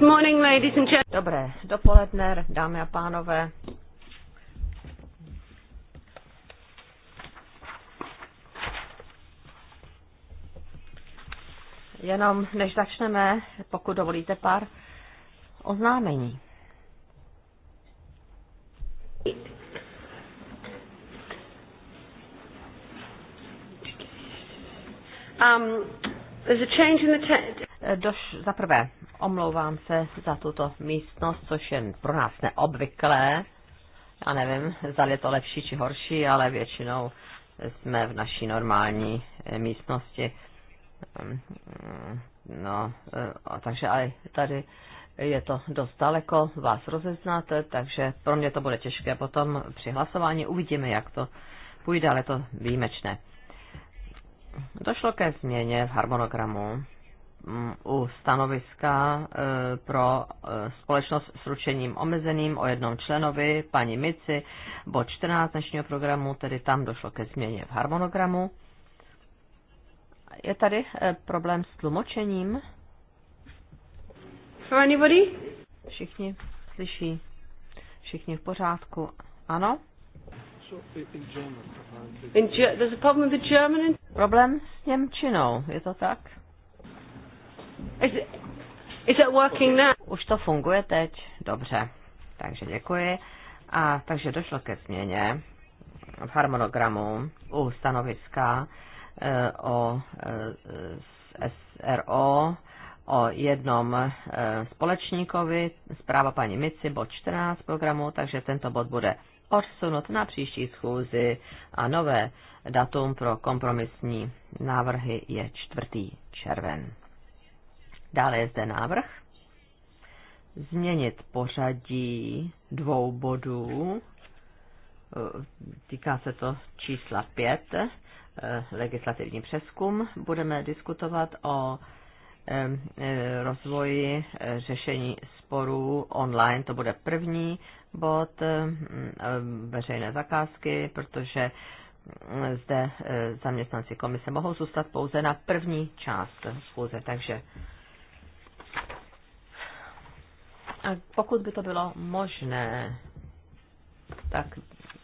morning, ladies and gentlemen. Dobré dopoledne, dámy a pánové. Jenom než začneme, pokud dovolíte pár oznámení. Um, there's a change in the Doš, za prvé, Omlouvám se za tuto místnost, což je pro nás neobvyklé. Já nevím, zda je to lepší či horší, ale většinou jsme v naší normální eh, místnosti. Mm, mm, no, eh, takže ale tady je to dost daleko, vás rozeznáte, takže pro mě to bude těžké potom při hlasování. Uvidíme, jak to půjde, ale to výjimečné. Došlo ke změně v harmonogramu u stanoviska e, pro e, společnost s ručením omezeným o jednom členovi, paní Mici, bod 14 dnešního programu, tedy tam došlo ke změně v harmonogramu. Je tady e, problém s tlumočením? anybody? Všichni slyší. Všichni v pořádku. Ano? Problém s Němčinou, je to tak? Is it, working now? Už to funguje teď? Dobře. Takže děkuji. A takže došlo ke změně v harmonogramu u stanoviska e, o e, eh, SRO o jednom e, společníkovi, zpráva paní Mici, bod 14 programu, takže tento bod bude odsunut na příští schůzi a nové datum pro kompromisní návrhy je 4. červen. Dále je zde návrh změnit pořadí dvou bodů. Týká se to čísla 5, eh, legislativní přeskum. Budeme diskutovat o eh, rozvoji eh, řešení sporů online. To bude první bod veřejné zakázky, protože zde zaměstnanci komise mohou zůstat pouze na první část schůze. Takže a pokud by to bylo možné, tak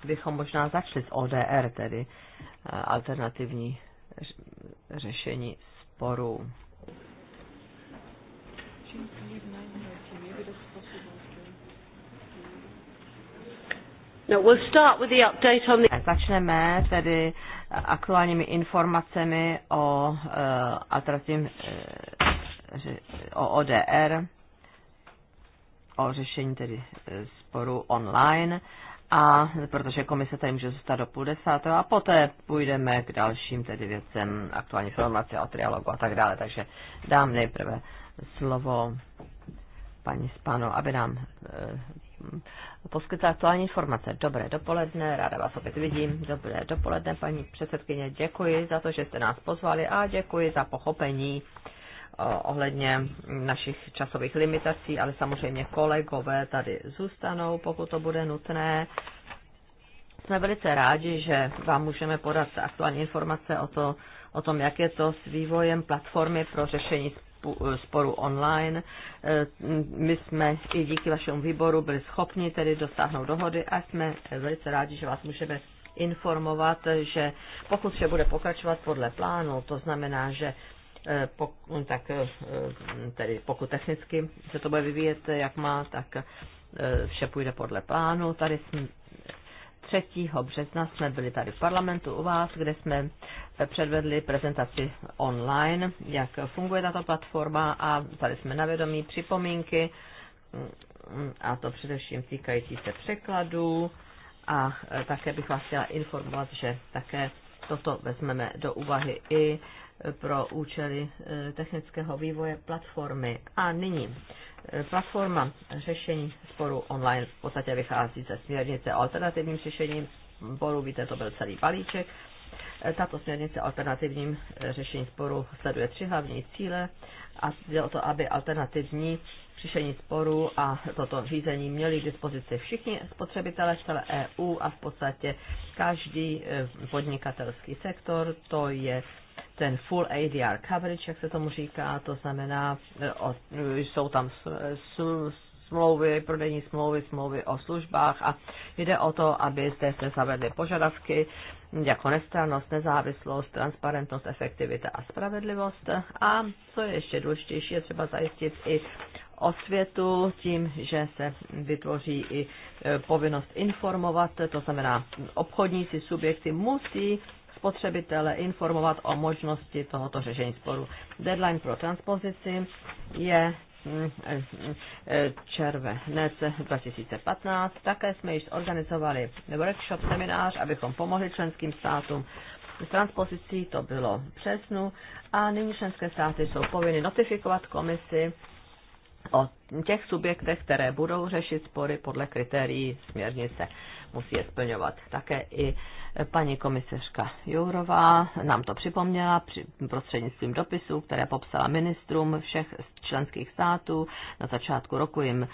bychom možná začali s ODR, tedy eh, alternativní řešení sporů. No, we'll start with the update on the... Začneme tedy aktuálními informacemi o uh, alternativním uh, o ODR o řešení tedy e, sporu online a protože komise tady může zůstat do půl desáté a poté půjdeme k dalším tedy věcem, aktuální informace o trialogu a tak dále. Takže dám nejprve slovo paní Spano, aby nám e, poskytla aktuální informace. Dobré dopoledne, ráda vás opět vidím. Dobré dopoledne, paní předsedkyně, děkuji za to, že jste nás pozvali a děkuji za pochopení. E, Eh, ohledně našich časových limitací, ale samozřejmě kolegové tady zůstanou, pokud to bude nutné. Jsme velice rádi, že vám můžeme podat aktuální informace o, to, o tom, jak je to s vývojem platformy pro řešení sporu online. Eh, my jsme i díky vašemu výboru byli schopni tedy dosáhnout dohody a jsme velice rádi, že vás můžeme informovat, že pokud vše bude pokračovat podle plánu, to znamená, že tak eh, tedy pokud technicky se to bude vyvíjet, eh, jak má, tak eh, vše půjde podle plánu. Tady jsme 3. března jsme byli tady v parlamentu u vás, kde jsme předvedli prezentaci online, jak funguje tato platforma a tady jsme na vědomí připomínky, a to především týkající se překladů. A také bych vás chtěla informovat, že také toto vezmeme do úvahy i pro účely eh, technického vývoje platformy. A nyní eh, platforma řešení sporu online v podstatě vychází ze směrnice o alternativním řešením sporu, víte, to byl celý balíček. Eh, tato směrnice o alternativním řešení sporu sleduje tři hlavní cíle a jde o to, aby alternativní řešení sporu a toto řízení měli k dispozici všichni spotřebitelé v celé EU a v podstatě každý podnikatelský sektor. To je ten full ADR coverage, jak se tomu říká, to znamená, e, jsou tam smlouvy, prodejní smlouvy, smlouvy o službách a jde o to, aby zde se zavedly požadavky jako nestrannost, nezávislost, transparentnost, efektivita a spravedlivost. A co je ještě důležitější, je třeba zajistit i osvětu tím, že se vytvoří i e, povinnost informovat, to znamená obchodníci, subjekty musí spotřebitele informovat o možnosti tohoto řešení sporu. Deadline pro transpozici je mm, eh, mm, eh, červenec 2015. Také jsme již organizovali workshop, seminář, abychom pomohli členským státům s transpozicí, to bylo přesnu. a nyní členské státy jsou povinny notifikovat komisi o těch subjektech, které budou řešit spory podle kritérií směrnice, musí je splňovat. Také i Paní komisařka Jourová nám to připomněla při prostřednictvím dopisu, které popsala ministrům všech členských států. Na začátku roku jim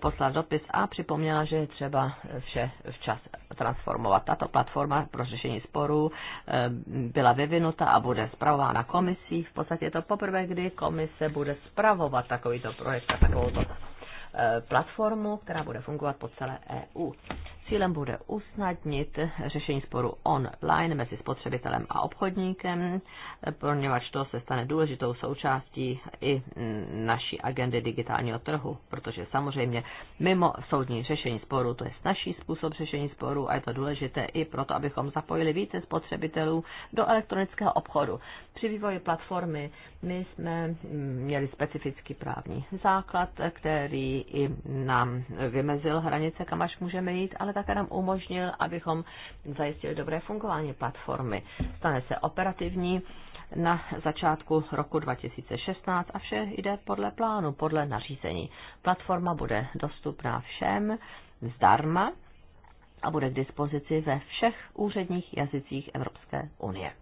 poslal dopis a připomněla, že je třeba vše včas transformovat. Tato platforma pro řešení sporů eh, byla vyvinuta a bude zpravována komisí. V podstatě je to poprvé, kdy komise bude zpravovat takovýto projekt a takovouto eh, platformu, která bude fungovat po celé EU. Cílem bude usnadnit řešení sporu online mezi spotřebitelem a obchodníkem, poněvadž to se stane důležitou součástí i naší agendy digitálního trhu, protože samozřejmě mimo soudní řešení sporu to je snažší způsob řešení sporu a je to důležité i proto, abychom zapojili více spotřebitelů do elektronického obchodu. Při vývoji platformy my jsme měli specifický právní základ, který i nám vymezil hranice, kam až můžeme jít, ale ale také nám umožnil, abychom zajistili dobré fungování platformy. Stane se operativní na začátku roku 2016 a vše jde podle plánu, podle nařízení. Platforma bude dostupná všem zdarma a bude k dispozici ve všech úředních jazycích Evropské unie.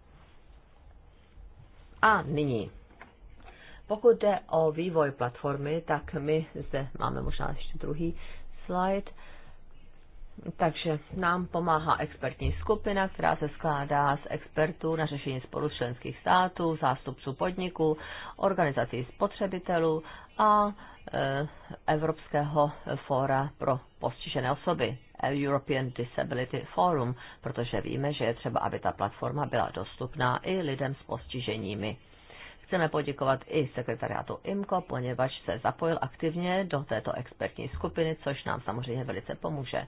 A nyní. Pokud jde o vývoj platformy, tak my zde máme možná ještě druhý slide. Takže nám pomáhá expertní skupina, která se skládá z expertů na řešení sporu členských států, zástupců podniků, organizací spotřebitelů a eh, Evropského fóra pro postižené osoby, European Disability Forum, protože víme, že je třeba, aby ta platforma byla dostupná i lidem s postiženími. Chceme poděkovat i sekretariátu IMCO, poněvadž se zapojil aktivně do této expertní skupiny, což nám samozřejmě velice pomůže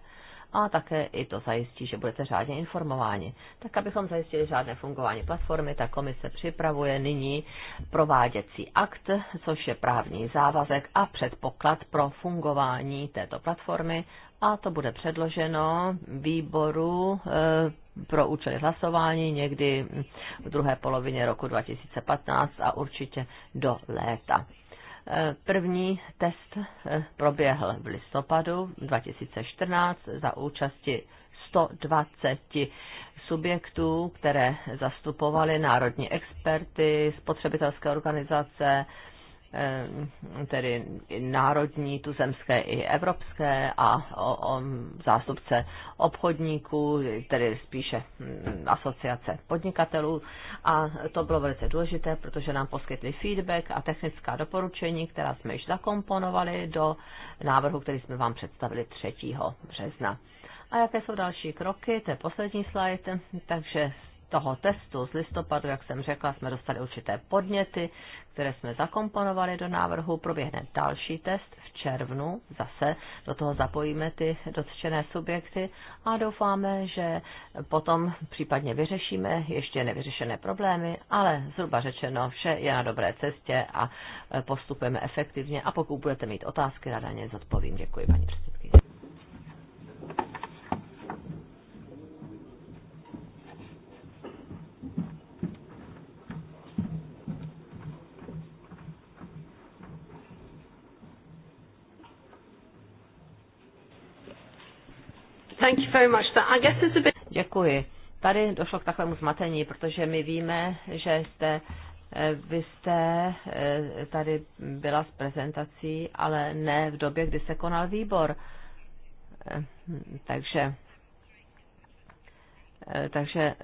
a také i to zajistí, že budete řádně informováni. Tak, abychom zajistili řádné fungování platformy, ta komise připravuje nyní prováděcí akt, což je právní závazek a předpoklad pro fungování této platformy a to bude předloženo výboru eh, pro účely hlasování někdy v druhé polovině roku 2015 a určitě do léta. Eh, první test eh, proběhl v listopadu 2014 za účasti 120 subjektů, které zastupovaly národní experty, spotřebitelské organizace, Ehm, tedy národní, tuzemské i evropské a o, o, zástupce obchodníků, tedy spíše hm, asociace podnikatelů. A to bylo velice důležité, protože nám poskytli feedback a technická doporučení, která jsme již zakomponovali do návrhu, který jsme vám představili 3. března. A jaké jsou další kroky? To je poslední slide. Takže toho testu z listopadu, jak jsem řekla, jsme dostali určité podněty, které jsme zakomponovali do návrhu. Proběhne další test v červnu, zase do toho zapojíme ty dotčené subjekty a doufáme, že potom případně vyřešíme ještě nevyřešené problémy, ale zhruba řečeno, vše je na dobré cestě a postupujeme efektivně a pokud budete mít otázky, ráda ně zodpovím. Děkuji, paní předsedkyně. Děkuji. Tady došlo k takovému zmatení, protože my víme, že jste eh, vy jste eh, tady byla s prezentací, ale ne v době, kdy se konal výbor. Eh, takže, takže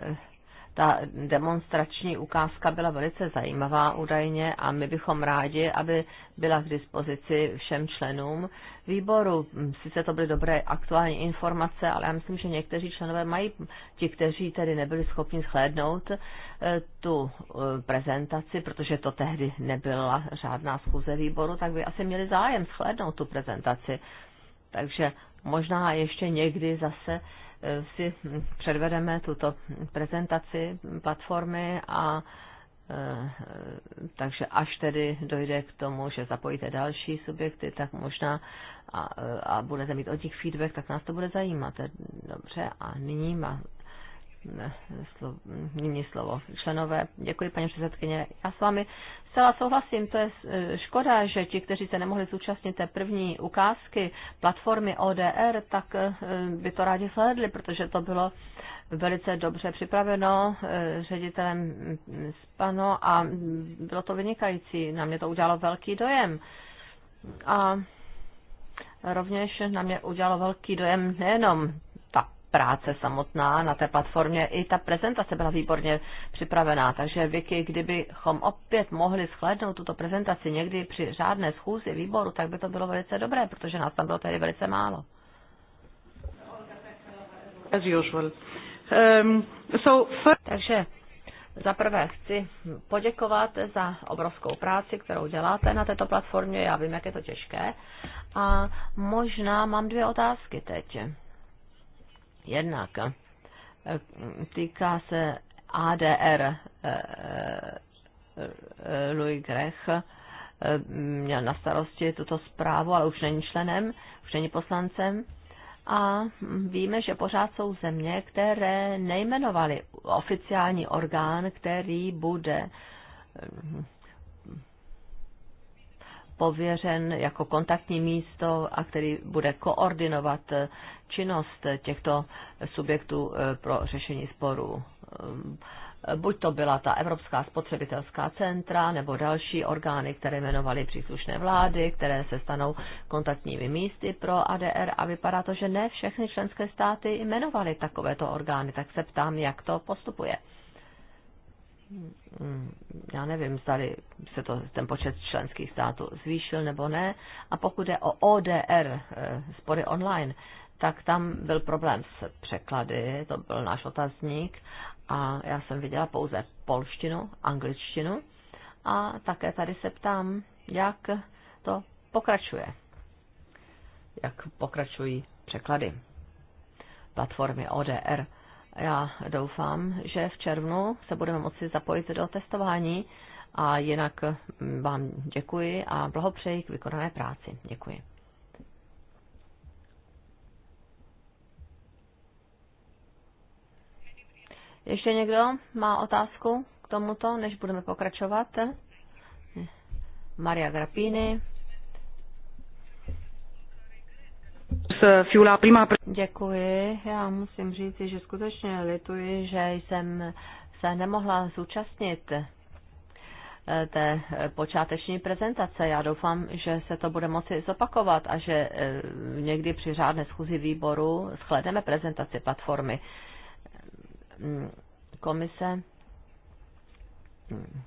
ta demonstrační ukázka byla velice zajímavá údajně a my bychom rádi, aby byla k dispozici všem členům výboru. Sice to byly dobré aktuální informace, ale já myslím, že někteří členové mají, ti, kteří tedy nebyli schopni shlédnout eh, tu eh, prezentaci, protože to tehdy nebyla žádná schůze výboru, tak by asi měli zájem shlédnout tu prezentaci. Takže možná ještě někdy zase si předvedeme tuto prezentaci platformy a eh, takže až tedy dojde k tomu, že zapojíte další subjekty, tak možná a, a budete mít od nich feedback, tak nás to bude zajímat. Dobře, a nyní má nyní slovo členové. Děkuji, paní předsedkyně. Já s vámi zcela souhlasím. To je eh, škoda, že ti, kteří se nemohli zúčastnit té první ukázky platformy ODR, tak eh, by to rádi sledli, protože to bylo velice dobře připraveno eh, ředitelem Spano mm, a bylo to vynikající. Na mě to udělalo velký dojem. A rovněž na mě udělalo velký dojem nejenom práce samotná na té platformě, i ta prezentace byla výborně připravená. Takže Vicky, kdybychom opět mohli shlédnout tuto prezentaci někdy při řádné schůzi výboru, tak by to bylo velice dobré, protože nás tam bylo tady velice málo. As usual. Um, so for... Takže za prvé chci poděkovat za obrovskou práci, kterou děláte na této platformě. Já vím, jak je to těžké. A možná mám dvě otázky teď. Jednak eh, týká se ADR eh, eh, Louis Grech měl na starosti tuto zprávu, ale už není členem, už není poslancem. A víme, že pořád jsou země, které nejmenovali oficiální orgán, který bude pověřen jako kontaktní místo a který bude koordinovat činnost těchto subjektů eh, pro řešení sporů. Eh, buď to byla ta Evropská spotřebitelská centra nebo další orgány, které jmenovaly příslušné vlády, které se stanou kontaktními místy pro ADR a vypadá to, že ne všechny členské státy jmenovaly takovéto orgány, tak se ptám, jak to postupuje. Mm, já nevím, zdali se to, ten počet členských států zvýšil nebo ne. A pokud je o ODR, eh, spory online, tak tam byl problém s překlady, to byl náš otazník a já jsem viděla pouze polštinu, angličtinu a také tady se ptám, jak to pokračuje, jak pokračují překlady platformy ODR já doufám, že v červnu se budeme moci zapojit do testování a jinak mm, vám děkuji a blahopřeji k vykonané práci. Děkuji. Ještě někdo má otázku k tomuto, než budeme pokračovat? Maria Grapini. Děkuji. Já musím říct, že skutečně lituji, že jsem se nemohla zúčastnit eh, té eh, počáteční prezentace. Já doufám, že se to bude moci zopakovat a že eh, někdy při řádné schůzi výboru shledeme prezentaci platformy. Mm, komise mm,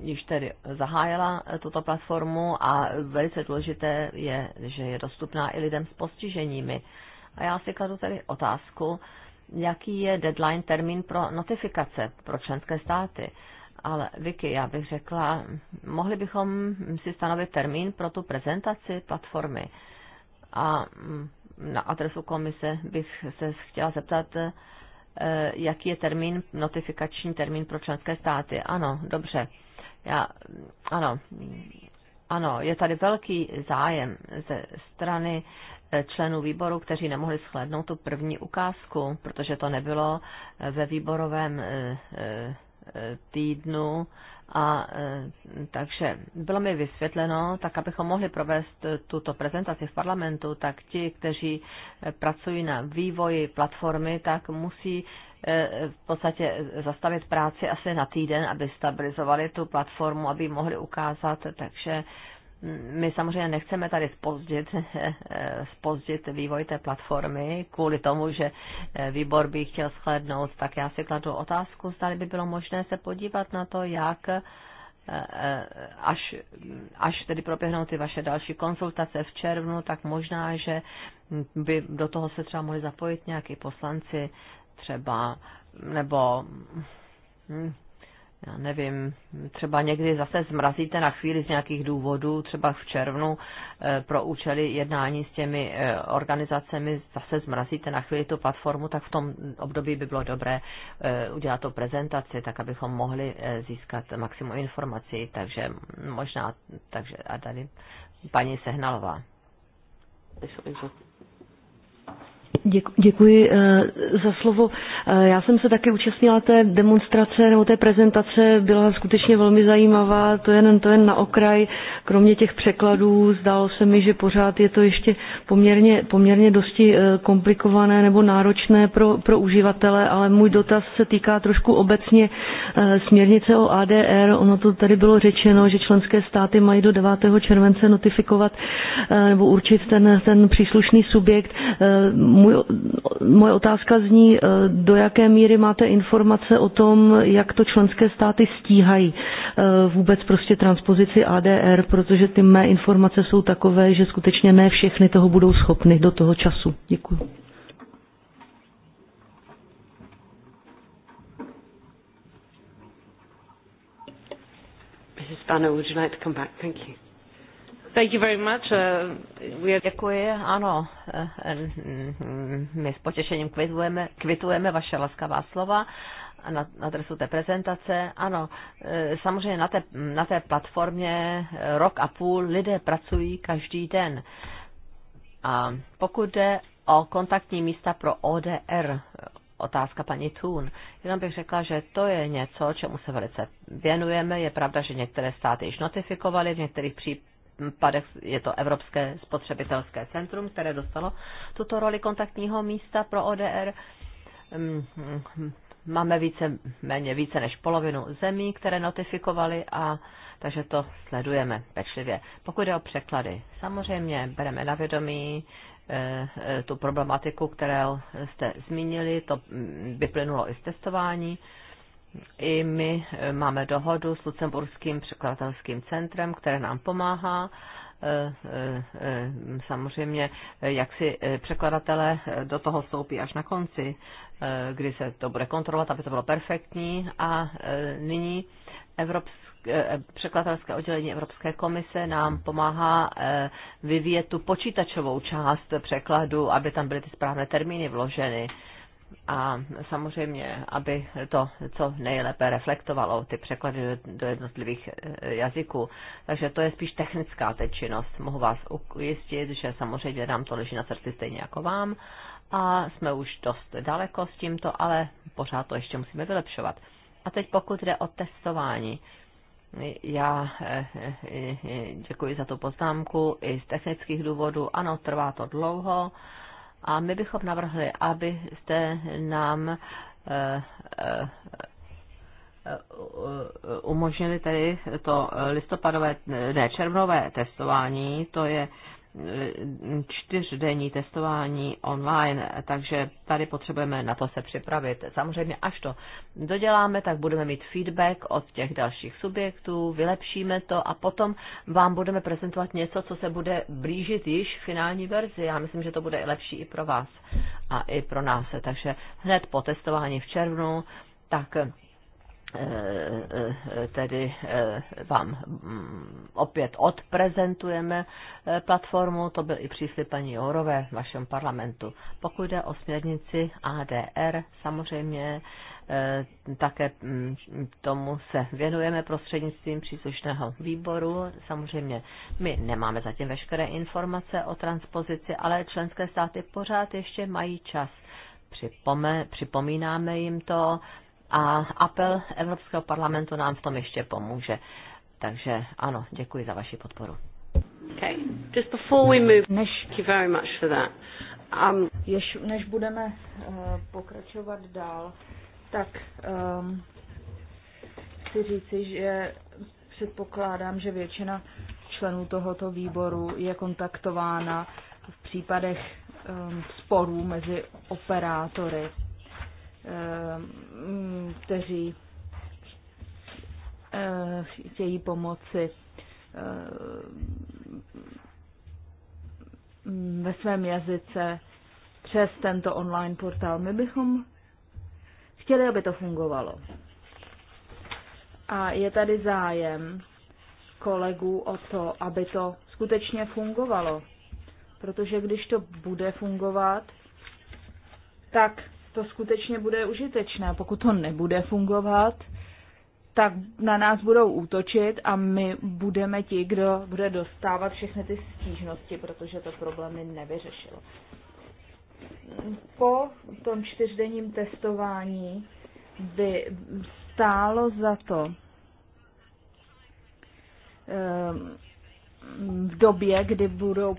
již tedy zahájila eh, tuto platformu a velice důležité je, že je dostupná i lidem s postiženími. A já si kladu tedy otázku, jaký je deadline termín pro notifikace pro členské státy. Ale Vicky, já bych řekla, mohli bychom si stanovit termín pro tu prezentaci platformy. A mm, na adresu komise bych se chtěla zeptat, eh, Eh, jaký je termín, notifikační termín pro členské státy. Ano, dobře. Já, ano, ano, je tady velký zájem ze strany eh, členů výboru, kteří nemohli shlednout tu první ukázku, protože to nebylo eh, ve výborovém týdnu a e, takže bylo mi vysvětleno, tak abychom mohli provést tuto prezentaci v parlamentu, tak ti, kteří e, pracují na vývoji platformy, tak musí e, v podstatě zastavit práci asi na týden, aby stabilizovali tu platformu, aby mohli ukázat. Takže my samozřejmě nechceme tady spozdit, spozdit vývoj té platformy kvůli tomu, že eh, výbor by chtěl shlednout, tak já si kladu otázku, zda by bylo možné se podívat na to, jak eh, eh, až, až tedy proběhnou ty vaše další konsultace v červnu, tak možná, že by do toho se třeba mohli zapojit nějaký poslanci třeba, nebo hm, já nevím, třeba někdy zase zmrazíte na chvíli z nějakých důvodů, třeba v červnu eh, pro účely jednání s těmi eh, organizacemi, zase zmrazíte na chvíli tu platformu, tak v tom období by bylo dobré eh, udělat to prezentaci, tak abychom mohli získat maximum informací, takže možná, takže a tady paní Sehnalová. Děkuji eh, za slovo. Eh, já jsem se taky účastnila té demonstrace nebo té prezentace, byla skutečně velmi zajímavá, to jen, to jen na okraj. Kromě těch překladů zdálo se mi, že pořád je to ještě poměrně, poměrně dosti eh, komplikované nebo náročné pro, pro uživatele, ale můj dotaz se týká trošku obecně směrnice o ADR. Ono to tady bylo řečeno, že členské státy mají do 9. července notifikovat nebo určit ten, ten příslušný subjekt. Můj můj, moje otázka zní, eh, do jaké míry máte informace o tom, jak to členské státy stíhají eh, vůbec prostě transpozici ADR, protože ty mé informace jsou takové, že skutečně ne všechny toho budou schopny do toho času. Děkuji. Mrs. Banner, would you like to come back? Thank you. Thank you very much. Uh, we are... Děkuji, ano. Eh, eh, eh, my s potěšením kvitujeme, kvitujeme vaše laskavá slova na adresu té prezentace. Ano, samozřejmě na té, na té platformě rok a půl lidé pracují každý den. A pokud jde o kontaktní místa pro ODR, otázka paní Thun. Jenom bych řekla, že to je něco, čemu se velice věnujeme. Je pravda, že některé státy již notifikovaly, v některých případech je to Evropské spotřebitelské centrum, které dostalo tuto roli kontaktního místa pro ODR. Mm, mm, mm, máme více, méně více než polovinu zemí, které notifikovali, a takže to sledujeme pečlivě. Pokud jde o překlady, samozřejmě bereme na vědomí eh, eh, tu problematiku, kterou jste zmínili, to vyplynulo i z testování i my e, máme dohodu s Lucemburským překladatelským centrem, které nám pomáhá e, e, samozřejmě, jak si překladatelé do toho vstoupí až na konci, kdy se to bude kontrolovat, aby to bylo perfektní. A nyní Evropské, překladatelské oddělení Evropské komise nám pomáhá vyvíjet tu počítačovou část překladu, aby tam byly ty správné termíny vloženy a samozřejmě, aby to co nejlépe reflektovalo ty překlady do jednotlivých eh, jazyků. Takže to je spíš technická teď činnost. Mohu vás ujistit, že samozřejmě nám to leží na srdci stejně jako vám a jsme už dost daleko s tímto, ale pořád to ještě musíme vylepšovat. A teď pokud jde o testování, já eh, eh, děkuji za tu poznámku i z technických důvodů. Ano, trvá to dlouho a my bychom navrhli, abyste nám eh, eh, eh, umožnili tedy to listopadové, ne červnové testování, to je čtyřdenní testování online, takže tady potřebujeme na to se připravit. Samozřejmě, až to doděláme, tak budeme mít feedback od těch dalších subjektů, vylepšíme to a potom vám budeme prezentovat něco, co se bude blížit již v finální verzi. Já myslím, že to bude lepší i pro vás a i pro nás. Takže hned po testování v červnu, tak Eh, eh, tedy eh, vám mm, opět odprezentujeme platformu, to byl i příslip paní Jourové v vašem parlamentu. Pokud jde o směrnici ADR, samozřejmě také mm, tomu se věnujeme prostřednictvím příslušného výboru. Samozřejmě my nemáme zatím veškeré informace o transpozici, ale členské státy pořád ještě mají čas připome, připomínáme jim to, a apel Evropského parlamentu nám v tom ještě pomůže. Takže ano, děkuji za vaši podporu. Okay. Just before we move, než, thank you very much for that. Um, jež, než budeme uh, pokračovat dál, tak um, chci říci, že předpokládám, že většina členů tohoto výboru je kontaktována v případech um, sporů mezi operátory Eh, kteří eh, chtějí pomoci eh, ve svém jazyce přes tento online portál. My bychom chtěli, aby to fungovalo. A je tady zájem kolegů o to, aby to skutečně fungovalo. Protože když to bude fungovat, tak to skutečně bude užitečné. Pokud to nebude fungovat, tak na nás budou útočit a my budeme ti, kdo bude dostávat všechny ty stížnosti, protože to problémy nevyřešilo. Po tom čtyřdenním testování by stálo za to ehm, v době, kdy budou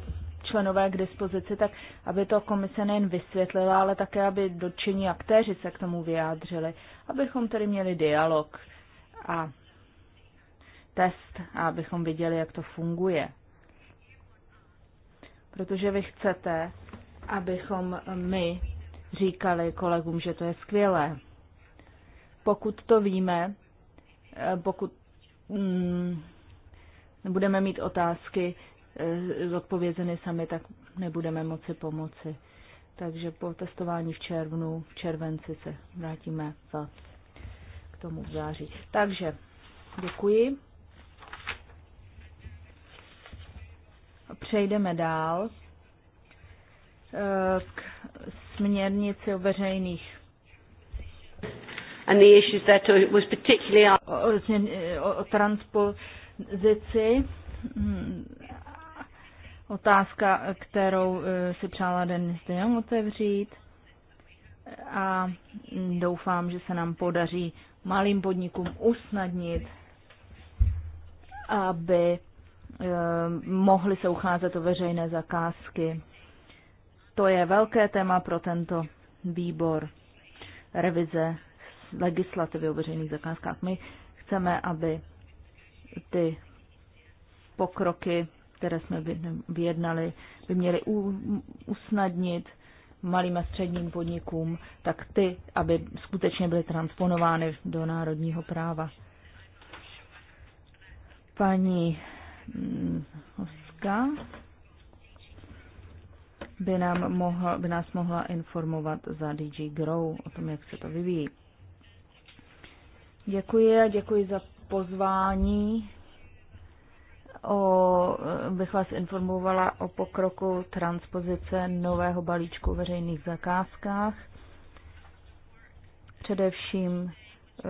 členové k dispozici, tak aby to komise nejen vysvětlila, ale také, aby dotčení aktéři se k tomu vyjádřili, abychom tedy měli dialog a test a abychom viděli, jak to funguje. Protože vy chcete, abychom my říkali kolegům, že to je skvělé. Pokud to víme, eh, pokud hmm, budeme mít otázky, Eh, zodpovězeny sami, tak nebudeme moci pomoci. Takže po testování v červnu, v červenci se vrátíme k tomu v září. Takže děkuji. Přejdeme dál eh, k směrnici o veřejných and the issues that was particularly o, o, o transpozici hmm otázka, kterou eh, si přála Denis Dejong otevřít a doufám, že se nám podaří malým podnikům usnadnit, aby eh, mohli se ucházet o veřejné zakázky. To je velké téma pro tento výbor revize legislativy o veřejných zakázkách. My chceme, aby ty pokroky které jsme vyjednali, by měly usnadnit malým a středním podnikům, tak ty, aby skutečně byly transponovány do národního práva. Paní mm, Hoska by, nám mohla, by nás mohla informovat za DG Grow o tom, jak se to vyvíjí. Děkuji a děkuji za pozvání o, bych vás informovala o pokroku transpozice nového balíčku veřejných zakázkách. Především eh,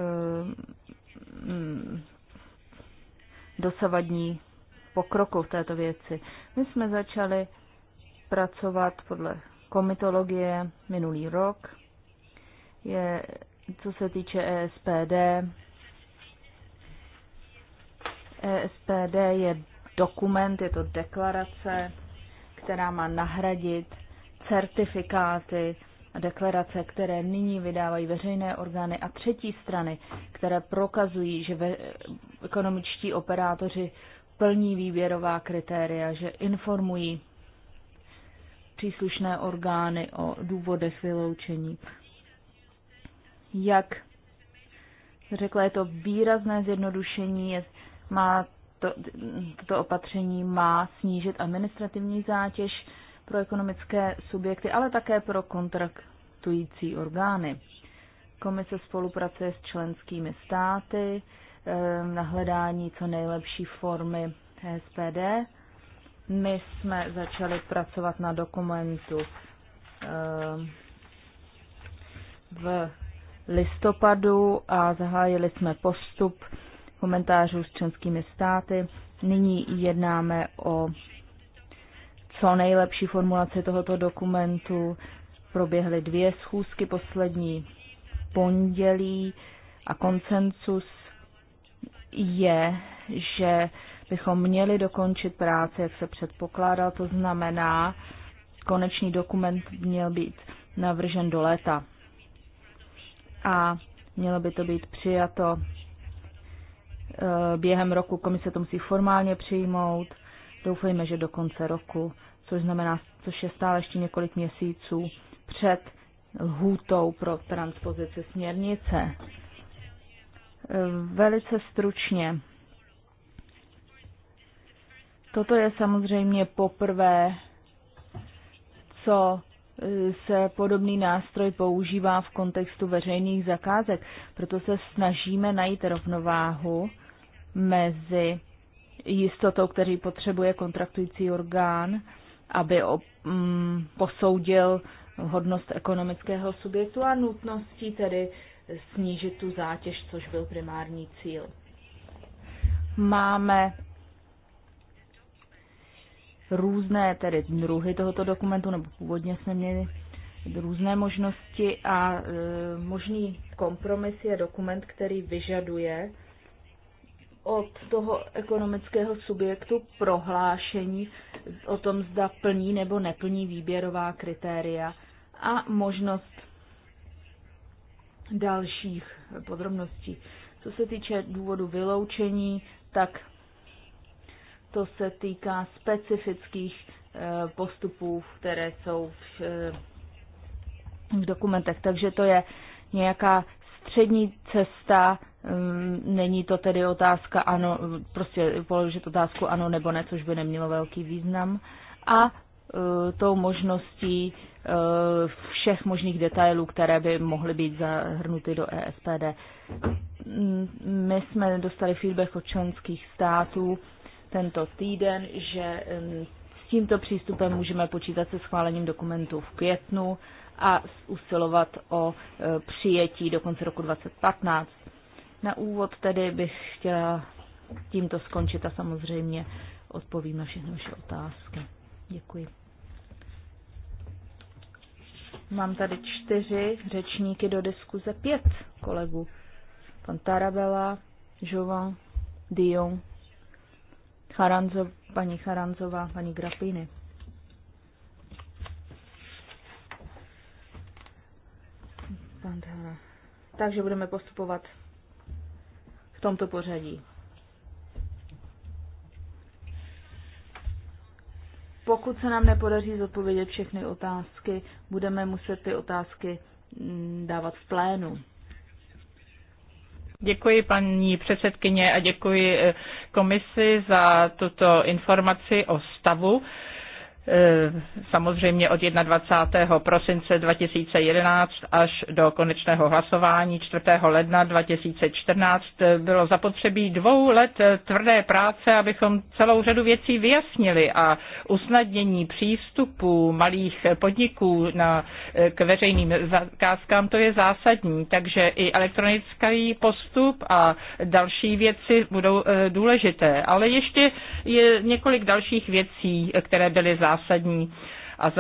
dosavadní pokroku v této věci. My jsme začali pracovat podle komitologie minulý rok. Je, co se týče ESPD, ESPD je dokument, je to deklarace, která má nahradit certifikáty a deklarace, které nyní vydávají veřejné orgány a třetí strany, které prokazují, že ve, ekonomičtí operátoři plní výběrová kritéria, že informují příslušné orgány o důvodech vyloučení. Jak řekla, je to výrazné zjednodušení, je má to, toto opatření má snížit administrativní zátěž pro ekonomické subjekty, ale také pro kontraktující orgány. Komise spolupracuje s členskými státy eh, na hledání co nejlepší formy SPD. My jsme začali pracovat na dokumentu eh, v listopadu a zahájili jsme postup komentářů s členskými státy. Nyní jednáme o co nejlepší formulaci tohoto dokumentu. Proběhly dvě schůzky poslední pondělí a koncensus je, že bychom měli dokončit práci, jak se předpokládal. To znamená, konečný dokument měl být navržen do léta. A mělo by to být přijato Eh, během roku komise to musí formálně přijmout. Doufejme, že do konce roku, což znamená, což je stále ještě několik měsíců před lhůtou pro transpozici směrnice. Eh, velice stručně. Toto je samozřejmě poprvé, co eh, se podobný nástroj používá v kontextu veřejných zakázek. Proto se snažíme najít rovnováhu mezi jistotou, který potřebuje kontraktující orgán, aby o, mm, posoudil hodnost ekonomického subjektu a nutností tedy snížit tu zátěž, což byl primární cíl. Máme různé tedy druhy tohoto dokumentu, nebo původně jsme měli různé možnosti a e, možný kompromis je dokument, který vyžaduje od toho ekonomického subjektu prohlášení o tom, zda plní nebo neplní výběrová kritéria a možnost dalších podrobností. Co se týče důvodu vyloučení, tak to se týká specifických eh, postupů, které jsou eh, v dokumentech. Takže to je nějaká střední cesta Ehm, není to tedy otázka ano, prostě položit otázku ano nebo ne, což by nemělo velký význam. A e, tou možností e, všech možných detailů, které by mohly být zahrnuty do ESPD. Mm, my jsme dostali feedback od členských států tento týden, že ehm, s tímto přístupem můžeme počítat se schválením dokumentů v květnu a usilovat o e, přijetí do konce roku 2015. Na úvod tedy bych chtěla tímto skončit a samozřejmě odpovím na všechny vaše otázky. Děkuji. Mám tady čtyři řečníky do diskuze, pět kolegů. Pan Tarabela, Jovan, Dion, Charanzo, paní Charanzová, paní Grapiny. Takže budeme postupovat tomto pořadí. Pokud se nám nepodaří zodpovědět všechny otázky, budeme muset ty otázky mm, dávat v plénu. Děkuji paní předsedkyně a děkuji eh, komisi za tuto informaci o stavu Eh, samozřejmě od 21. prosince 2011 až do konečného hlasování 4. ledna 2014 eh, bylo zapotřebí dvou let eh, tvrdé práce, abychom celou řadu věcí vyjasnili a usnadnění přístupu malých podniků na, k veřejným zakázkám, to je zásadní. Takže i elektronický postup a další věci budou důležité. Ale ještě je několik dalších věcí, které byly zásadní zásadní a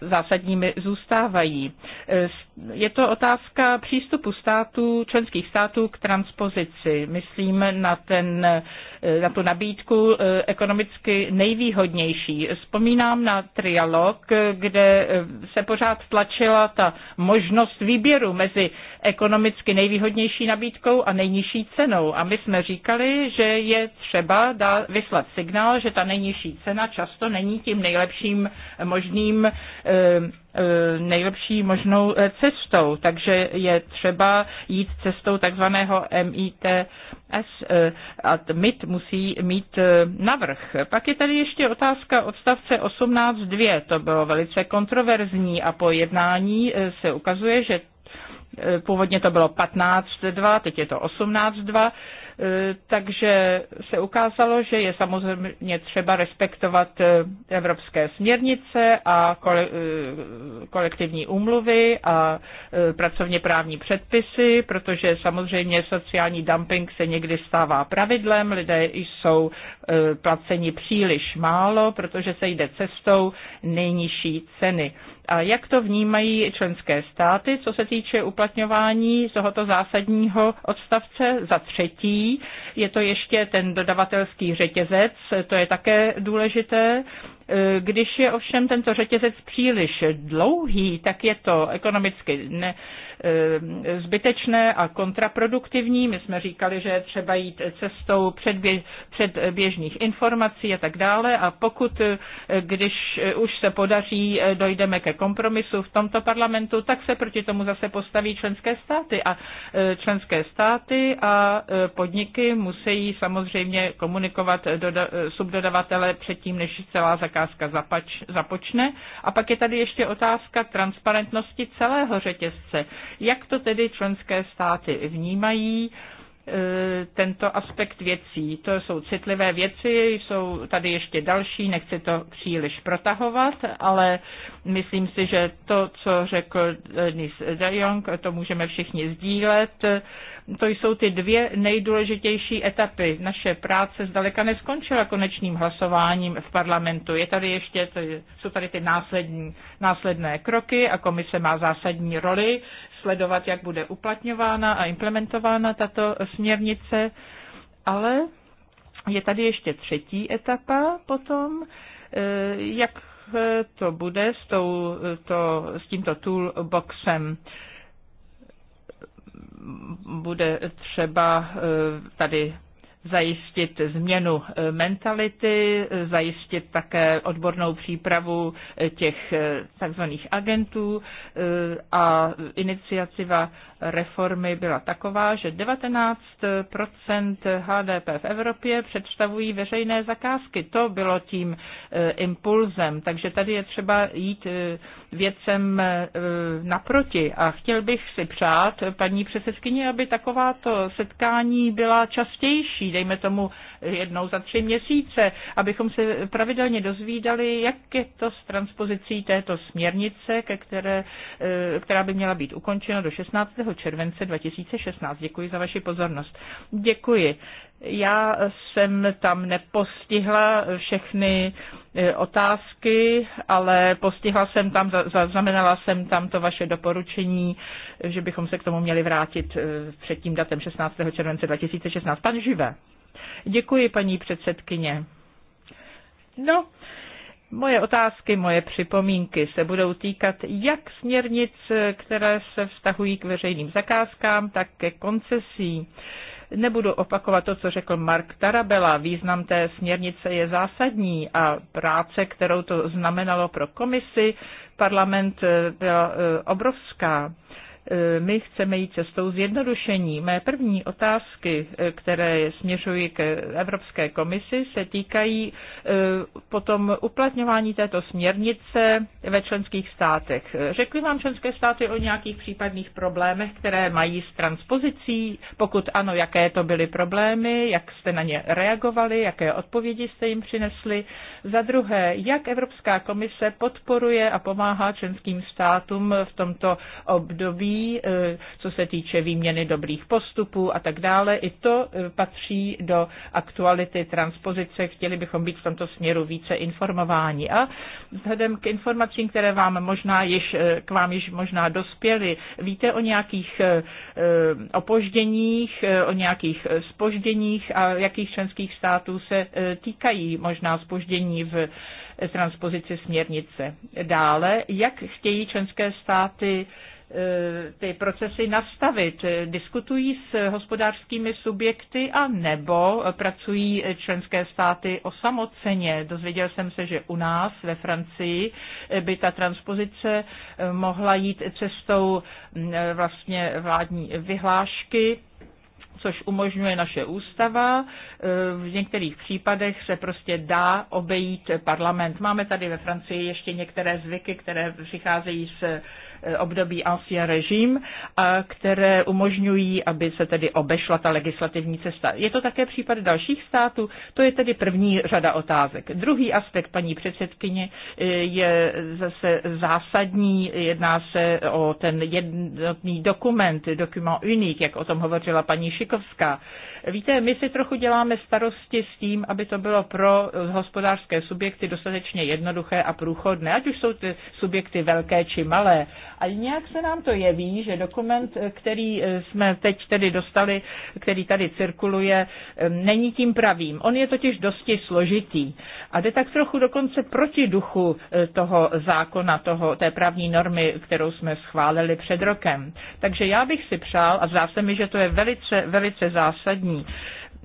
zásadními zůstávají. E, je to otázka přístupu států, členských států k transpozici. Myslím na, ten, e, na tu nabídku e, ekonomicky nejvýhodnější. Vzpomínám na trialog, kde se pořád tlačila ta možnost výběru mezi ekonomicky nejvýhodnější nabídkou a nejnižší cenou. A my jsme říkali, že je třeba dá, vyslat signál, že ta nejnižší cena často není tím nejlepším možným eh, eh, nejlepší možnou eh, cestou. Takže je třeba jít cestou takzvaného MITS a MIT musí mít navrh. Pak je tady ještě otázka odstavce 18.2. To bylo velice kontroverzní a po jednání se ukazuje, že Eh, původně to bylo 15.2, teď je to 18.2 eh, takže se ukázalo, že je samozřejmě třeba respektovat eh, evropské směrnice a kolektivní úmluvy a pracovně právní předpisy, protože samozřejmě sociální dumping se někdy stává pravidlem, lidé jsou placeni příliš málo, protože se jde cestou nejnižší ceny a jak to vnímají členské státy, co se týče uplatňování tohoto zásadního odstavce. Za třetí je to ještě ten dodavatelský řetězec, to je také důležité. Když je ovšem tento řetězec příliš dlouhý, tak je to ekonomicky ne, Eh, zbytečné a kontraproduktivní. My jsme říkali, že třeba jít cestou předběžných informací a tak dále a pokud, eh, když eh, už se podaří, dojdeme ke kompromisu v tomto parlamentu, tak se proti tomu zase postaví členské státy a členské státy a podniky musí samozřejmě komunikovat doda- subdodavatele předtím, než celá zakázka zapač- započne. A pak je tady ještě otázka transparentnosti celého řetězce. Jak to tedy členské státy vnímají? E, tento aspekt věcí. To jsou citlivé věci, jsou tady ještě další, nechci to příliš protahovat, ale myslím si, že to, co řekl Denis de Jong, to můžeme všichni sdílet. To jsou ty dvě nejdůležitější etapy. Naše práce zdaleka neskončila konečným hlasováním v parlamentu. Je tady ještě, jsou tady ty následní, následné kroky a komise má zásadní roli sledovat, jak bude uplatňována a implementována tato směrnice, ale je tady ještě třetí etapa potom, eh, jak to bude s, tou, to, s tímto toolboxem bude třeba eh, tady zajistit změnu eh, mentality, eh, zajistit také odbornou přípravu eh, těch takzvaných agentů a iniciativa reformy byla taková, že 19 HDP v Evropě představují veřejné zakázky. To bylo tím e, impulzem, takže tady je třeba jít e, věcem e, naproti. A chtěl bych si přát, paní předsedkyně, aby takováto setkání byla častější, dejme tomu jednou za tři měsíce, abychom se pravidelně dozvídali, jak je to s transpozicí této směrnice, ke které, která by měla být ukončena do 16 července 2016. Děkuji za vaši pozornost. Děkuji. Já jsem tam nepostihla všechny e, otázky, ale postihla jsem tam, zaznamenala jsem tam to vaše doporučení, že bychom se k tomu měli vrátit e, před tím datem 16. července 2016. Pan Živé. Děkuji, paní předsedkyně. No, Moje otázky, moje připomínky se budou týkat jak směrnic, které se vztahují k veřejným zakázkám, tak ke koncesím. Nebudu opakovat to, co řekl Mark Tarabella. Význam té směrnice je zásadní a práce, kterou to znamenalo pro komisi, parlament byla e, obrovská. E, my chceme jít cestou zjednodušení. Mé první otázky, e, které směřují k Evropské komisi, se týkají e, potom uplatňování této směrnice ve členských státech. Řekli vám členské státy o nějakých případných problémech, které mají s transpozicí? Pokud ano, jaké to byly problémy, jak jste na ně reagovali, jaké odpovědi jste jim přinesli? Za druhé, jak Evropská komise podporuje a pomáhá členským státům v tomto období věcí, eh, co se týče výměny dobrých postupů a tak dále. I to eh, patří do aktuality transpozice. Chtěli bychom být v tomto směru více informováni. A vzhledem k informacím, které vám možná již, eh, k vám již možná dospěly, víte o nějakých opožděních, o nějakých spožděních a jakých členských států se týkají možná spoždění v transpozici směrnice. Dále, jak chtějí členské státy E, ty procesy nastavit. Diskutují s hospodářskými subjekty a nebo pracují členské státy osamoceně. Dozvěděl jsem se, že u nás ve Francii by ta transpozice mohla jít cestou vlastně vládní vyhlášky, což umožňuje naše ústava. E, v některých případech se prostě dá obejít parlament. Máme tady ve Francii ještě některé zvyky, které přicházejí z Eh, období Ancien režim, a které umožňují, aby se tedy obešla ta legislativní cesta. Je to také případ dalších států? To je tedy první řada otázek. Druhý aspekt, paní předsedkyně, eh, je zase zásadní. Jedná se o ten jednotný dokument, dokument unik, jak o tom hovořila paní Šikovská. Víte, my si trochu děláme starosti s tím, aby to bylo pro eh, hospodářské subjekty dostatečně jednoduché a průchodné, ať už jsou ty subjekty velké či malé. A nějak se nám to jeví, že dokument, eh, který eh, jsme teď tedy dostali, který tady cirkuluje, není tím pravým. On je totiž dosti složitý a jde tak trochu dokonce proti duchu toho zákona, toho, té právní normy, kterou jsme schválili před rokem. Takže já bych si přál, a zdá se mi, že to je velice, velice zásadní, zásadní.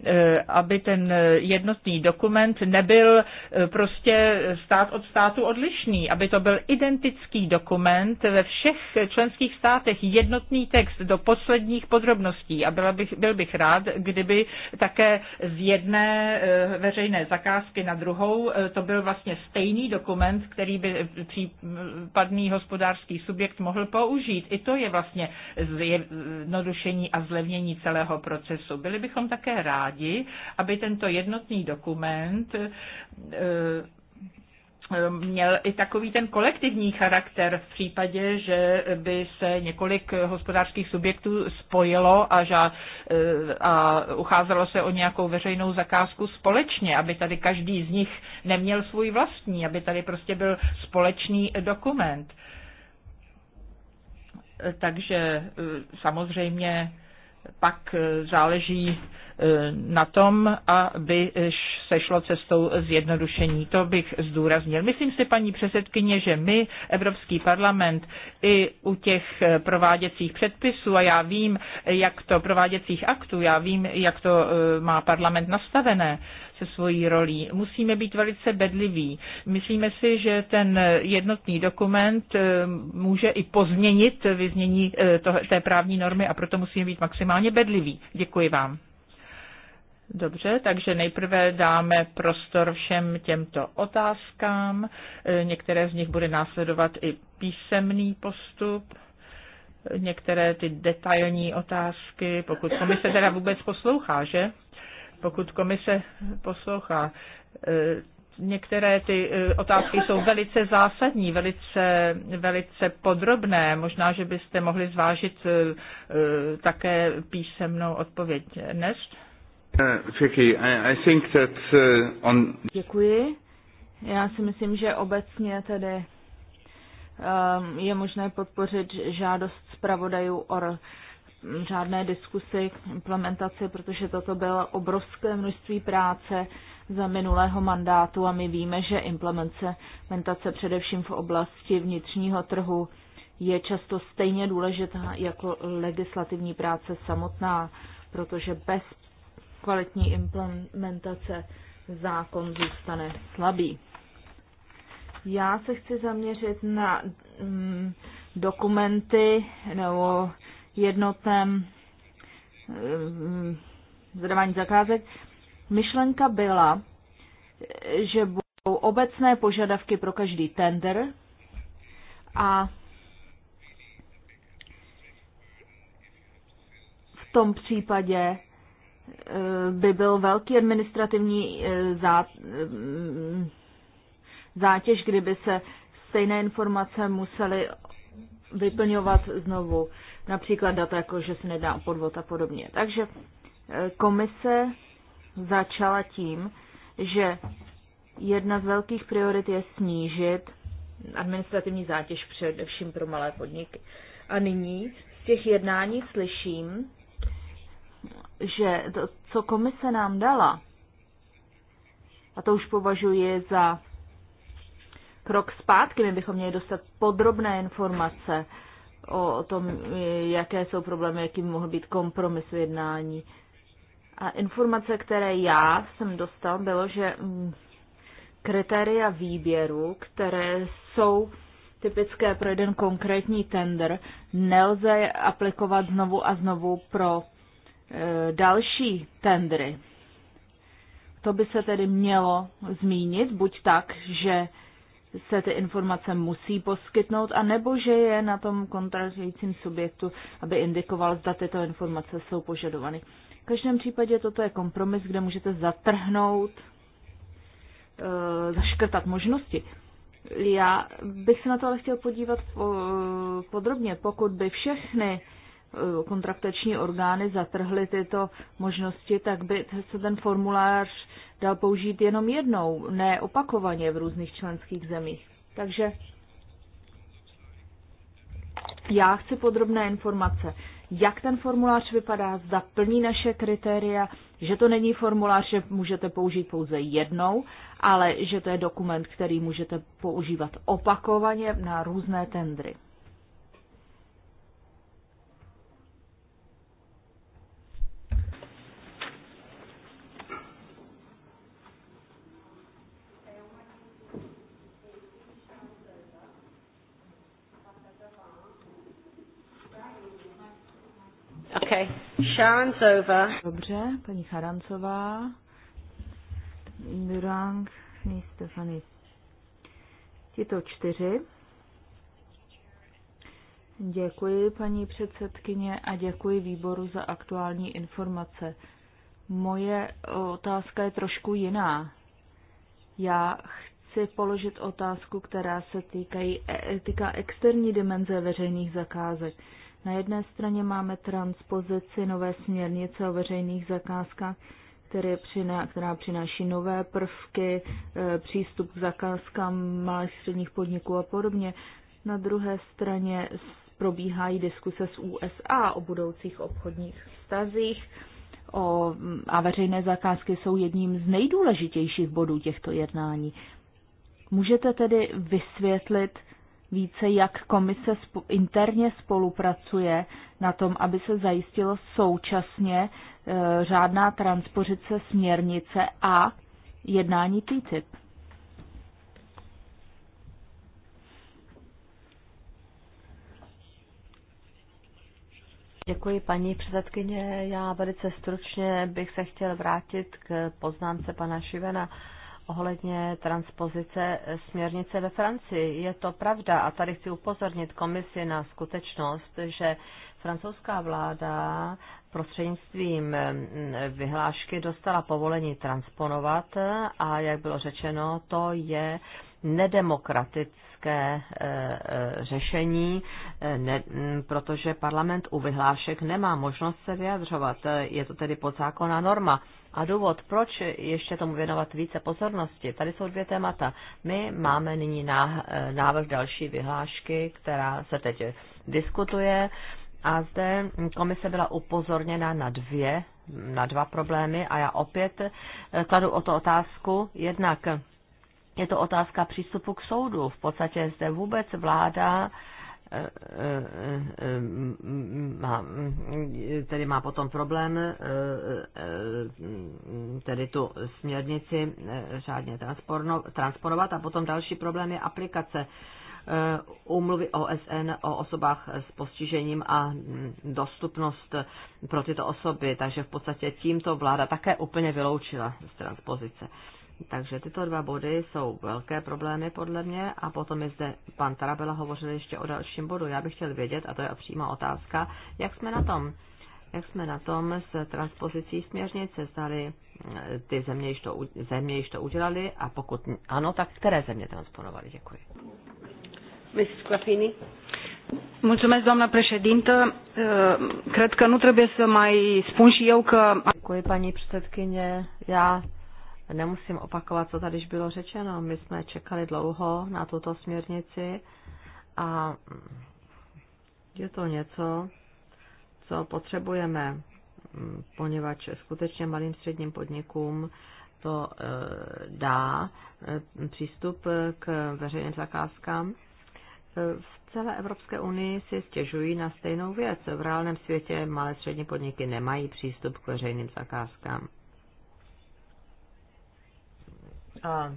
Eh, aby ten jednotný dokument nebyl eh, prostě stát od státu odlišný, aby to byl identický dokument ve všech členských státech, jednotný text do posledních podrobností a byla bych, byl bych rád, kdyby také z jedné eh, veřejné zakázky na druhou to byl vlastně stejný dokument, který by případný hospodářský subjekt mohl použít. I to je vlastně zjednodušení a zlevnění celého procesu. Byli bychom také rádi, rádi, aby tento jednotný dokument eh, eh, měl i takový ten kolektivní charakter v případě, že by se několik hospodářských subjektů spojilo a, ža, eh, a ucházelo se o nějakou veřejnou zakázku společně, aby tady každý z nich neměl svůj vlastní, aby tady prostě byl společný dokument. Takže samozřejmě pak eh, záleží eh, na tom, aby eh, se šlo cestou zjednodušení. To bych zdůraznil. Myslím si, paní předsedkyně, že my, Evropský parlament, i u těch prováděcích předpisů, a já vím, jak to prováděcích aktů, já vím, jak to má parlament nastavené, se svojí rolí. Musíme být velice bedliví. Myslíme si, že ten jednotný dokument eh, může i pozměnit vyznění eh, té právní normy a proto musíme být maximálně bedliví. Děkuji vám. Dobře, takže nejprve dáme prostor všem těmto otázkám. Eh, některé z nich bude následovat i písemný postup. Některé ty detailní otázky, pokud komise teda vůbec poslouchá, že? pokud komise poslouchá. E, některé ty e, otázky jsou velice zásadní, velice, velice podrobné. Možná, že byste mohli zvážit e, také písemnou odpověď dnes. Eh, eh, Děkuji. Já si myslím, že obecně tedy ehm, je možné podpořit žádost zpravodajů o žádné diskusy k implementaci, protože toto bylo obrovské množství práce za minulého mandátu a my víme, že implementace především v oblasti vnitřního trhu je často stejně důležitá jako legislativní práce samotná, protože bez kvalitní implementace zákon zůstane slabý. Já se chci zaměřit na mm, dokumenty nebo jednotném eh, zadávání zakázek. Myšlenka byla, že budou obecné požadavky pro každý tender a v tom případě eh, by byl velký administrativní eh, zátěž, kdyby se stejné informace musely vyplňovat znovu například data, jako že se nedá podvod a podobně. Takže eh, komise začala tím, že jedna z velkých priorit je snížit administrativní zátěž především pro malé podniky. A nyní z těch jednání slyším, že to, co komise nám dala, a to už považuji za krok zpátky, my bychom měli dostat podrobné informace o tom, jaké jsou problémy, jaký mohl být kompromis v jednání. A informace, které já jsem dostal, bylo, že mm, kritéria výběru, které jsou typické pro jeden konkrétní tender, nelze aplikovat znovu a znovu pro e, další tendry. To by se tedy mělo zmínit, buď tak, že se ty informace musí poskytnout, a nebo že je na tom kontražujícím subjektu, aby indikoval, zda tyto informace jsou požadovány. V každém případě toto je kompromis, kde můžete zatrhnout, eh, zaškrtat možnosti. Já bych se na to ale chtěl podívat eh, podrobně. Pokud by všechny Eh, kontraktační orgány zatrhly tyto možnosti, tak by se ten formulář dal použít jenom jednou, ne opakovaně v různých členských zemích. Takže já chci podrobné informace, jak ten formulář vypadá, zda plní naše kritéria, že to není formulář, že můžete použít pouze jednou, ale že to je dokument, který můžete používat opakovaně na různé tendry. Okay. Sharon's over. Dobře, paní Charancová. Durang, Stefany. Tito čtyři. Děkuji, paní předsedkyně, a děkuji výboru za aktuální informace. Moje otázka je trošku jiná. Já chci položit otázku, která se týkají, e, týká externí dimenze veřejných zakázek. Na jedné straně máme transpozici nové směrnice o veřejných zakázkách, které přiná, která přináší nové prvky, e, přístup k zakázkám malých středních podniků a podobně. Na druhé straně probíhají diskuse s USA o budoucích obchodních vztazích o, a veřejné zakázky jsou jedním z nejdůležitějších bodů těchto jednání. Můžete tedy vysvětlit, více, jak komise interně spolupracuje na tom, aby se zajistilo současně e, řádná transpozice směrnice a jednání TTIP. Děkuji, paní předsedkyně. Já velice stručně bych se chtěl vrátit k poznámce pana Šivena. Uh, ohledně transpozice eh, směrnice ve Francii. Je to pravda a tady chci upozornit komisi na skutečnost, že francouzská vláda prostřednictvím mm, vyhlášky dostala povolení transponovat eh, a jak bylo řečeno, to je nedemokratické eh, řešení, ne, mm, protože parlament u vyhlášek nemá možnost se vyjadřovat. Je to tedy podzákonná norma a důvod, proč ještě tomu věnovat více pozornosti. Tady jsou dvě témata. My máme nyní eh, návrh další vyhlášky, která se teď diskutuje. A zde komise byla upozorněna na dvě, na dva problémy a já opět eh, kladu o to otázku. Jednak je to otázka přístupu k soudu. V podstatě zde vůbec vláda má, tedy má potom problém eh, eh, tedy tu směrnici eh, řádně transponovat a potom další problém je aplikace Eh, úmluvy OSN o osobách s postižením a mm, dostupnost pro tyto osoby. Takže v podstatě tímto vláda také úplně vyloučila z transpozice. Takže tyto dva body jsou velké problémy podle mě a potom je zde pan Tarabela hovořil ještě o dalším bodu. Já bych chtěl vědět, a to je přímá otázka, jak jsme na tom jak jsme na tom s transpozicí směrnice, zdali eh, ty země již, to, země již to udělali a pokud ano, tak které země transponovali? Děkuji doamnă președintă. E, cred că nu trebuie să mai spun și eu că... Děkuji, paní předsedkyně. Já nemusím opakovat, co tady bylo řečeno. My jsme čekali dlouho na tuto směrnici a je to něco, co potřebujeme, poněvadž skutečně malým středním podnikům to e, dá e, přístup k veřejným zakázkám v celé Evropské unii si stěžují na stejnou věc. V reálném světě malé střední podniky nemají přístup k veřejným zakázkám. A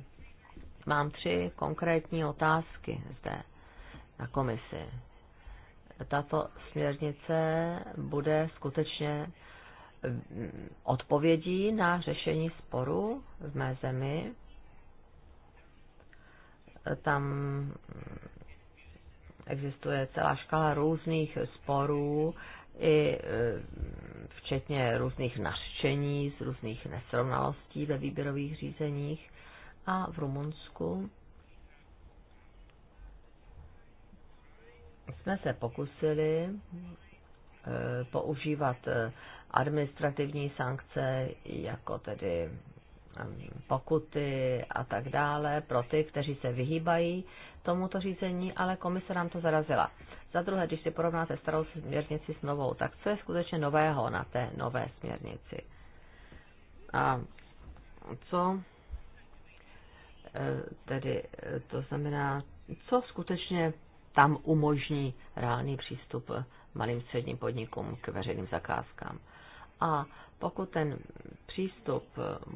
mám tři konkrétní otázky zde na komisi. Tato směrnice bude skutečně mm, odpovědí na řešení sporu v mé zemi. Tam Existuje celá škala různých sporů, i e, včetně různých nařčení z různých nesrovnalostí ve výběrových řízeních a v Rumunsku jsme se pokusili e, používat e, administrativní sankce, jako tedy pokuty a tak dále, pro ty, kteří se vyhýbají tomuto řízení, ale komise nám to zarazila. Za druhé, když si porovnáte starou směrnici s novou, tak co je skutečně nového na té nové směrnici? A co eh, tedy eh, to znamená, co skutečně tam umožní reálný přístup malým středním podnikům k veřejným zakázkám? A pokud ten přístup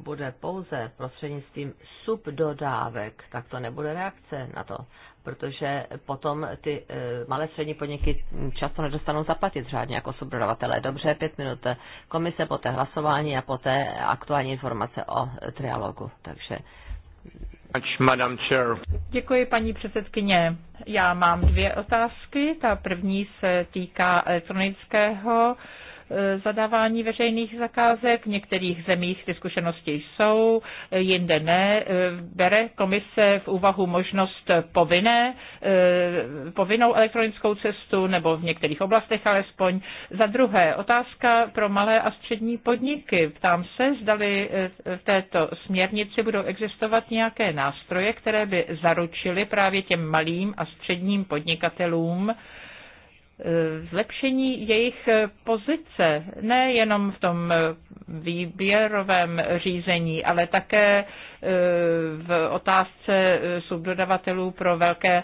bude pouze prostřednictvím subdodávek, tak to nebude reakce na to, protože potom ty eh, malé střední podniky často nedostanou zaplatit řádně jako subdodavatelé. Dobře, pět minut komise, poté hlasování a poté aktuální informace o trialogu. Takže Děkuji, paní předsedkyně. Já mám dvě otázky. Ta první se týká elektronického Eh, zadávání veřejných zakázek. V některých zemích ty zkušenosti jsou, eh, jinde ne. Eh, bere komise v úvahu možnost povinné, povinnou elektronickou cestu, nebo v některých oblastech alespoň. Za druhé, otázka pro malé a střední podniky. Ptám se, zdali v této směrnici budou existovat nějaké nástroje, které by zaručily právě těm malým a středním podnikatelům, zlepšení jejich pozice, nejenom v tom výběrovém řízení, ale také e, v otázce subdodavatelů pro velké e,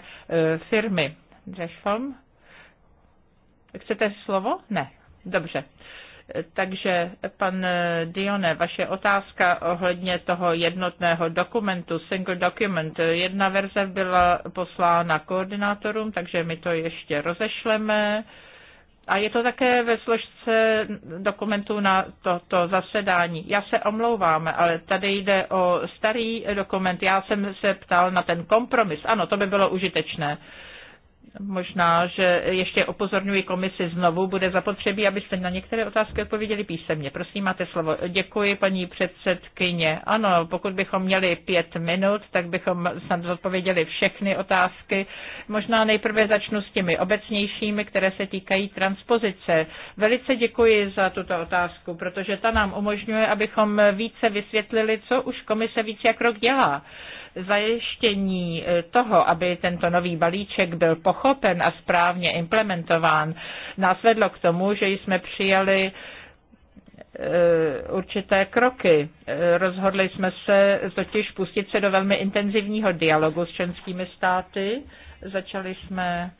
firmy. Řešform? Chcete slovo? Ne. Dobře. Takže, pan Dione, vaše otázka ohledně toho jednotného dokumentu, single document, jedna verze byla poslána koordinátorům, takže my to ještě rozešleme. A je to také ve složce dokumentů na toto to zasedání. Já se omlouvám, ale tady jde o starý dokument. Já jsem se ptal na ten kompromis. Ano, to by bylo užitečné. Uh, Možná, že ještě opozorňuji komisi znovu, bude zapotřebí, abyste na některé otázky odpověděli písemně. Prosím, máte slovo. Děkuji, paní předsedkyně. Ano, pokud bychom měli pět minut, tak bychom snad zodpověděli všechny otázky. Možná nejprve začnu s těmi obecnějšími, které se týkají transpozice. Velice děkuji za tuto otázku, protože ta nám umožňuje, abychom více vysvětlili, co už komise víc jak rok dělá zajištění eh, toho, aby tento nový balíček byl pochopen a správně implementován, nás vedlo k tomu, že jsme přijali eh, určité kroky. Eh, rozhodli jsme se totiž pustit se do velmi intenzivního dialogu s členskými státy. Začali jsme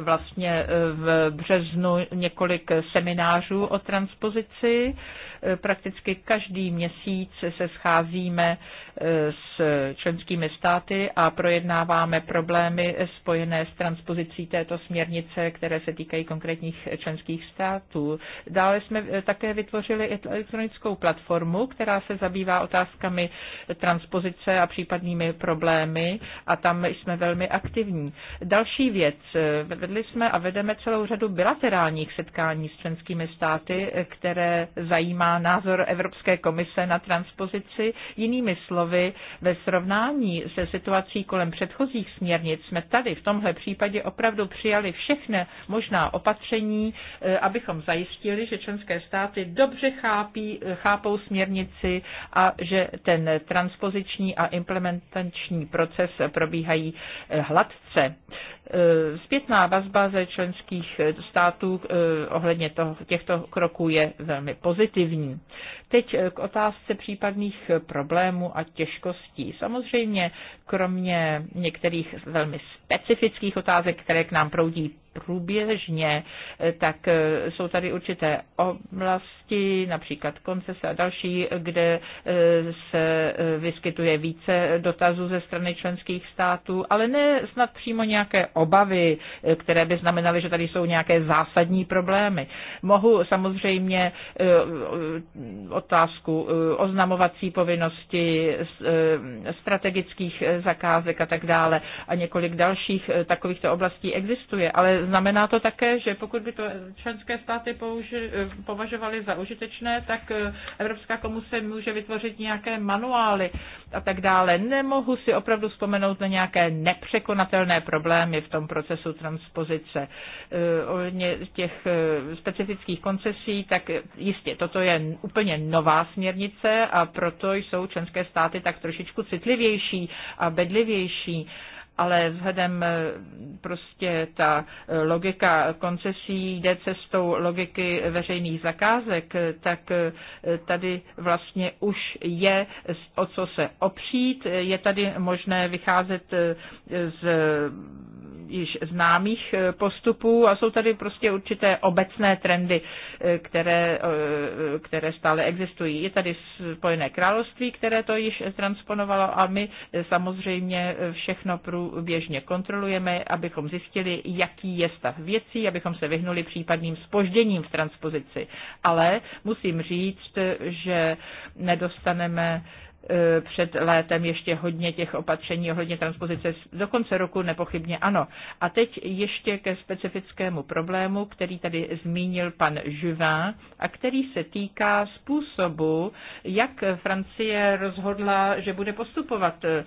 vlastně v březnu několik seminářů o transpozici. Eh, prakticky každý měsíc se scházíme eh, s členskými státy a projednáváme problémy spojené s transpozicí této směrnice, které se týkají konkrétních členských států. Dále jsme eh, také vytvořili elektronickou platformu, která se zabývá otázkami transpozice a případnými problémy a tam jsme velmi aktivní. Další věc, vedli jsme a vedeme celou řadu bilaterálních setkání s členskými státy, které zajímá názor Evropské komise na transpozici. Jinými slovy, ve srovnání se situací kolem předchozích směrnic jsme tady v tomhle případě opravdu přijali všechny možná opatření, eh, abychom zajistili, že členské státy dobře chápí, eh, chápou směrnici a že ten transpoziční a implementační proces probíhají eh, hladce. Eh, zpětná vazba ze členských eh, států eh, ohledně toho, těchto kroků je velmi pozitivní. Teď k otázce případných problémů a těžkostí. Samozřejmě kromě některých velmi specifických otázek, které k nám proudí průběžně, eh, tak eh, jsou tady určité oblasti, například koncese a další, kde eh, se vyskytuje více dotazů ze strany členských států, ale ne snad přímo nějaké obavy, které by znamenaly, že tady jsou nějaké zásadní problémy. Mohu samozřejmě otázku oznamovací povinnosti strategických zakázek a tak dále. A několik dalších eh, takovýchto oblastí existuje. Ale znamená to také, že pokud by to členské státy použi- eh, považovaly za užitečné, tak eh, Evropská komise může vytvořit nějaké manuály a tak dále. Nemohu si opravdu vzpomenout na nějaké nepřekonatelné problémy v tom procesu transpozice. těch specifických koncesí, tak jistě toto je úplně nová směrnice a proto jsou členské státy tak trošičku citlivější a a bedlivější ale vzhledem eh, prostě ta eh, logika koncesí jde cestou logiky veřejných zakázek, eh, tak tady vlastně už je o co se opřít. Je tady možné vycházet z již známých postupů a jsou tady prostě určité obecné trendy, které, které stále existují. Je tady Spojené království, které to již transponovalo a my samozřejmě všechno prů Běžně kontrolujeme, abychom zjistili, jaký je stav věcí, abychom se vyhnuli případným spožděním v transpozici. Ale musím říct, že nedostaneme Eh, před létem ještě hodně těch opatření hodně transpozice. Do konce roku nepochybně ano. A teď ještě ke specifickému problému, který tady zmínil pan Juvin a který se týká způsobu, jak Francie rozhodla, že bude postupovat eh,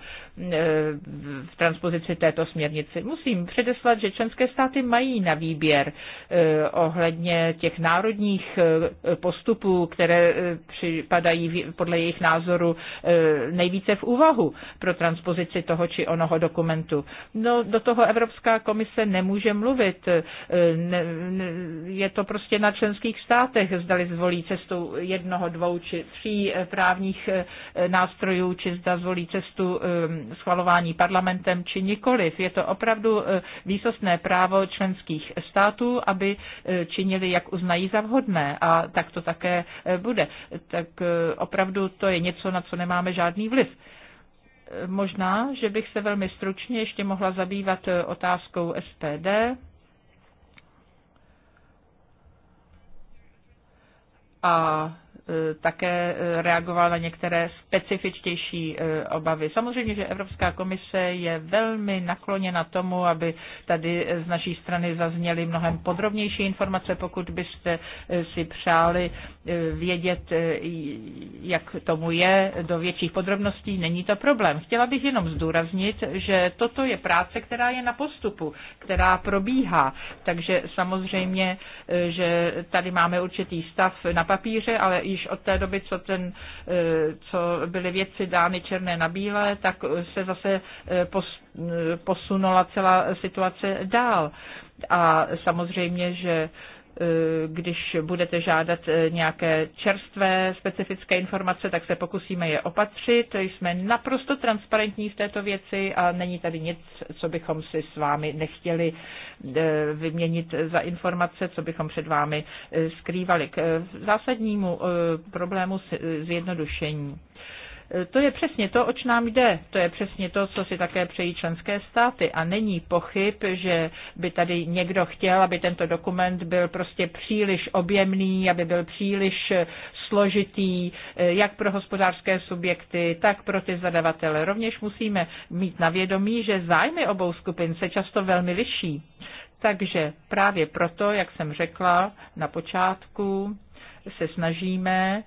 v transpozici této směrnice. Musím předeslat, že členské státy mají na výběr eh, ohledně těch národních postupů, které připadají podle jejich názoru E, nejvíce v úvahu pro transpozici toho či onoho dokumentu. No, do toho Evropská komise nemůže mluvit. E, je to prostě na členských státech, zdali zvolí cestu jednoho, dvou či tří e, právních nástrojů, či zda zvolí cestu schvalování parlamentem, či nikoliv. Je to opravdu výsostné právo členských států, aby činili, jak uznají za vhodné. A tak to také bude. Tak opravdu to je něco, na co nemá nemáme žádný vliv. Možná, že bych se velmi stručně ještě mohla zabývat eh, otázkou SPD a Eh, také eh, reagoval na některé specifičtější eh, obavy. Samozřejmě, že Evropská komise je velmi nakloněna tomu, aby tady z naší strany zazněly mnohem podrobnější informace, pokud byste si přáli vědět, jak tomu je, do větších podrobností, není to problém. Chtěla bych jenom zdůraznit, že toto je práce, která je na postupu, která probíhá, takže samozřejmě, že tady máme určitý stav na papíře, ale i již od té doby, co, ten, eh, co byly věci dány černé na bílé, tak se zase eh, eh, posunula celá situace dál. A samozřejmě, že Eh, když budete žádat eh, nějaké čerstvé specifické informace, tak se pokusíme je opatřit. Jsme naprosto transparentní v této věci a není tady nic, co bychom si s vámi nechtěli eh, vyměnit za informace, co bychom před vámi skrývali. K zásadnímu problému zjednodušení. To je přesně to, oč nám jde. To je přesně to, co si také přejí členské státy. A není pochyb, že by tady někdo chtěl, aby tento dokument byl prostě příliš objemný, aby byl příliš eh, složitý, eh, jak pro hospodářské subjekty, tak pro ty zadavatele. Rovněž musíme mít na vědomí, že zájmy obou skupin se často velmi liší. Takže právě proto, jak jsem řekla na počátku, se snažíme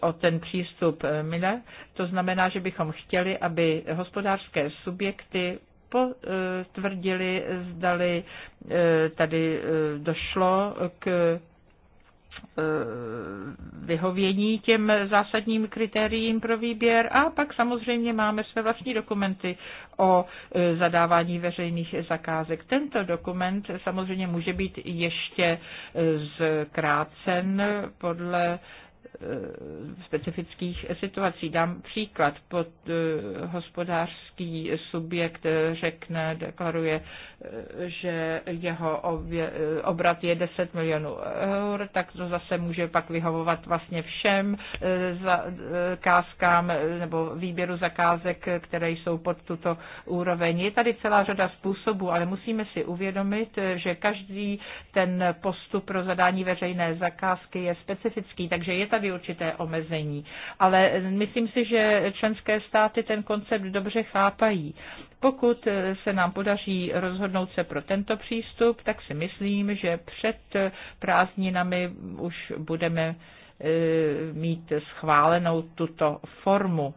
o ten přístup eh, Miller. To znamená, že bychom chtěli, aby hospodářské subjekty potvrdili, zdali eh, tady eh, došlo k vyhovění těm zásadním kritériím pro výběr a pak samozřejmě máme své vlastní dokumenty o zadávání veřejných zakázek. Tento dokument samozřejmě může být ještě zkrácen podle Eh, specifických situací. Dám příklad. Pod eh, hospodářský subjekt řekne, deklaruje, eh, že jeho obrat je 10 milionů eur, tak to zase může pak vyhovovat vlastně všem zakázkám nebo výběru zakázek, které jsou pod tuto úroveň. Je tady celá řada způsobů, ale musíme si uvědomit, že každý ten postup pro zadání veřejné zakázky je specifický, takže je tady tady určité omezení. Ale myslím si, že členské státy ten koncept dobře chápají. Pokud se nám podaří rozhodnout se pro tento přístup, tak si myslím, že před prázdninami už budeme e, mít schválenou tuto formu.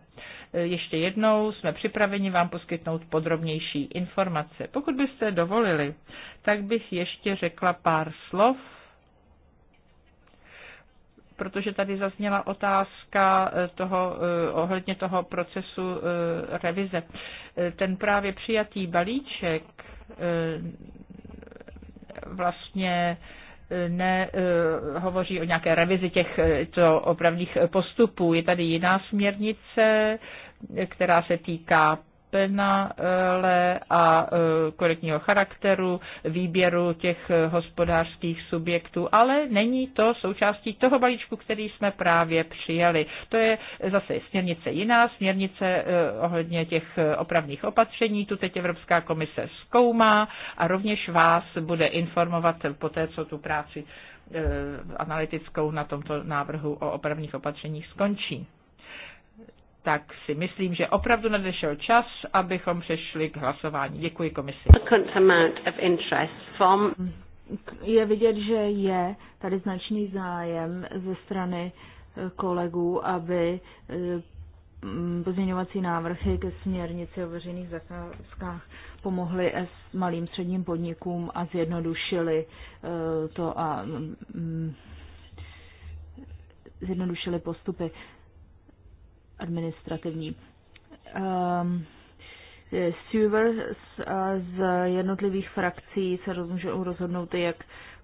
Ještě jednou jsme připraveni vám poskytnout podrobnější informace. Pokud byste dovolili, tak bych ještě řekla pár slov protože tady zazněla otázka eh, toho, eh, ohledně toho procesu eh, revize. Ten právě přijatý balíček vlastně ne hovoří o nějaké revizi těchto opravných postupů. Je tady jiná směrnice, která se týká penále a e, korektního charakteru, výběru těch e, hospodářských subjektů, ale není to součástí toho balíčku, který jsme právě přijali. To je zase směrnice jiná, směrnice e, ohledně těch opravných opatření, tu teď Evropská komise zkoumá a rovněž vás bude informovat po té, co tu práci analytickou na tomto návrhu o opravných opatřeních skončí tak si myslím, že opravdu nadešel čas, abychom přešli k hlasování. Děkuji komisi. Je vidět, že je tady značný zájem ze strany eh, kolegů, aby eh, pozměňovací návrhy ke směrnici o veřejných zakázkách pomohly s malým středním podnikům a zjednodušili eh, to a zjednodušili postupy administrativní. Um, Sewer z, z jednotlivých frakcí se rozhodnou, rozhodnout, jak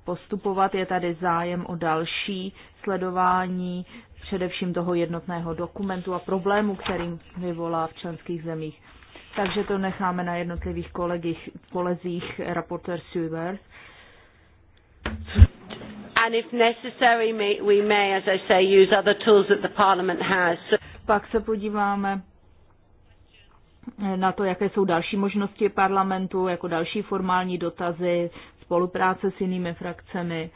postupovat. Je tady zájem o další sledování, především toho jednotného dokumentu a problému, kterým vyvolá v členských zemích. Takže to necháme na jednotlivých kolegích, kolezích raportér Sewer. And if necessary, we may, as I say, use other tools that the Parliament has. So pak se podíváme na to, jaké jsou další možnosti parlamentu, jako další formální dotazy, spolupráce s jinými frakcemi,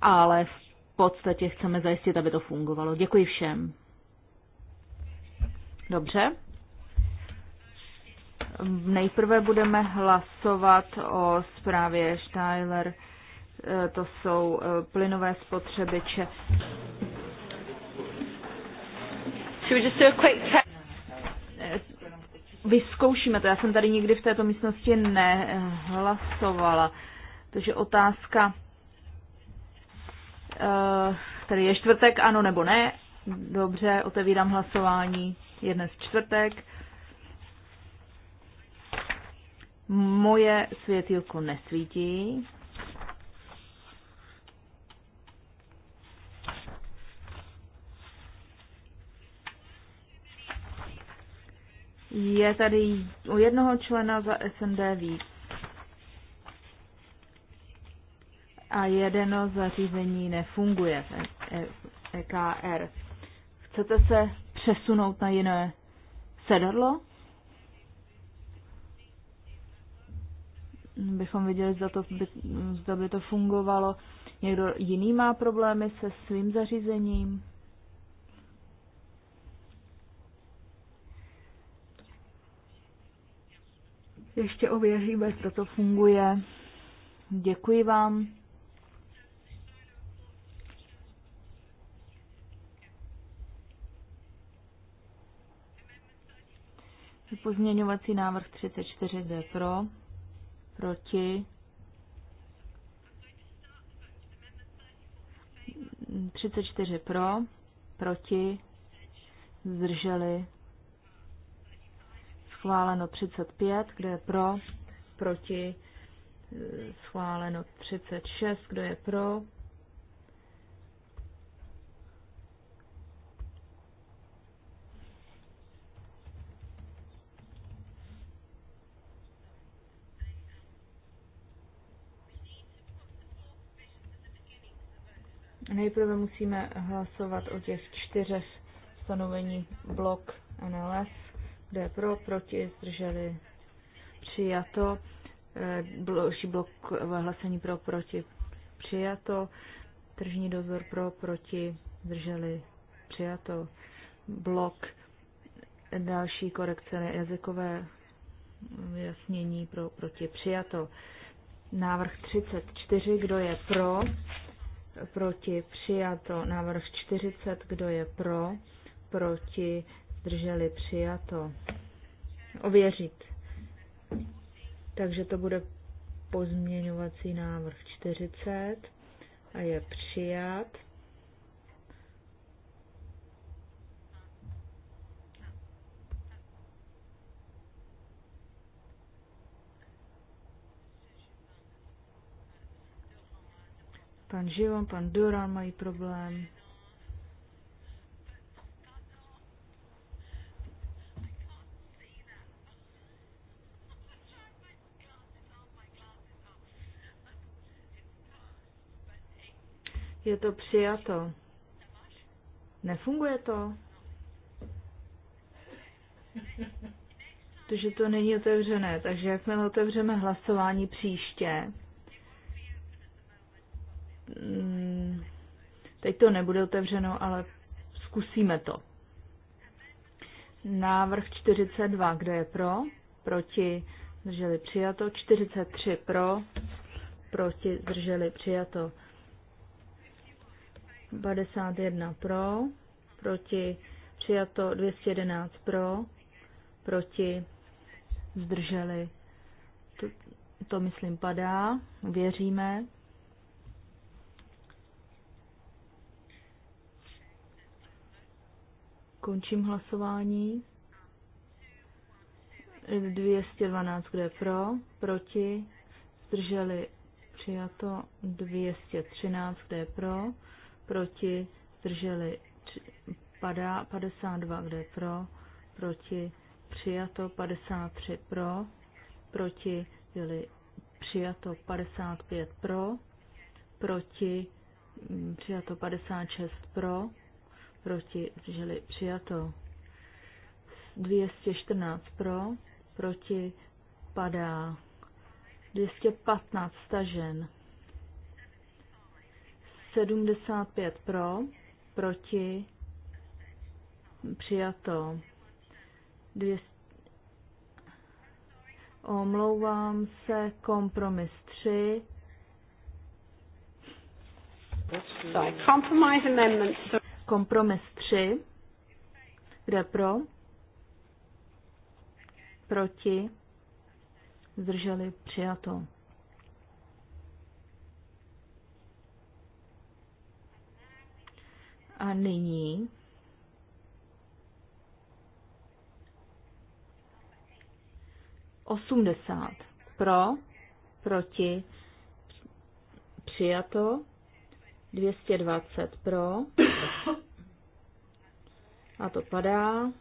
ale v podstatě chceme zajistit, aby to fungovalo. Děkuji všem. Dobře. Nejprve budeme hlasovat o zprávě Steiler. E, to jsou e, plynové spotřebiče. Should we just do a quick check? Vyzkoušíme to. Já jsem tady nikdy v této místnosti nehlasovala. Takže otázka. Eh, tady je čtvrtek, ano nebo ne? Dobře, otevírám hlasování. Je dnes čtvrtek. Moje světilko nesvítí. je tady u jednoho člena za SND víc a jedno zařízení nefunguje v EKR. E- e Chcete se přesunout na jiné sedadlo? Bychom viděli, zda, to by, zda by to fungovalo. Někdo jiný má problémy se svým zařízením? Ještě ověříme, co to funguje. Děkuji vám. Pozměňovací návrh 34 D pro, proti. 34 pro, proti, zdrželi schváleno 35, kdo je pro, proti, eh, schváleno 36, kdo je pro, Nejprve musíme hlasovat o těch čtyřech stanovení blok NLS. Kdo je pro, proti, zdrželi, přijato. Další eh, blok hlasení pro, proti, přijato. Tržní dozor pro, proti, zdrželi, přijato. Blok další korekce jazykové vyjasnění pro, proti, přijato. Návrh 34, kdo je pro, proti, přijato. Návrh 40, kdo je pro, proti, drželi přijato. Ověřit. Takže to bude pozměňovací návrh 40 a je přijat. Pan Živon, pan Duran mají problém. Je to přijato. Nefunguje to? Protože to není otevřené. Takže jakmile otevřeme hlasování příště, mm, teď to nebude otevřeno, ale zkusíme to. Návrh 42, kdo je pro? Proti zdrželi přijato. 43 pro, proti zdrželi přijato. 51 pro, proti přijato 211 pro, proti zdrželi. To, to myslím padá, věříme. Končím hlasování. 212, kde pro, proti, zdrželi přijato 213, kde pro, proti, zdrželi, padá 52, kde je pro, proti, přijato 53 pro, proti, byli přijato 55 pro, proti, přijato 56 pro, proti, zdrželi, přijato 214 mm, pro, proti, padá 215 stažen 75 pro, proti, přijato. Dvě... Omlouvám se, kompromis 3. Kompromis 3. Kde pro? Proti? Zdrželi přijato. A nyní osmdesát pro, proti, přijato, dvěstě dvacet pro, a to padá,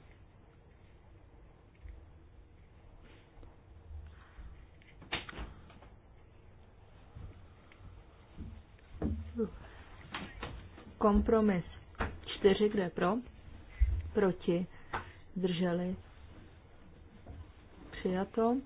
kompromis 4, kde je pro? Proti. Zdrželi. Přijato.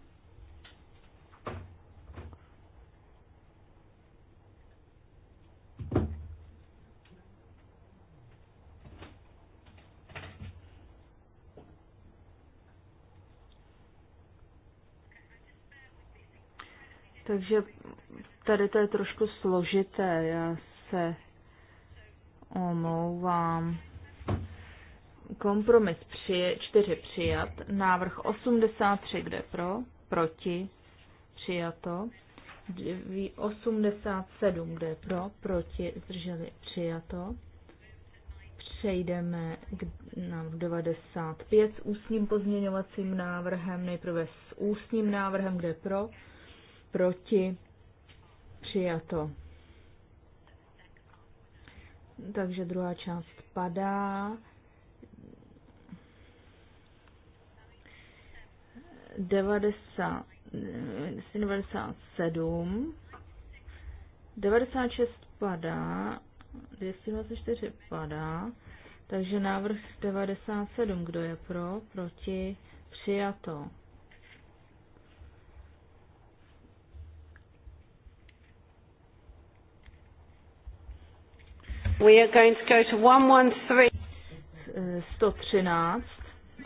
Takže tady to je trošku složité. Já se omlouvám. Kompromis 3, čtyři přijat, návrh 83, kde pro, proti, přijato, 87, kde pro, proti, zdrželi, přijato. Přejdeme k návrhu 95 s ústním pozměňovacím návrhem, nejprve s ústním návrhem, kde pro, proti, přijato takže druhá část padá. Eh, devadesát Devadesát 96 padá, 224 padá, takže návrh 97, kdo je pro, proti, přijato. We are going to go to 113. 113.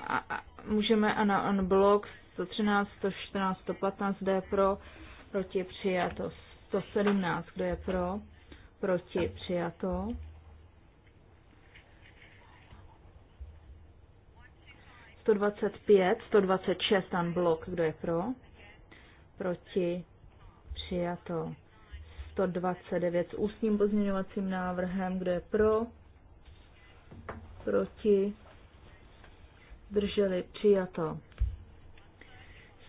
A, a můžeme a na unblock 113, 114, 115, kdo je pro, proti přijato. 117, kdo je pro, proti přijato. 125, 126 blok, kdo je pro, proti přijato. 129 s ústním pozměňovacím návrhem, kdo je pro, proti, drželi přijato.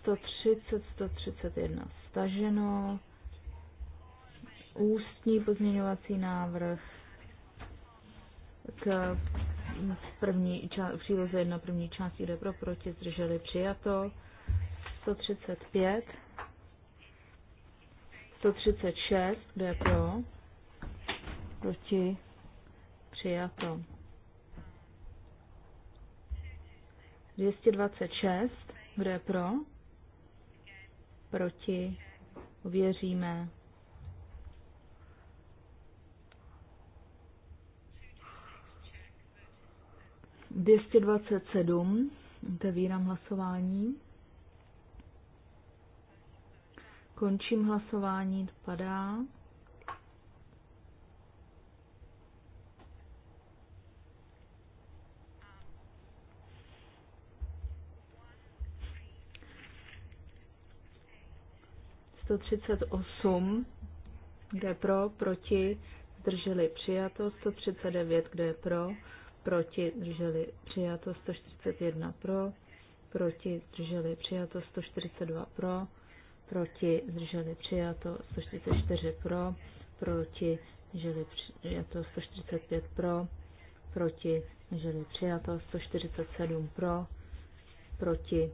130, 131 staženo, ústní pozměňovací návrh k první ča- příloze 1 první části, kde pro proti zdrželi přijato, 135 136, kdo pro? Proti? Přijato. 226, kdo pro? Proti? Věříme. 227, Otevírám hlasování. Končím hlasování, dopadá. Sto třicet osm, kde pro, proti, zdrželi přijato, 139, kde pro, proti, zdrželi přijato, 141 pro, proti, zdrželi přijato, 142 pro, proti, zdrželi přijato 144 pro, proti, zdrželi přijato 145 pro, proti, zdrželi přijato 147 pro, proti.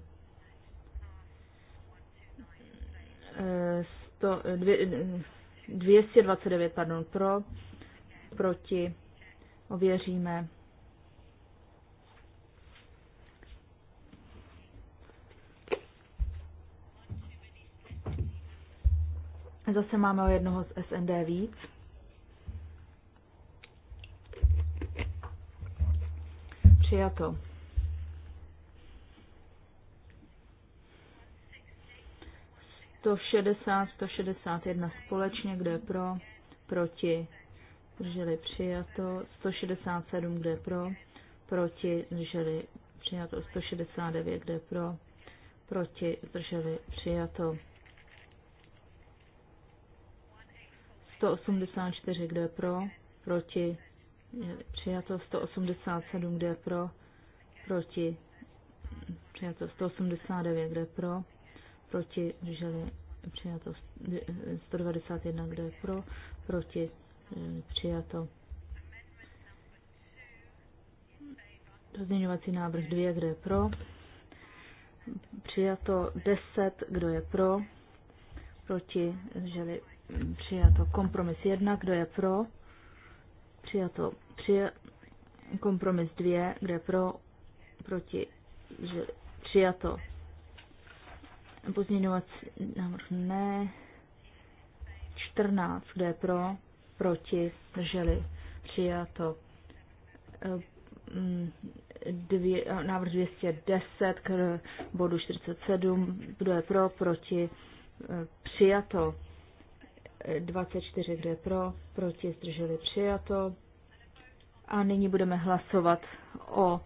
100, eh, 229 pardon, pro, proti, ověříme Zase máme o jednoho z SND víc. Přijato. To 60, 161 společně, kde je pro, proti, drželi přijato, 167, kde je pro, proti, drželi přijato, 169, kde je pro, proti, drželi přijato. 184, kde je pro, proti, přijato 187, kde je pro, proti, přijato 189, kde je pro, proti, drželi přijato 191, kde je pro, proti, přijato. Rozměňovací návrh 2, kde je pro, přijato 10, kdo je pro, proti, drželi Přijato. Kompromis 1, kdo je pro? Přijato. Při... Kompromis 2, kdo je pro? Proti? Že... Přijato. Pozměňovací návrh ne. 14, kdo je pro? Proti? Drželi. Přijato. E, mm, dvě, e, návrh 210 k bodu 47, kdo je pro, proti, e, přijato. 24, kde je pro, proti, zdrželi přijato. A nyní budeme hlasovat o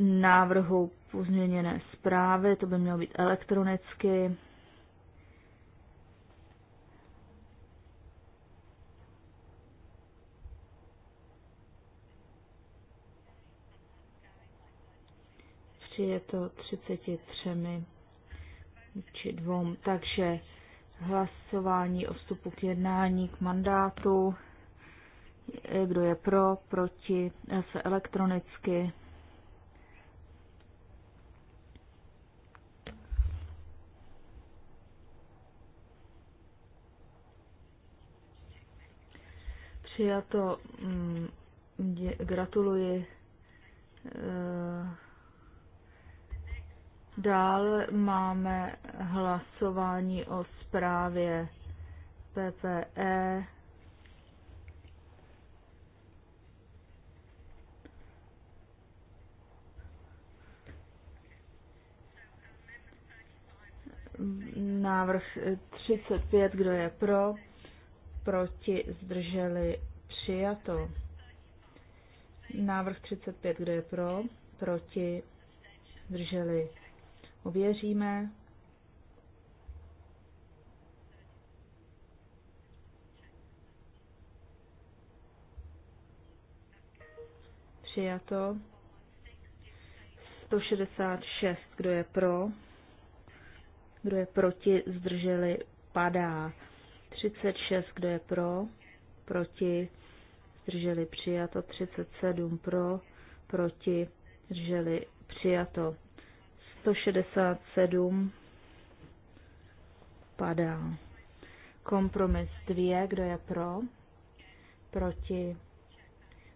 návrhu pozměněné zprávy, to by mělo být elektronicky. to 33 či dvou, takže hlasování o vstupu k jednání, k mandátu, kdo je pro, proti, se elektronicky. Přijato, mm, gratuluji. Eh, Dále máme hlasování o zprávě PPE. Návrh 35, kdo je pro, proti, zdrželi, přijato. Návrh 35, kdo je pro, proti, zdrželi, Ověříme. Přijato. 166. Kdo je pro? Kdo je proti? Zdrželi? Padá. 36. Kdo je pro? Proti? Zdrželi? Přijato. 37. Pro? Proti? Zdrželi? Přijato. 167 padá. Kompromis 2, kdo je pro? Proti?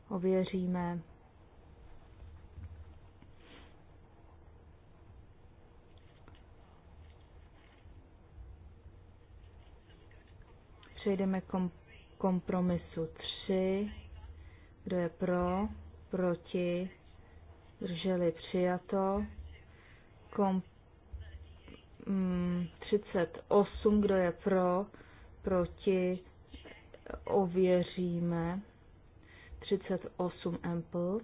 Ověříme. Přejdeme kom- kompromisu 3. Kdo je pro? Proti? Drželi přijato. Kom, 38, mm, kdo je pro, proti, ověříme. 38 Ample.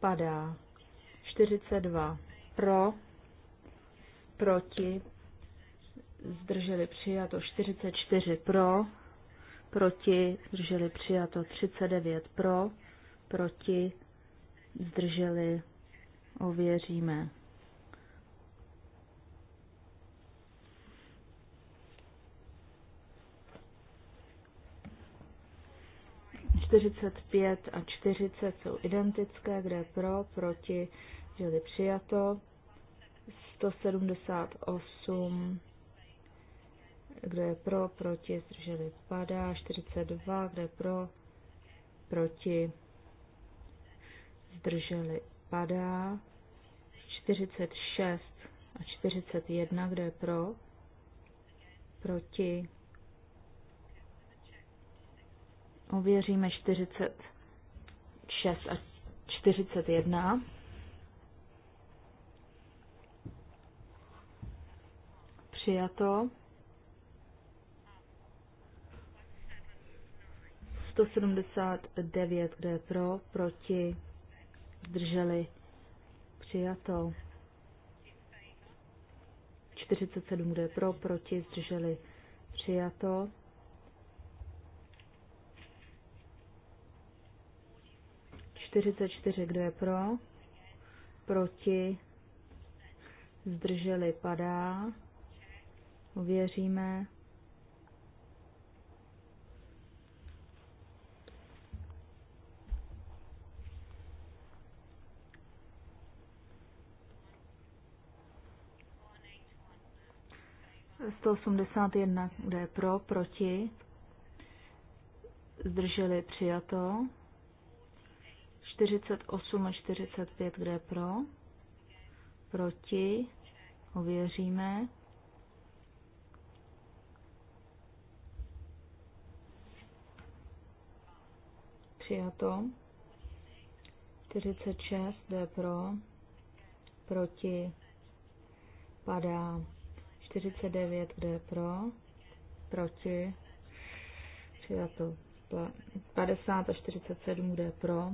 Padá. 42 pro, proti, zdrželi přijato 44 pro, proti, zdrželi přijato 39 pro, proti, zdrželi, ověříme. pět a 40 jsou identické, kde je pro, proti, zdrželi přijato. 178 kde je pro, proti, zdrželi, padá, 42, kde je pro, proti, zdrželi, padá. 46 a 41, kde je pro, proti. Ověříme 46 a 41. Přijato. 179, kde je pro, proti zdrželi přijato. 47 bude pro, proti, zdrželi přijato. 44, kdo je pro, proti, zdrželi padá, uvěříme. 181, kde je pro, proti, zdrželi přijato. 48 a 45, kde je pro, proti, ověříme. Přijato. 46, kde je pro, proti, padá. 49, kde je pro, proti, přijato 50 a 47, kde je pro.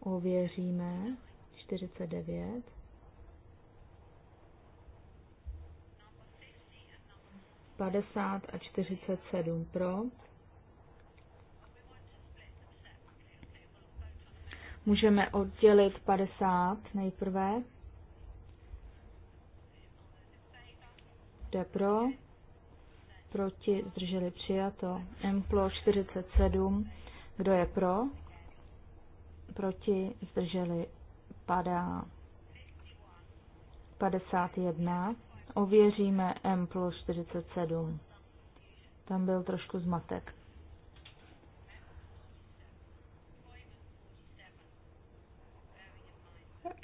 Ověříme 49. Padesát a 47 pro. Můžeme oddělit 50 nejprve. Jde pro. Proti zdrželi přijato. Emplo 47. Kdo je pro? Proti zdrželi padá 51. Ověříme M plus 47. Tam byl trošku zmatek.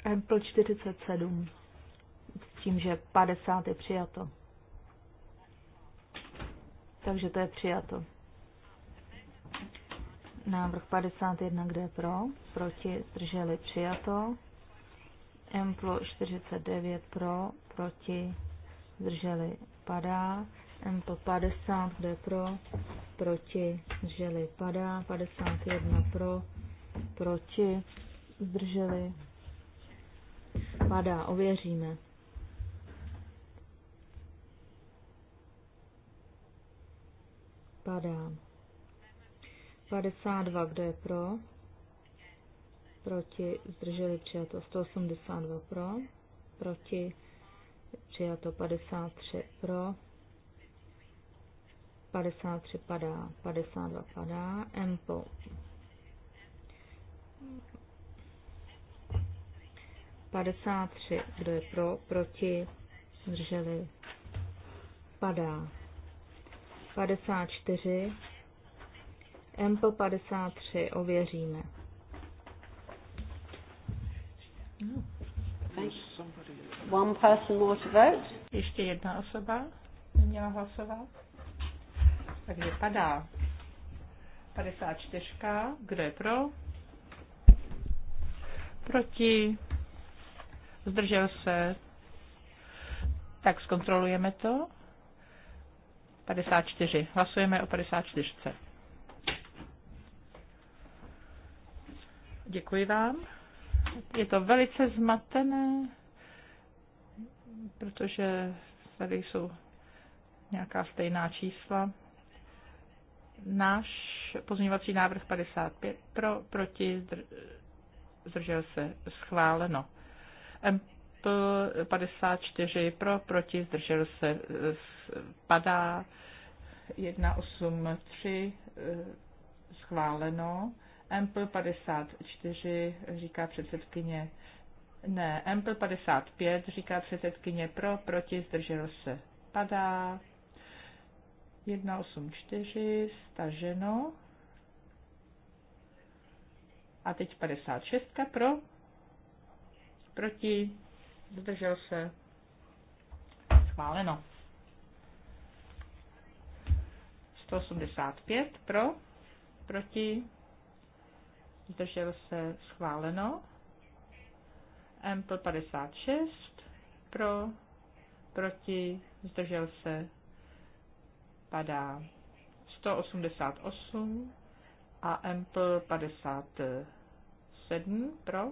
Empl 47 s tím, že 50 je přijato. Takže to je přijato. Návrh 51, kde je pro, proti, zdrželi přijato. Emplo 49 pro, proti, zdrželi padá. Emplo 50, kde je pro, proti, zdrželi padá. 51 pro, proti, zdrželi Padá, ověříme. Padá. 52, kdo je pro? Proti, zdrželi přijato 182 pro, proti, přijato 53 pro, 53 padá, 52 padá, MPO 53. Kdo je pro? Proti? Zdrželi? Padá. 54. MPL 53. Ověříme. One person more to vote. Ještě jedna osoba neměla hlasovat. Takže padá 54. Kdo je pro? Proti? zdržel se, tak zkontrolujeme to. 54. Hlasujeme o 54. Děkuji vám. Je to velice zmatené, protože tady jsou nějaká stejná čísla. Náš pozměňovací návrh 55 pro, proti, zdržel se schváleno. Ample 54 pro, proti, zdržel se, padá 183 eh, schváleno. Ample 54 říká předsedkyně ne, Ample 55 říká předsedkyně pro, proti, zdržel se, padá. 184, staženo. A teď 56 pro, Proti? Zdržel se? Schváleno. 185 pro? Proti? Zdržel se? Schváleno. Ample 56 pro? Proti? Zdržel se? Padá. 188 a Ample 57 pro?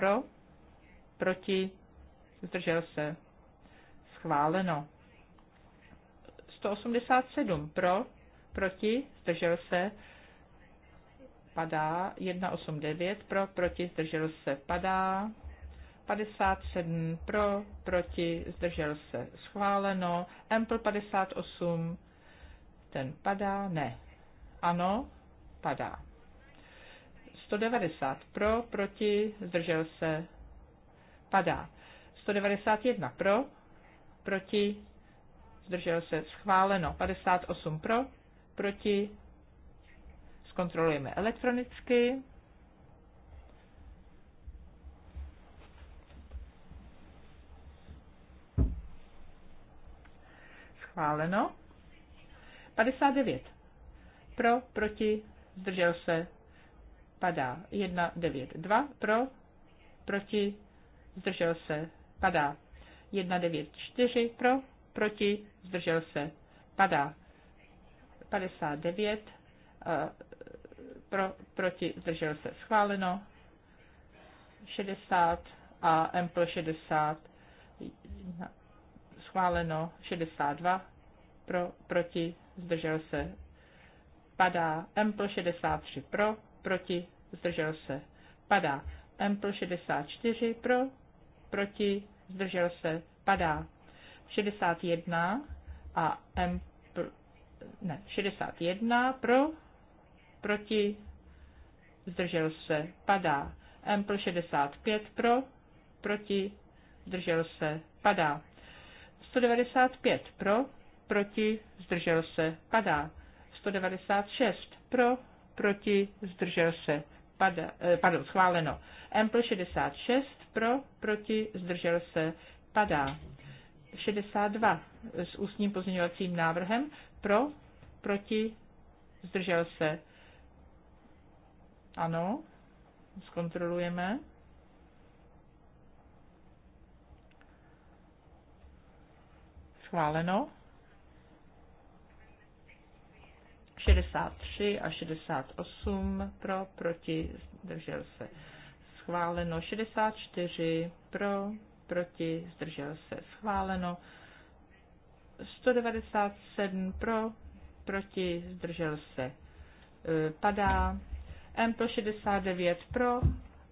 pro, proti, zdržel se, schváleno. 187 pro, proti, zdržel se, padá. 189 pro, proti, zdržel se, padá. 57 pro, proti, zdržel se, schváleno. Ample 58, ten padá, ne. Ano, padá. 190 pro, proti, zdržel se, padá. 191 pro, proti, zdržel se, schváleno. 58 pro, proti, zkontrolujeme elektronicky. Schváleno. 59 pro, proti, zdržel se, padá. 1, 9, 2 pro, proti, zdržel se, padá. 1, 9, 4 pro, proti, zdržel se, padá. 59 eh, pro, proti, zdržel se, schváleno. 60 a M pro 60 schváleno 62 pro, proti, zdržel se, padá pro 63 pro, proti, zdržel se, padá. Ample 64 pro, proti, zdržel se, padá. 61 a Ample, ne, 61 pro, proti, zdržel se, padá. Ample 65 pro, proti, zdržel se, padá. 195 pro, proti, zdržel se, padá. 196 pro, proti, zdržel se, pada, eh, pardon, schváleno. Ample 66 pro, proti, zdržel se, padá. 62 s ústním pozměňovacím návrhem pro, proti, zdržel se. Ano, zkontrolujeme. Schváleno. 63 a 68 pro, proti, zdržel se. Schváleno 64 pro, proti, zdržel se. Schváleno 197 e, pro, proti, zdržel se. Padá. M169 pro,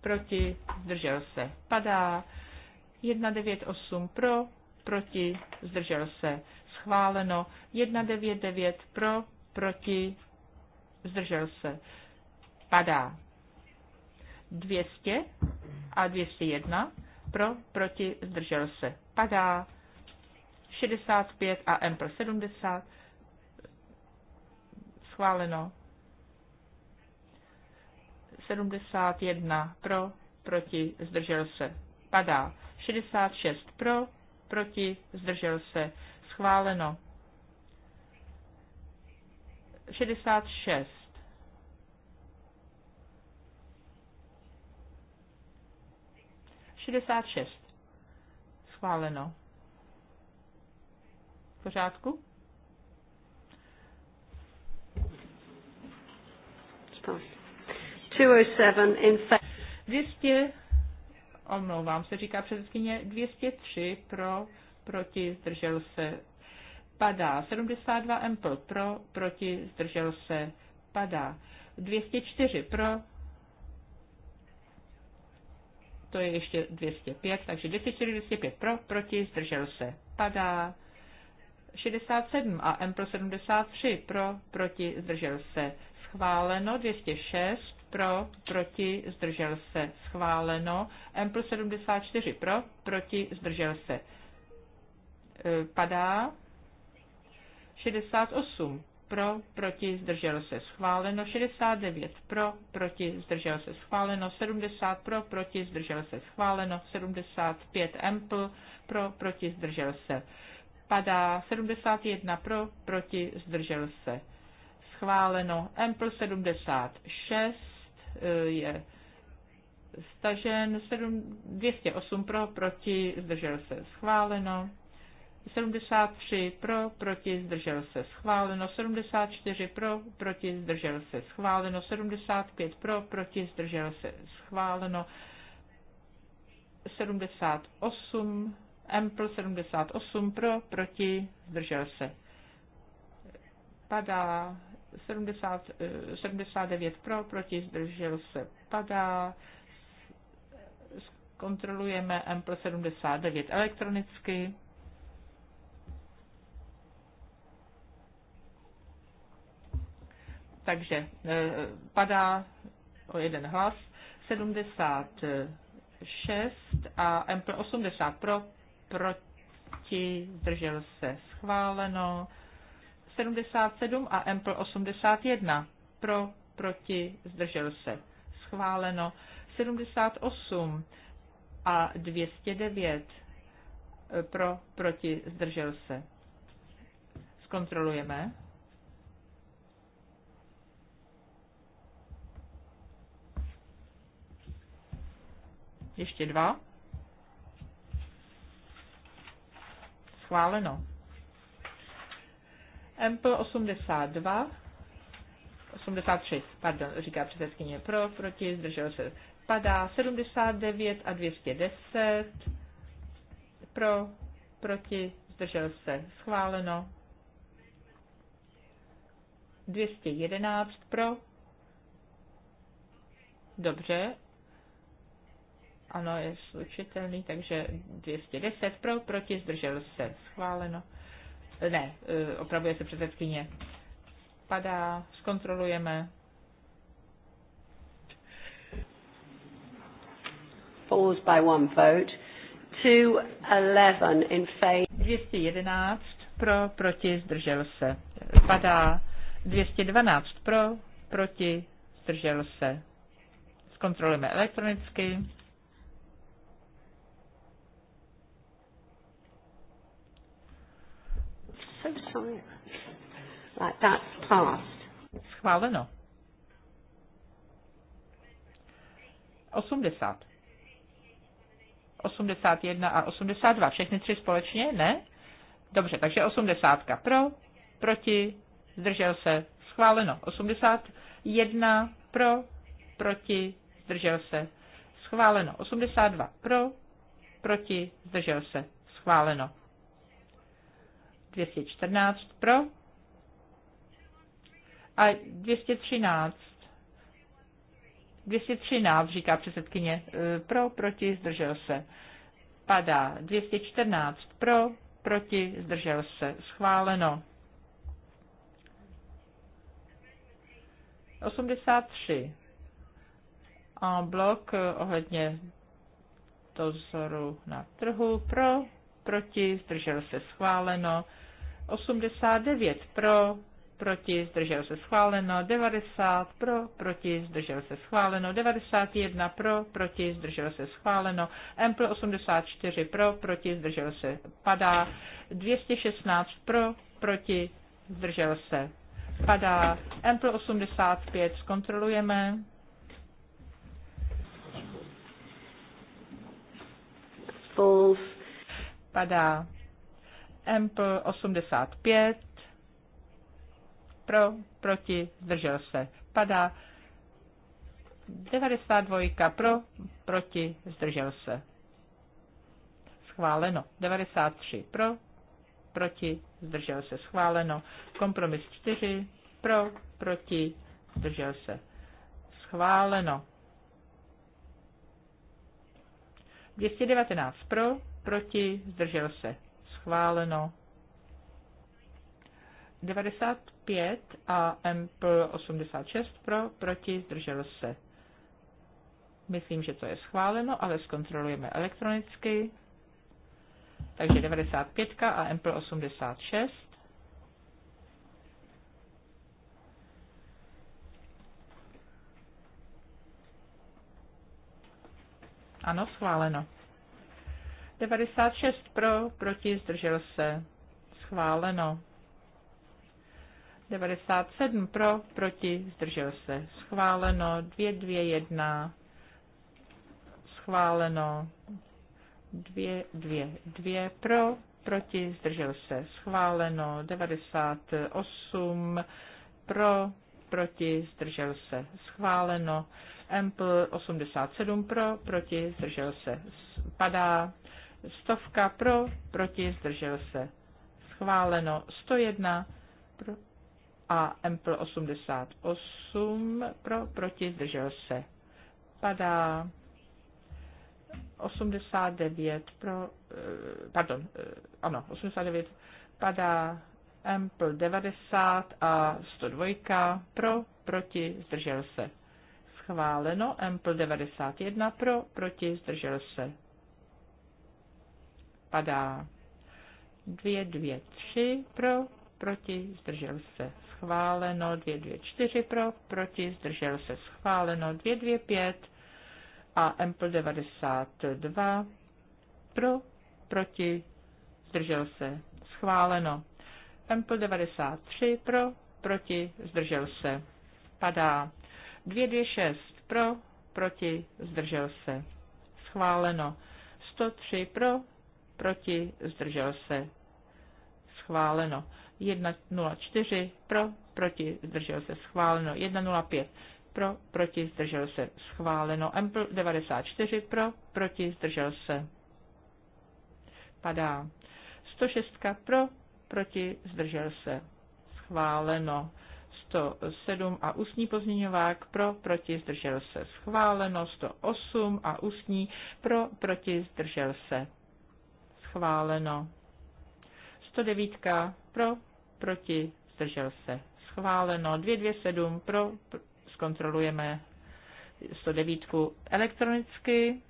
proti, zdržel se. Padá. 198 pro, proti, zdržel se. Schváleno. 199 pro, proti, zdržel se, padá. 200 a 201 pro, proti, zdržel se, padá. 65 a M pro 70 schváleno. 71 pro, proti, zdržel se, padá. 66 pro, proti, zdržel se, schváleno. 66. Šedesát šest. Schváleno. V pořádku? Spásně. 207 in 200, omlouvám se, říká předsedkyně, 203 pro, proti, zdržel se padá. 72 Empl pro, proti, zdržel se, padá. 204 pro, to je ještě 205, takže 204, 205 pro, proti, zdržel se, padá. 67 a M pro 73 pro, proti, zdržel se, schváleno. 206 pro, proti, zdržel se, schváleno. M plus 74 pro, proti, zdržel se, e, padá. 68 pro, proti, zdrželo se schváleno, 69 pro, proti, zdrželo se schváleno, 70 pro, proti, zdrželo se schváleno, 75 ampl pro, proti, zdrželo se padá, 71 pro, proti, zdrželo se schváleno, ampl 76 eh, je stažen, 7, 208 pro, proti, zdrželo se schváleno, 73 pro, proti, zdržel se schváleno, 74 pro, proti, zdržel se schváleno, 75 pro, proti, zdržel se schváleno, 78, m pro 78 pro, proti, zdržel se. Padá 70, 79 eh, pro, proti, zdržel se. Padá zkontrolujeme M plus 79 elektronicky. Takže e, padá o jeden hlas 76 a M 80 pro, proti, zdržel se schváleno 77 a M 81 pro, proti, zdržel se schváleno 78 a 209 e, pro, proti, zdržel se. Zkontrolujeme. Ještě dva. Schváleno. Ample 82, 86, pardon, říká předsedkyně pro, proti, zdržel se, padá 79 a 210, pro, proti, zdržel se, schváleno, 211 pro, dobře, ano, je slučitelný, takže 210 pro, proti, zdržel se, schváleno. Ne, e, opravuje se předsedkyně. Padá, zkontrolujeme. Falls by one vote. 211 in favor. 211 pro, proti, zdržel se. Padá 212 pro, proti, zdržel se. Zkontrolujeme elektronicky. Sorry. that's passed. Schváleno. 80. 81 a 82. Všechny tři společně? Ne? Dobře, takže 80 pro, proti, zdržel se, schváleno. 81 pro, proti, zdržel se, schváleno. 82 pro, proti, zdržel se, schváleno. 214 pro a 213. 213, říká předsedkyně, eh, pro, proti, zdržel se. Padá 214 pro, proti, zdržel se. Schváleno. 83. A blok ohledně dozoru na trhu pro, proti, zdržel se schváleno. 89 pro, proti, zdržel se schváleno, 90 pro, proti, zdržel se schváleno, 91 pro, proti, zdržel se schváleno, MPL 84 pro, proti, zdržel se padá, 216 pro, proti, zdržel se padá, MPL 85 zkontrolujeme. False. Padá. Ample 85, pro, proti, zdržel se, padá. 92 pro, proti, zdržel se. Schváleno. 93 pro, proti, zdržel se. Schváleno. Kompromis 4 pro, proti, zdržel se. Schváleno. 219 pro, proti, zdržel se schváleno. 95 a mp 86 pro, proti, zdržel se. Myslím, že to je schváleno, ale zkontrolujeme elektronicky. Takže 95 a mp 86. Ano, schváleno. 96 pro, proti, zdržel se. Schváleno. 97 pro, proti, zdržel se. Schváleno. 221. Schváleno. 222 pro, proti, zdržel se. Schváleno. 98 pro, proti, zdržel se. Schváleno. Ample 87 pro, proti, zdržel se. Padá. Stovka pro, proti, zdržel se. Schváleno 101 pro a Empl 88 pro, proti, zdržel se. Padá 89 pro, eh, pardon, eh, ano, 89 padá mpl 90 a 102 pro, proti, zdržel se. Schváleno mpl 91 pro, proti, zdržel se padá. dvě dvě tři pro, proti, zdržel se schváleno, dvě dvě čtyři pro, proti, zdržel se schváleno, dvě dvě pět a Ample 92 pro, proti, zdržel se schváleno. Ample 93 pro, proti, zdržel se padá. dvě dvě šest pro, proti, zdržel se schváleno. 103 pro, proti, zdržel se, schváleno. 1.04 pro, proti, zdržel se, schváleno. 1.05 pro, proti, zdržel se, schváleno. M 94 pro, proti, zdržel se, padá. 106 pro, proti, zdržel se, schváleno. 107 a ústní pozměňovák pro, proti, zdržel se, schváleno. 108 a ústní pro, proti, zdržel se, schváleno. 109 pro, proti, zdržel se, schváleno. 227 pro, pro zkontrolujeme 109 elektronicky.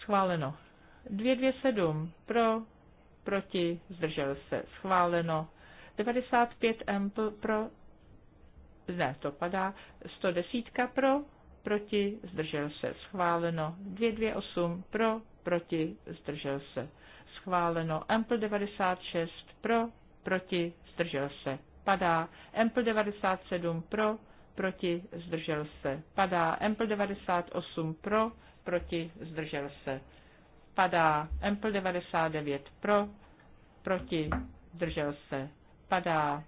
Schváleno. 227 pro, proti, zdržel se, schváleno. 95 M pro, ne, to padá, 110 pro, proti, zdržel se, schváleno. 228 pro, proti, zdržel se, schváleno. Ample 96 pro, proti, zdržel se, padá. Ample 97 pro, proti, zdržel se, padá. Ample 98 pro, proti, zdržel se, padá. Ample 99 pro, proti, zdržel se, padá.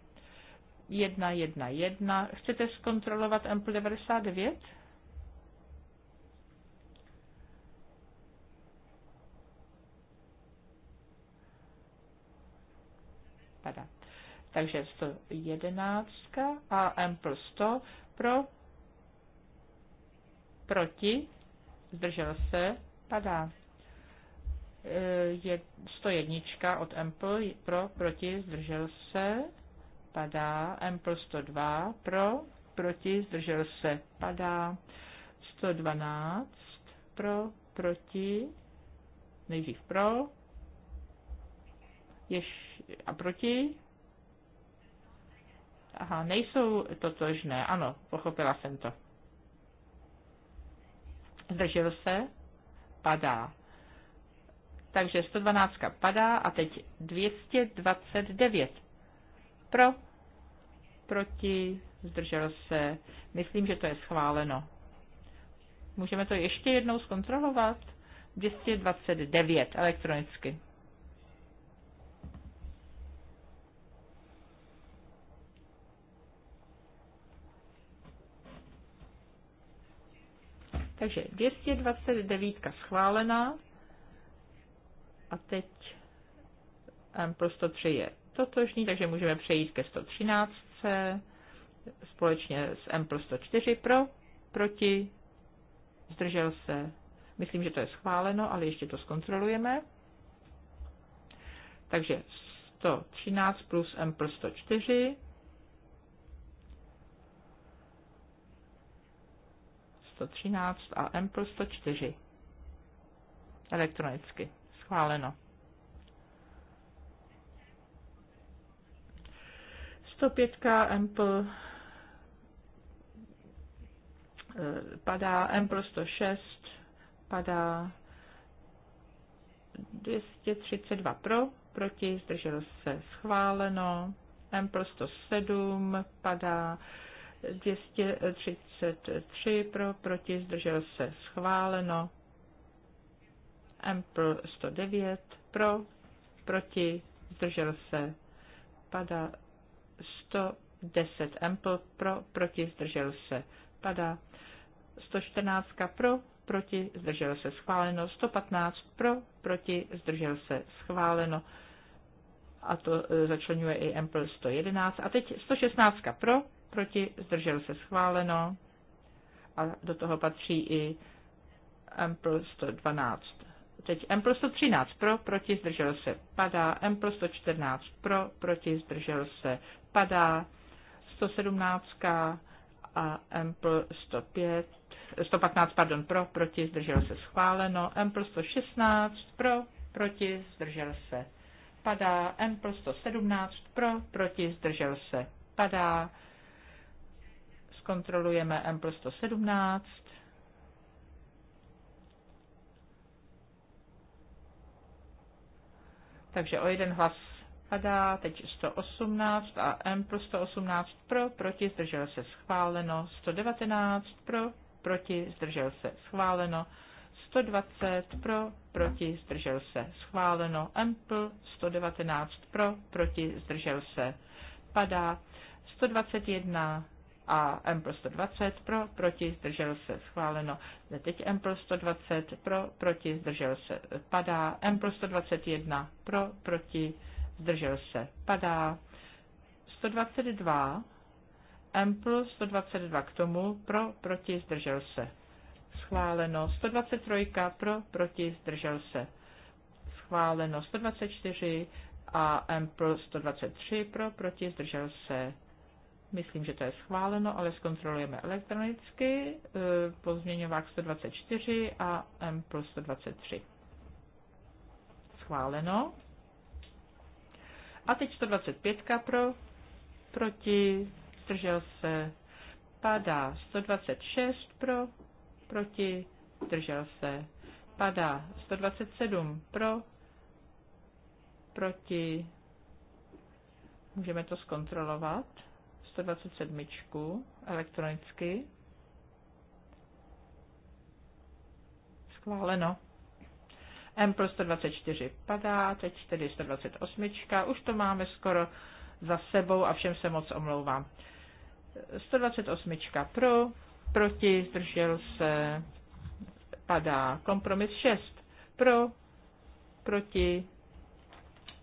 1, 1, 1. Chcete zkontrolovat Ample 99? Takže 111 a M plus 100 pro, proti, zdržel se, padá. E, je 101 od M pro, proti, zdržel se, padá. M plus 102 pro, proti, zdržel se, padá. 112 pro, proti, nejdřív pro, jež a proti, Aha, nejsou totožné. Ano, pochopila jsem to. Zdržel se? Padá. Takže 112 padá a teď 229. Pro, proti, zdržel se. Myslím, že to je schváleno. Můžeme to ještě jednou zkontrolovat? 229 elektronicky. Takže 229 schválená a teď M pro 103 je totožný, takže můžeme přejít ke 113 společně s M pro 104 pro, proti, zdržel se. Myslím, že to je schváleno, ale ještě to zkontrolujeme. Takže 113 plus M pro 104 113 a M plus 104. Elektronicky. Schváleno. 105 Ample eh, padá, M plus 106 padá 232 pro, proti, zdrželo se schváleno, M plus 107 padá 233 pro, proti, zdržel se schváleno. M pro 109 pro, proti, zdržel se pada 110 M pro, proti, zdržel se pada 114 pro, proti, zdržel se schváleno, 115 pro, proti, zdržel se schváleno a to e, začlenuje i ampl 111 a teď 116 pro, proti, zdržel se schváleno a do toho patří i M plus 112. Teď M plus 113 pro, proti, zdržel se padá, plus 114 pro, proti, zdržel se padá, 117 a M plus 105 115 pardon, pro, proti, zdržel se schváleno, M plus 116 pro, proti, zdržel se padá, M plus 117 pro, proti, zdržel se padá, zkontrolujeme M plus 117. Takže o jeden hlas padá, teď 118 a M plus 118 pro, proti, zdržel se schváleno, 119 pro, proti, zdržel se schváleno, 120 pro, proti, zdržel se schváleno, M plus 119 pro, proti, zdržel se padá, 121 a M pro 120 pro, proti, zdržel se, schváleno. Teď M pro 120 pro, proti, zdržel se, padá. M pro 121 pro, proti, zdržel se, padá. 122, M plus 122 k tomu, pro, proti, zdržel se. Schváleno. 123 pro, proti, zdržel se. Schváleno. 124 a M plus 123 pro, proti, zdržel se Myslím, že to je schváleno, ale zkontrolujeme elektronicky. E, pozměňovák 124 a M plus 123. Schváleno. A teď 125 pro, proti, zdržel se, padá 126 pro, proti, zdržel se, padá 127 pro, proti, můžeme to zkontrolovat. 127 elektronicky. Schváleno. M pro 124 padá, teď tedy 128. Už to máme skoro za sebou a všem se moc omlouvám. 128 pro, proti, zdržel se, padá. Kompromis 6 pro, proti,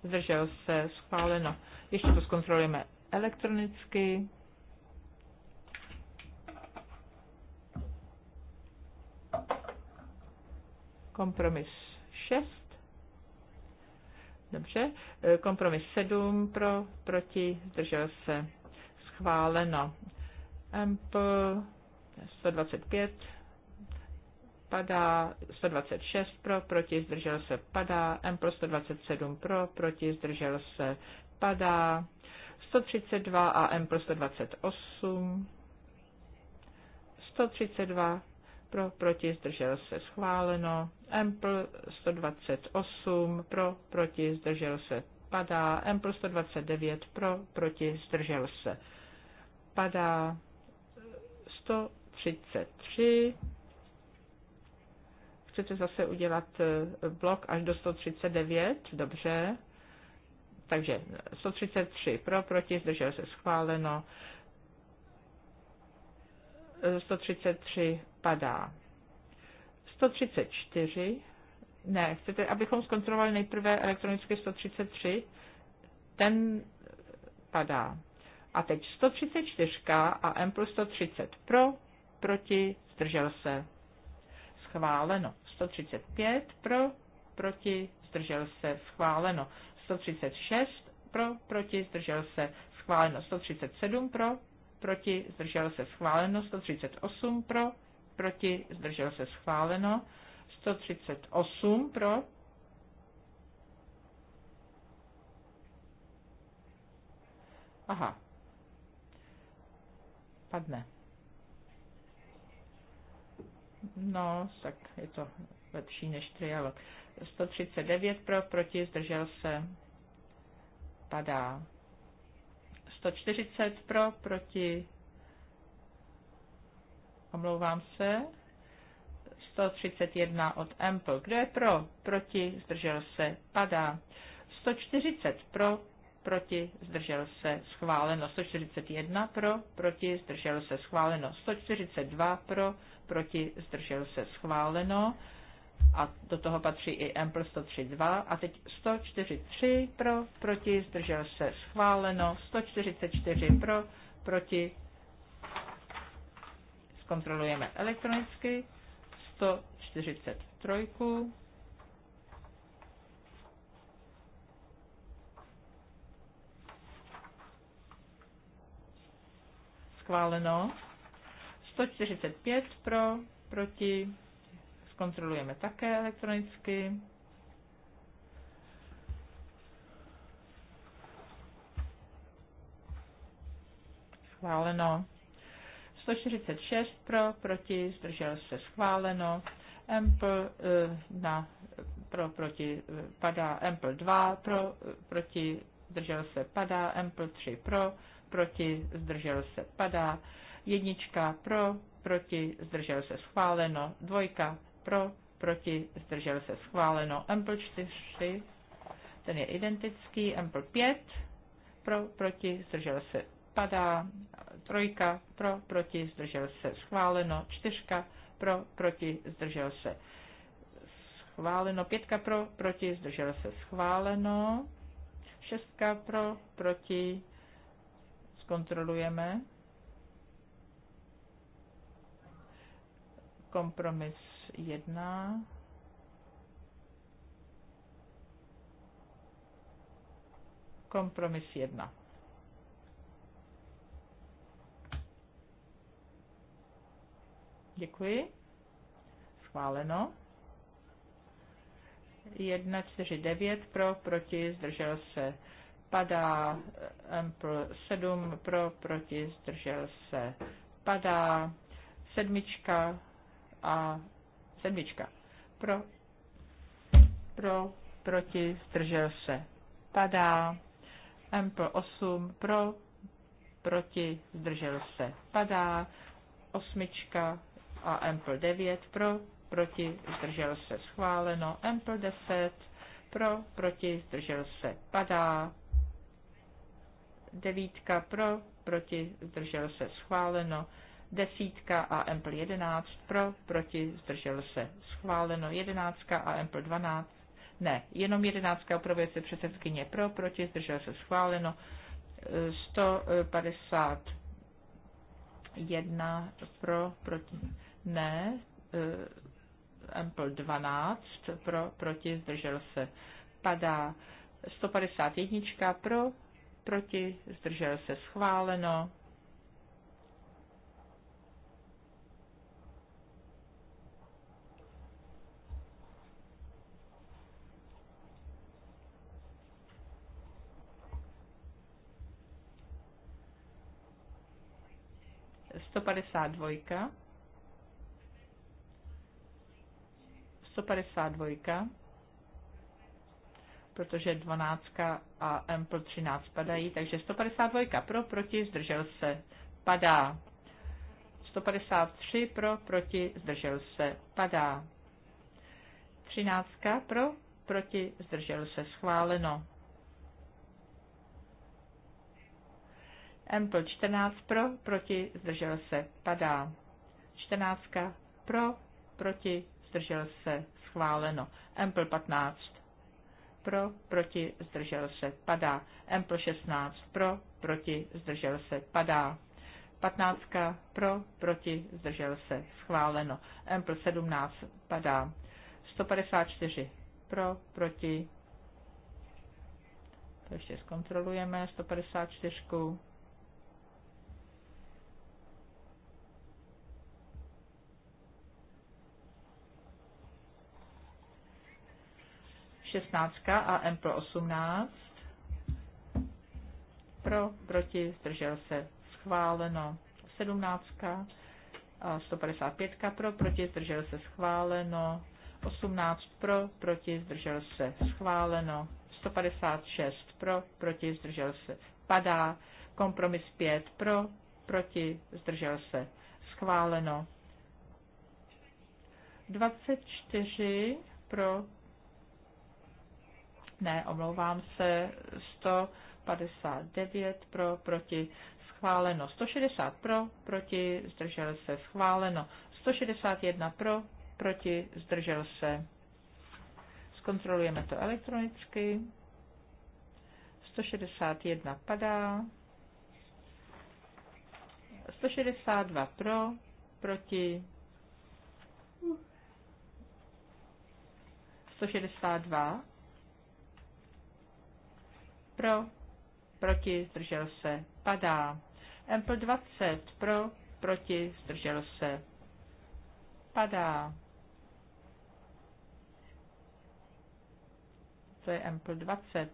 zdržel se, schváleno. Ještě to zkontrolujeme elektronicky. Kompromis 6. Dobře. E, kompromis 7 pro, proti, zdržel se. Schváleno. MP 125 padá, 126 pro, proti, zdržel se, padá, M pro 127 pro, proti, zdržel se, padá, 132 a M pro 128. 132 pro, proti, zdržel se schváleno. M pro 128 pro, proti, zdržel se padá. M pro 129 pro, proti, zdržel se padá. 133 chcete zase udělat eh, blok až do 139, dobře. Takže 133 pro, proti, zdržel se schváleno. 133 padá. 134. Ne, chcete, abychom zkontrolovali nejprve elektronicky 133? Ten padá. A teď 134 a M plus 130 pro, proti, zdržel se. Schváleno. 135 pro, proti, zdržel se. Schváleno. 136 pro, proti, zdržel se, schváleno 137 pro, proti, zdržel se, schváleno 138 pro, proti, zdržel se, schváleno 138 pro, Aha. Padne. No, tak je to lepší než trialog. 139 pro, proti, zdržel se, padá. 140 pro, proti, omlouvám se, 131 od Ample. Kdo je pro, proti, zdržel se, padá. 140 pro, proti, zdržel se, schváleno. 141 pro, proti, zdržel se, schváleno. 142 pro, proti, zdržel se, schváleno a do toho patří i Ample 103.2 a teď 143 pro, proti, zdržel se schváleno, 144 pro, proti, zkontrolujeme elektronicky, 143, schváleno, 145 pro, proti, zkontrolujeme také elektronicky. Schváleno. 146 pro, proti, zdržel se schváleno. Ample eh, na, pro, proti, eh, padá Ample 2 pro, eh, proti, zdržel se padá, Ample 3 pro, proti, zdržel se padá, jednička pro, proti, zdržel se schváleno, dvojka pro, proti, zdržel se schváleno. Ampl 4, ten je identický. Ampl 5, pro, proti, zdržel se padá. Trojka, pro, proti, zdržel se schváleno. Čtyřka, pro, proti, zdržel se schváleno. Pětka pro, proti, zdržel se schváleno. Šestka pro, proti, zkontrolujeme. Kompromis 1. Kompromis 1. Děkuji. Schváleno. 1, 4, 9 pro, proti, zdržel se. Padá M pro 7 pro, proti, zdržel se. Padá sedmička a Sedmička. Pro, pro, proti, zdržel se. Padá. pro 8 pro, proti, zdržel se. Padá. Osmička a pro 9 pro, proti, zdržel se. Schváleno. pro 10 pro, proti, zdržel se. Padá. Devítka pro, proti, zdržel se. Schváleno desítka a Ample 11 pro, proti, zdržel se. Schváleno jedenáctka a Ample 12, ne, jenom jedenáctka opravuje se předsedkyně pro, proti, zdržel se. Schváleno 151 eh, eh, pro, proti, ne, eh, Ample 12 pro, proti, zdržel se. Padá 151 pro, proti, zdržel se. Schváleno 152. 152 protože 12 a M pro 13 padají, takže 152 pro, proti, zdržel se, padá. 153 pro, proti, zdržel se, padá. 13 pro, proti, zdržel se, schváleno. Ample 14 pro, proti, zdržel se, padá. 14 pro, proti, zdržel se, schváleno. Ample 15 pro, proti, zdržel se, padá. Ample 16 pro, proti, zdržel se, padá. 15 pro, proti, zdržel se, schváleno. Ample 17 padá. 154 pro, proti, to ještě zkontrolujeme, 154. 16 a M pro 18. Pro, proti, zdržel se, schváleno. 17 a 155 pro, proti, zdržel se, schváleno. 18 pro, proti, zdržel se, schváleno. 156 pro, proti, zdržel se, padá. Kompromis 5 pro, proti, zdržel se, schváleno. 24 pro, ne, omlouvám se, 159 pro, proti, schváleno, 160 pro, proti, zdržel se, schváleno, 161 pro, proti, zdržel se. Zkontrolujeme to elektronicky. 161 padá. 162 pro, proti. 162 pro, proti, zdržel se, padá. Ample 20 pro, proti, zdržel se, padá. To je Ample 20.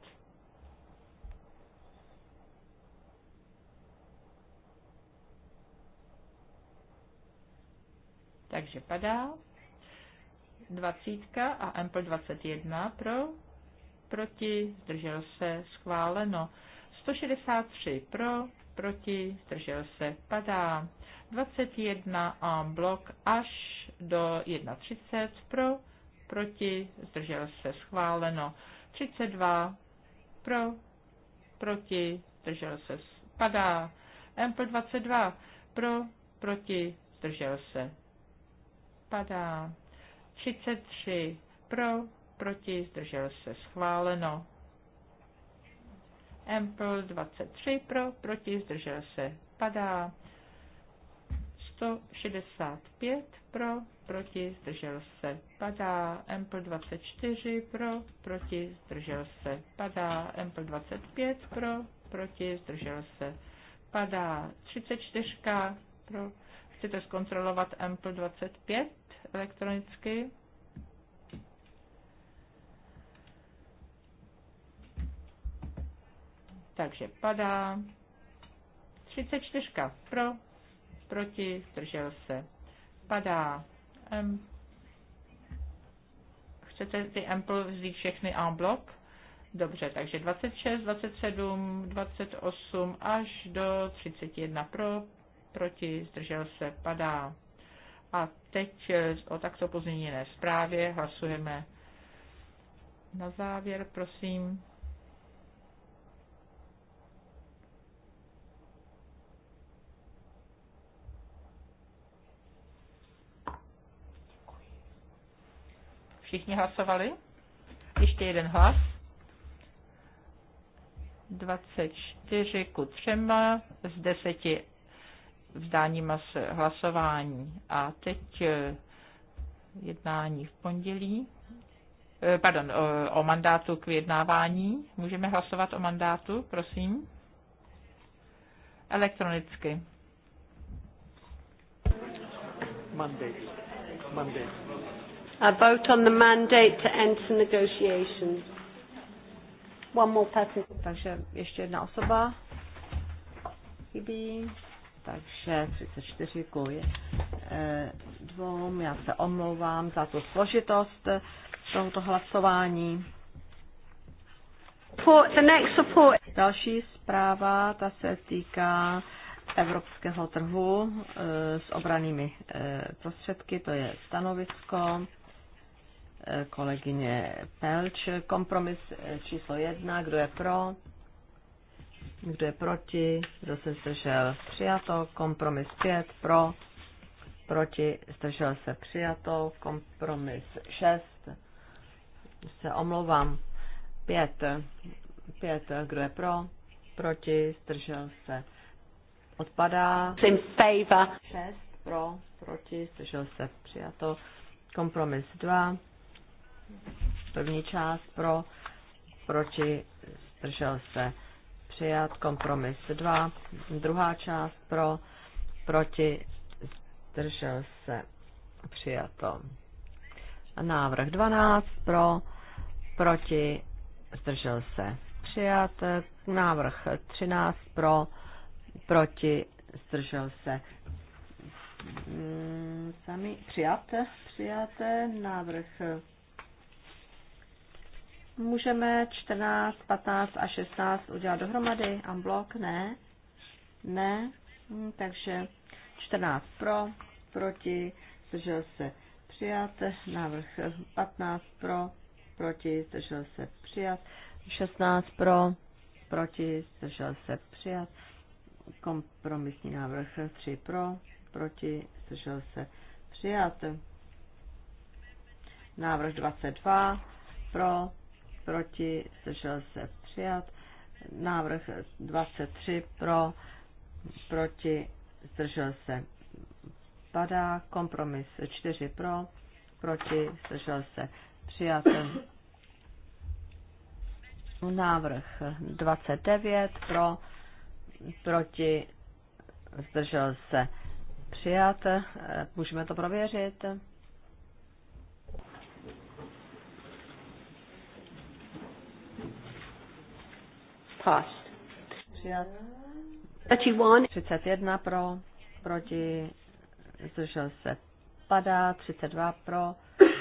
Takže padá. 20 a Ample 21 pro, proti, zdržel se, schváleno. 163 pro, proti, zdržel se, padá. 21 a blok až do 1.30 pro, proti, zdržel se, schváleno. 32 pro, proti, zdržel se, padá. MP22 pro, proti, zdržel se, padá. 33 pro, proti, zdržel se schváleno. Ample 23 pro, proti, zdržel se padá. 165 pro, proti, zdržel se, padá, Ample 24 pro, proti, zdržel se, padá, Ample 25 pro, proti, zdržel se, padá, 34 pro, chcete zkontrolovat Ample 25 elektronicky, takže padá. 34 pro, proti, zdržel se, padá. Um, chcete ty ample vzít všechny en bloc? Dobře, takže 26, 27, 28 až do 31 pro, proti, zdržel se, padá. A teď eh, o takto pozměněné zprávě hlasujeme na závěr, prosím. Všichni hlasovali? Ještě jeden hlas. 24 ku 3 z 10 vzdáním se hlasování. A teď eh, jednání v pondělí. Eh, pardon, o mandátu k vyjednávání. Můžeme hlasovat o mandátu, prosím? Elektronicky. Monday. Monday. A vote on the mandate to enter negotiations. One more person. Takže ještě jedna osoba chybí. Takže 34 ku eh, dvou. Já se omlouvám za tu složitost eh, tohoto hlasování. The next support. Další zpráva, ta se týká evropského trhu eh, s obranými prostředky, to je stanovisko kolegyně Pelč. Kompromis číslo jedna, kdo je pro, kdo je proti, kdo se zdržel, přijato. Kompromis pět, pro, proti, zdržel se, přijato. Kompromis šest, se omlouvám, pět, pět, kdo je pro, proti, zdržel se, odpadá. In favor. Šest, pro, proti, zdržel se, přijato. Kompromis dva První část pro, proti, zdržel se přijat. Kompromis 2. Druhá část pro, proti, zdržel se přijato. Návrh 12 pro, proti, zdržel se přijat. Návrh 13 pro, proti, zdržel se hmm, sami přijat, přijat návrh Můžeme 14, 15 a 16 udělat dohromady, unblock, ne, ne, hm, takže 14 pro, proti, zdržel se přijat, návrh 15 pro, proti, zdržel se přijat, 16 pro, proti, zdržel se přijat, kompromisní návrh 3 pro, proti, zdržel se přijat, návrh 22 pro, proti, zdržel se přijat. Návrh 23 pro, proti, zdržel se padá. Kompromis 4 pro, proti, zdržel se přijat. Návrh 29 pro, proti, zdržel se přijat. Můžeme to prověřit. Passed. 31. 31 pro, proti, zdržel se. Padá. 32 pro,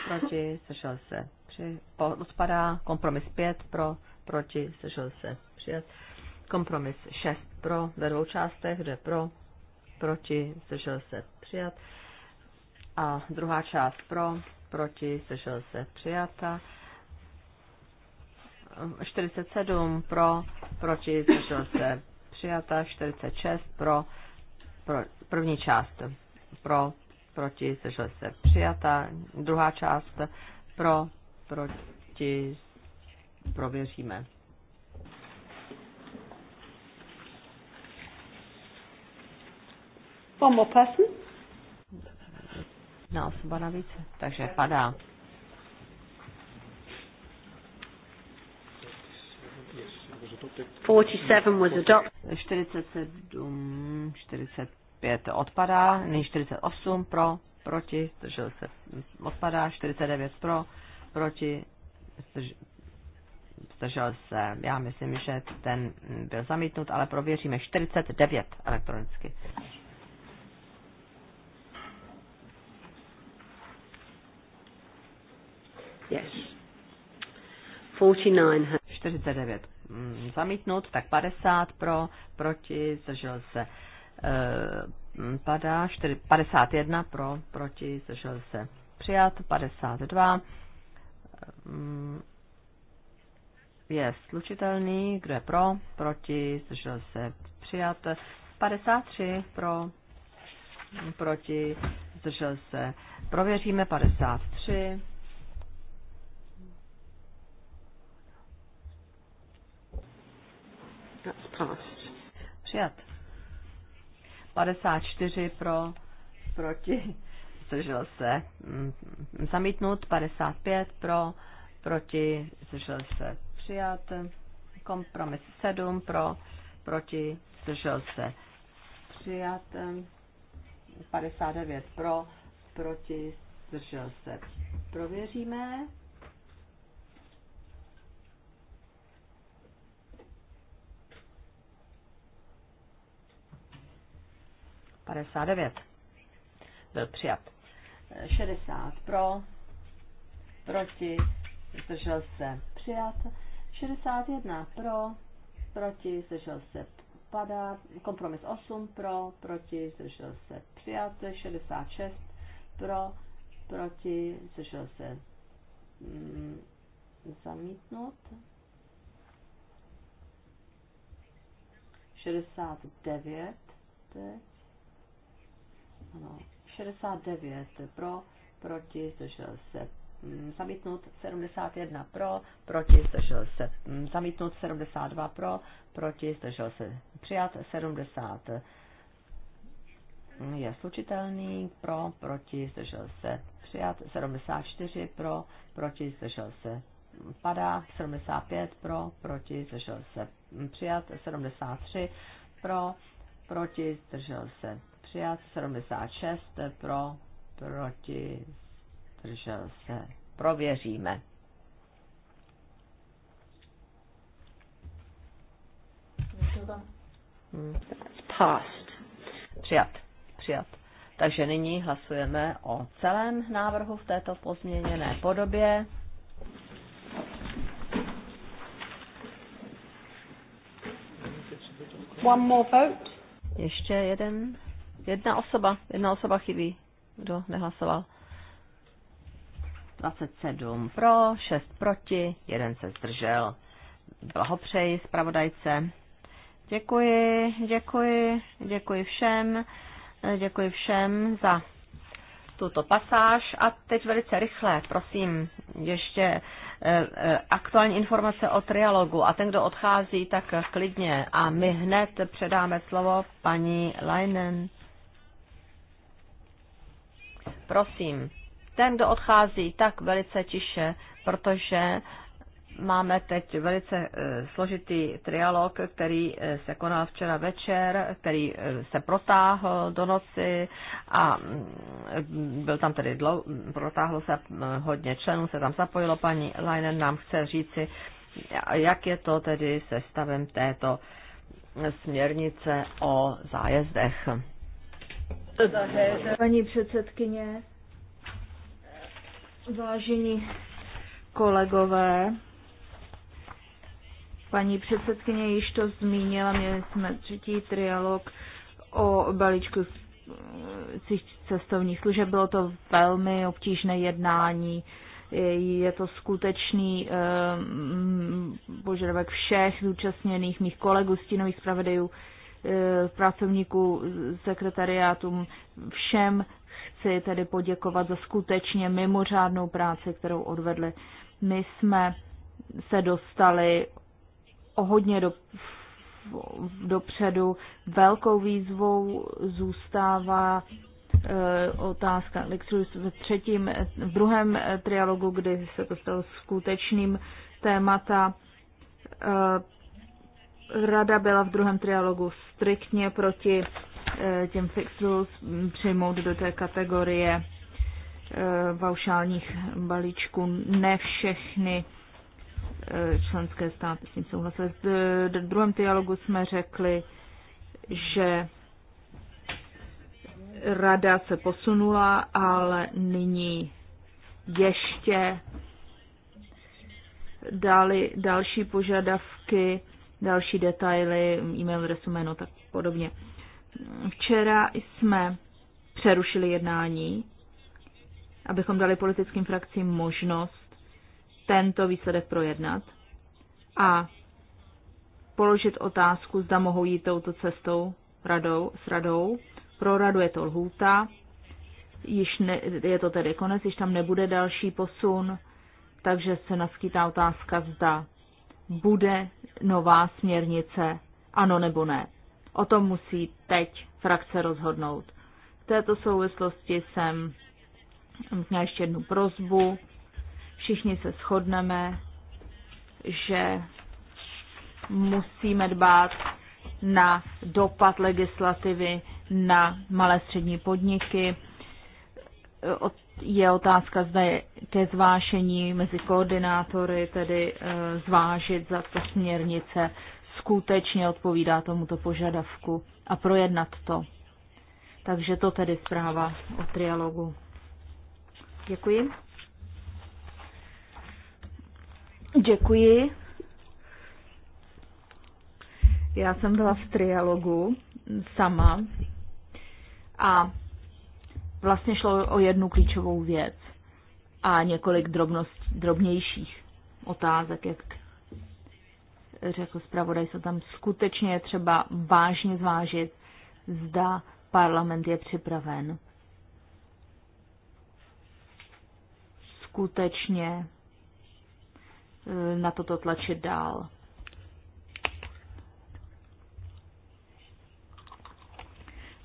proti, zdržel se. Při, odpadá. Kompromis 5 pro, proti, zdržel se. Přijat. Kompromis 6 pro, ve dvou částech, kde pro, proti, zdržel se. Přijat. A druhá část pro, proti, zdržel se. Přijata. 47 pro, proti, zdržel se, přijata, 46 pro, pro první část, pro, proti, zdržel se, přijata, druhá část, pro, proti, prověříme. One more person? Na no, osoba navíc, takže padá. 47 was adopted. 47, 45 odpadá, nyní 48 pro, proti, zdržel se, odpadá, 49 pro, proti, zdržel se. Já myslím, že ten byl zamítnut, ale prověříme 49 elektronicky. Yes. 49. 49 mm, zamítnut, tak 50 pro, proti, zdržel se eh, padá, 4, 51 pro, proti, zdržel se přijat, 52 mm, je slučitelný, kdo je pro, proti, zdržel se přijat, 53 pro, proti, zdržel se, prověříme 53, That's passed. Přijat. 54 pro, proti, zdržel se. Mm, mm, zamítnut 55 pro, proti, zdržel se. Přijat. Kompromis 7 pro, proti, zdržel se. Přijat. 59 pro, proti, zdržel se. Prověříme. 59. Byl přijat. 60 pro, proti, zdržel se přijat. 61 pro, proti, zdržel se padá. Kompromis 8 pro, proti, zdržel se přijat. 66 pro, proti, zdržel se mm, zamítnout. 69 teď. Ano, 69 pro, proti, zdržel se mm, zamítnut 71 pro, proti zdržel se mm, zamítnut 72 pro, proti zdržel se přijat 70 mm, je slučitelný pro, proti zdržel se přijat 74 pro, proti zdržel se padá 75 pro, proti zdržel se přijat 73 pro, proti zdržel se přijat, 76 pro, proti, zdržel se. Prověříme. Hmm. Past. Přijat. Přijat. Takže nyní hlasujeme o celém návrhu v této pozměněné podobě. One more vote. Ještě jeden Jedna osoba, jedna osoba chybí. Kdo nehlasoval? 27 pro, 6 proti, jeden se zdržel. Blahopřeji zpravodajce. Děkuji, děkuji, děkuji všem, děkuji všem za tuto pasáž. A teď velice rychle, prosím, ještě eh, eh, aktuální informace o trialogu. A ten, kdo odchází, tak klidně. A my hned předáme slovo paní Leinen prosím, ten, kdo odchází, tak velice tiše, protože máme teď velice eh, složitý trialog, který eh, se konal včera večer, který eh, se protáhl do noci a mm, byl tam tedy dlou, protáhlo se hodně členů, se tam zapojilo. Paní Leinen nám chce říci, jak je to tedy se stavem této směrnice o zájezdech. Paní předsedkyně, vážení kolegové, paní předsedkyně již to zmínila, měli jsme třetí trialog o balíčku cestovních služeb. Bylo to velmi obtížné jednání. Je to skutečný eh, požadavek všech zúčastněných mých kolegů, stínových zpravodajů, Eh, pracovníků sekretariátu všem chci tedy poděkovat za skutečně mimořádnou práci, kterou odvedli. My jsme se dostali o hodně do, dopředu. Velkou výzvou zůstává eh, otázka ve třetím, v druhém eh, trialogu, kdy se to stalo skutečným témata Rada byla v druhém trialogu striktně proti eh, těm fixed rules přijmout do té kategorie eh, paušálních balíčků. Ne všechny eh, členské státy s tím souhlasily. V druhém trialogu jsme řekli, že rada se posunula, ale nyní ještě dali další požadavky další detaily, e-mail, adresu, jméno, tak podobně. Včera jsme přerušili jednání, abychom dali politickým frakcím možnost tento výsledek projednat a položit otázku, zda mohou jít touto cestou radou, s radou. Pro radu je to lhůta, již ne, je to tedy konec, již tam nebude další posun, takže se naskýtá otázka, zda bude nová směrnice, ano nebo ne. O tom musí teď frakce rozhodnout. V této souvislosti jsem měla ještě jednu prozbu. Všichni se shodneme, že musíme dbát na dopad legislativy na malé střední podniky. O je otázka, zda je ke zvášení mezi koordinátory, tedy eh, zvážit za to směrnice, skutečně odpovídá tomuto požadavku a projednat to. Takže to tedy zpráva o trialogu. Děkuji. Děkuji. Já jsem byla v trialogu sama a vlastně šlo o jednu klíčovou věc a několik drobnost, drobnějších otázek, jak řekl zpravodaj, se tam skutečně je třeba vážně zvážit, zda parlament je připraven skutečně eh, na toto tlačit dál.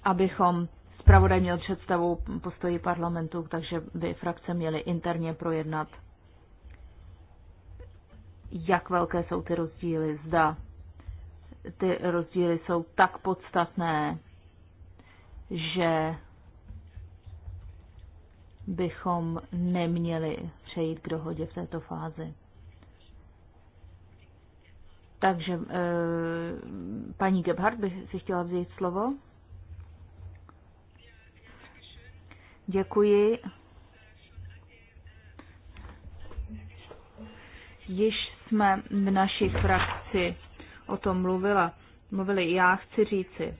Abychom zpravodaj měl představu postoji parlamentu, takže by frakce měly interně projednat, jak velké jsou ty rozdíly, zda ty rozdíly jsou tak podstatné, že bychom neměli přejít k dohodě v této fázi. Takže e, paní Gebhardt by si chtěla vzít slovo. Děkuji. Již jsme v naší frakci o tom mluvila. Mluvili, já chci říci,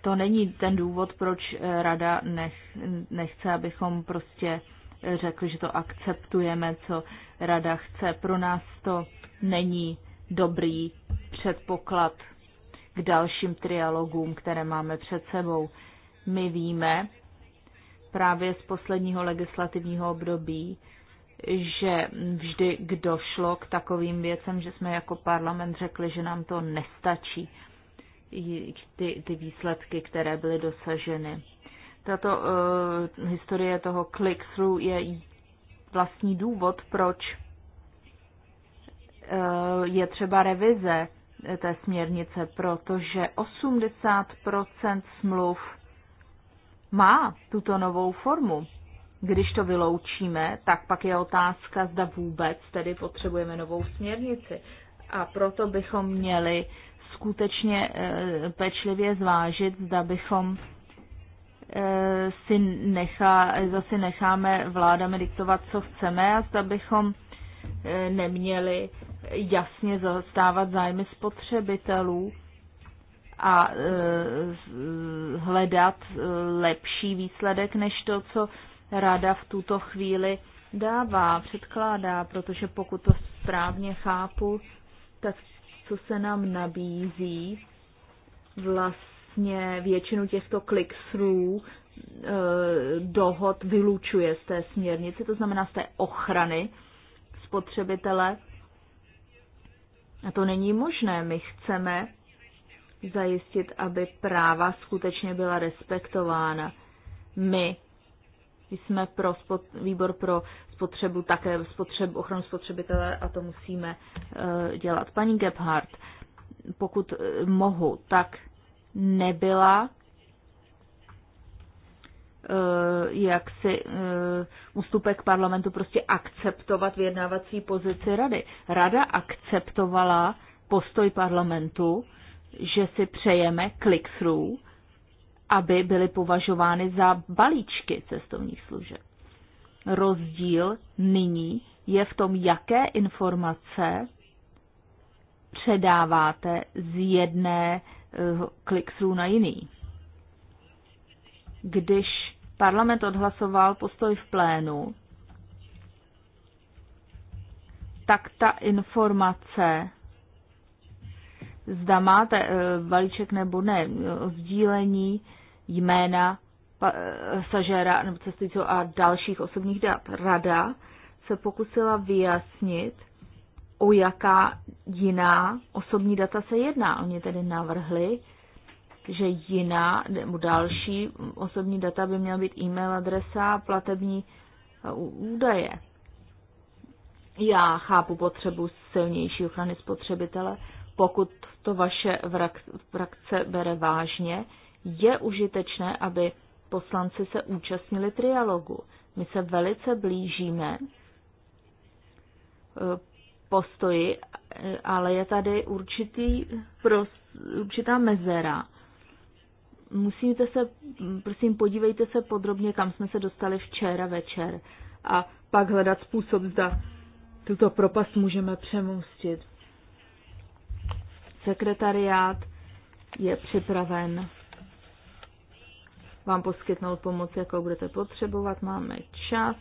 to není ten důvod, proč eh, rada nech, nechce, abychom prostě eh, řekli, že to akceptujeme, co rada chce. Pro nás to není dobrý předpoklad k dalším trialogům, které máme před sebou. My víme právě z posledního legislativního období, že vždy, kdo šlo k takovým věcem, že jsme jako parlament řekli, že nám to nestačí, ty, ty výsledky, které byly dosaženy. Tato uh, historie toho click-through je vlastní důvod, proč uh, je třeba revize té směrnice, protože 80 smluv má tuto novou formu. Když to vyloučíme, tak pak je otázka, zda vůbec tedy potřebujeme novou směrnici. A proto bychom měli skutečně eh, pečlivě zvážit, zda bychom eh, si nechá, zase necháme vládami diktovat, co chceme a zda bychom eh, neměli jasně zastávat zájmy spotřebitelů a e, hledat e, lepší výsledek než to, co rada v tuto chvíli dává, předkládá, protože pokud to správně chápu, tak co se nám nabízí, vlastně většinu těchto click-through e, dohod vylučuje z té směrnice, to znamená z té ochrany spotřebitele. A to není možné. My chceme zajistit, aby práva skutečně byla respektována. My jsme pro spot, výbor pro spotřebu také spotřeb, ochranu spotřebitele a to musíme uh, dělat. Paní Gebhardt, pokud uh, mohu, tak nebyla uh, jak si uh, ústupek parlamentu prostě akceptovat vyjednávací pozici rady. Rada akceptovala postoj parlamentu že si přejeme click-through, aby byly považovány za balíčky cestovních služeb. Rozdíl nyní je v tom, jaké informace předáváte z jedné eh, click-through na jiný. Když parlament odhlasoval postoj v plénu, tak ta informace zda máte eh, balíček nebo ne, o eh, sdílení jména eh, sažera nebo cestujícího a dalších osobních dat. Rada se pokusila vyjasnit, o jaká jiná osobní data se jedná. Oni tedy navrhli, že jiná nebo další osobní data by měla být e-mail adresa a platební údaje. Já chápu potřebu silnější ochrany spotřebitele, pokud to vaše frakce bere vážně, je užitečné, aby poslanci se účastnili trialogu. My se velice blížíme eh, postoji, ale je tady určitý pros, určitá mezera. Musíte se, prosím, podívejte se podrobně, kam jsme se dostali včera večer a pak hledat způsob, zda tuto propast můžeme přemůstit. Sekretariát je připraven vám poskytnout pomoc, jakou budete potřebovat. Máme čas,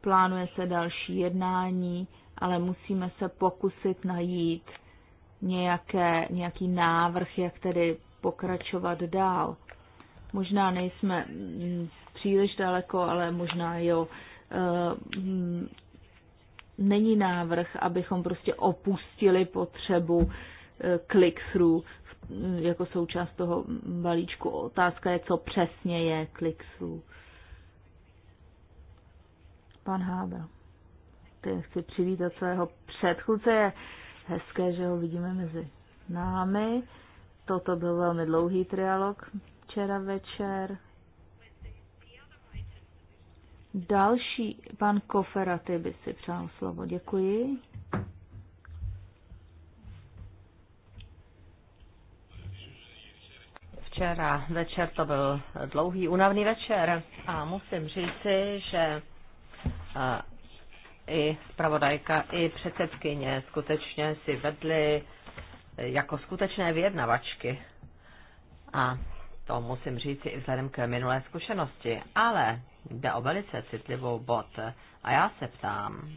plánuje se další jednání, ale musíme se pokusit najít nějaké, nějaký návrh, jak tedy pokračovat dál. Možná nejsme mm, příliš daleko, ale možná jo. Eh, mm, není návrh, abychom prostě opustili potřebu click-through jako součást toho balíčku. Otázka je, co přesně je click-through. Pan Hábel. Ten chci přivítat svého předchůdce. Je hezké, že ho vidíme mezi námi. Toto byl velmi dlouhý trialog včera večer. Další pan Koferaty by si přál slovo. Děkuji. a večer to byl dlouhý, únavný večer a musím říci, že i zpravodajka, i předsedkyně skutečně si vedly e, jako skutečné vyjednavačky. A to musím říct i vzhledem k minulé zkušenosti. Ale jde o velice citlivou bod. A já se ptám,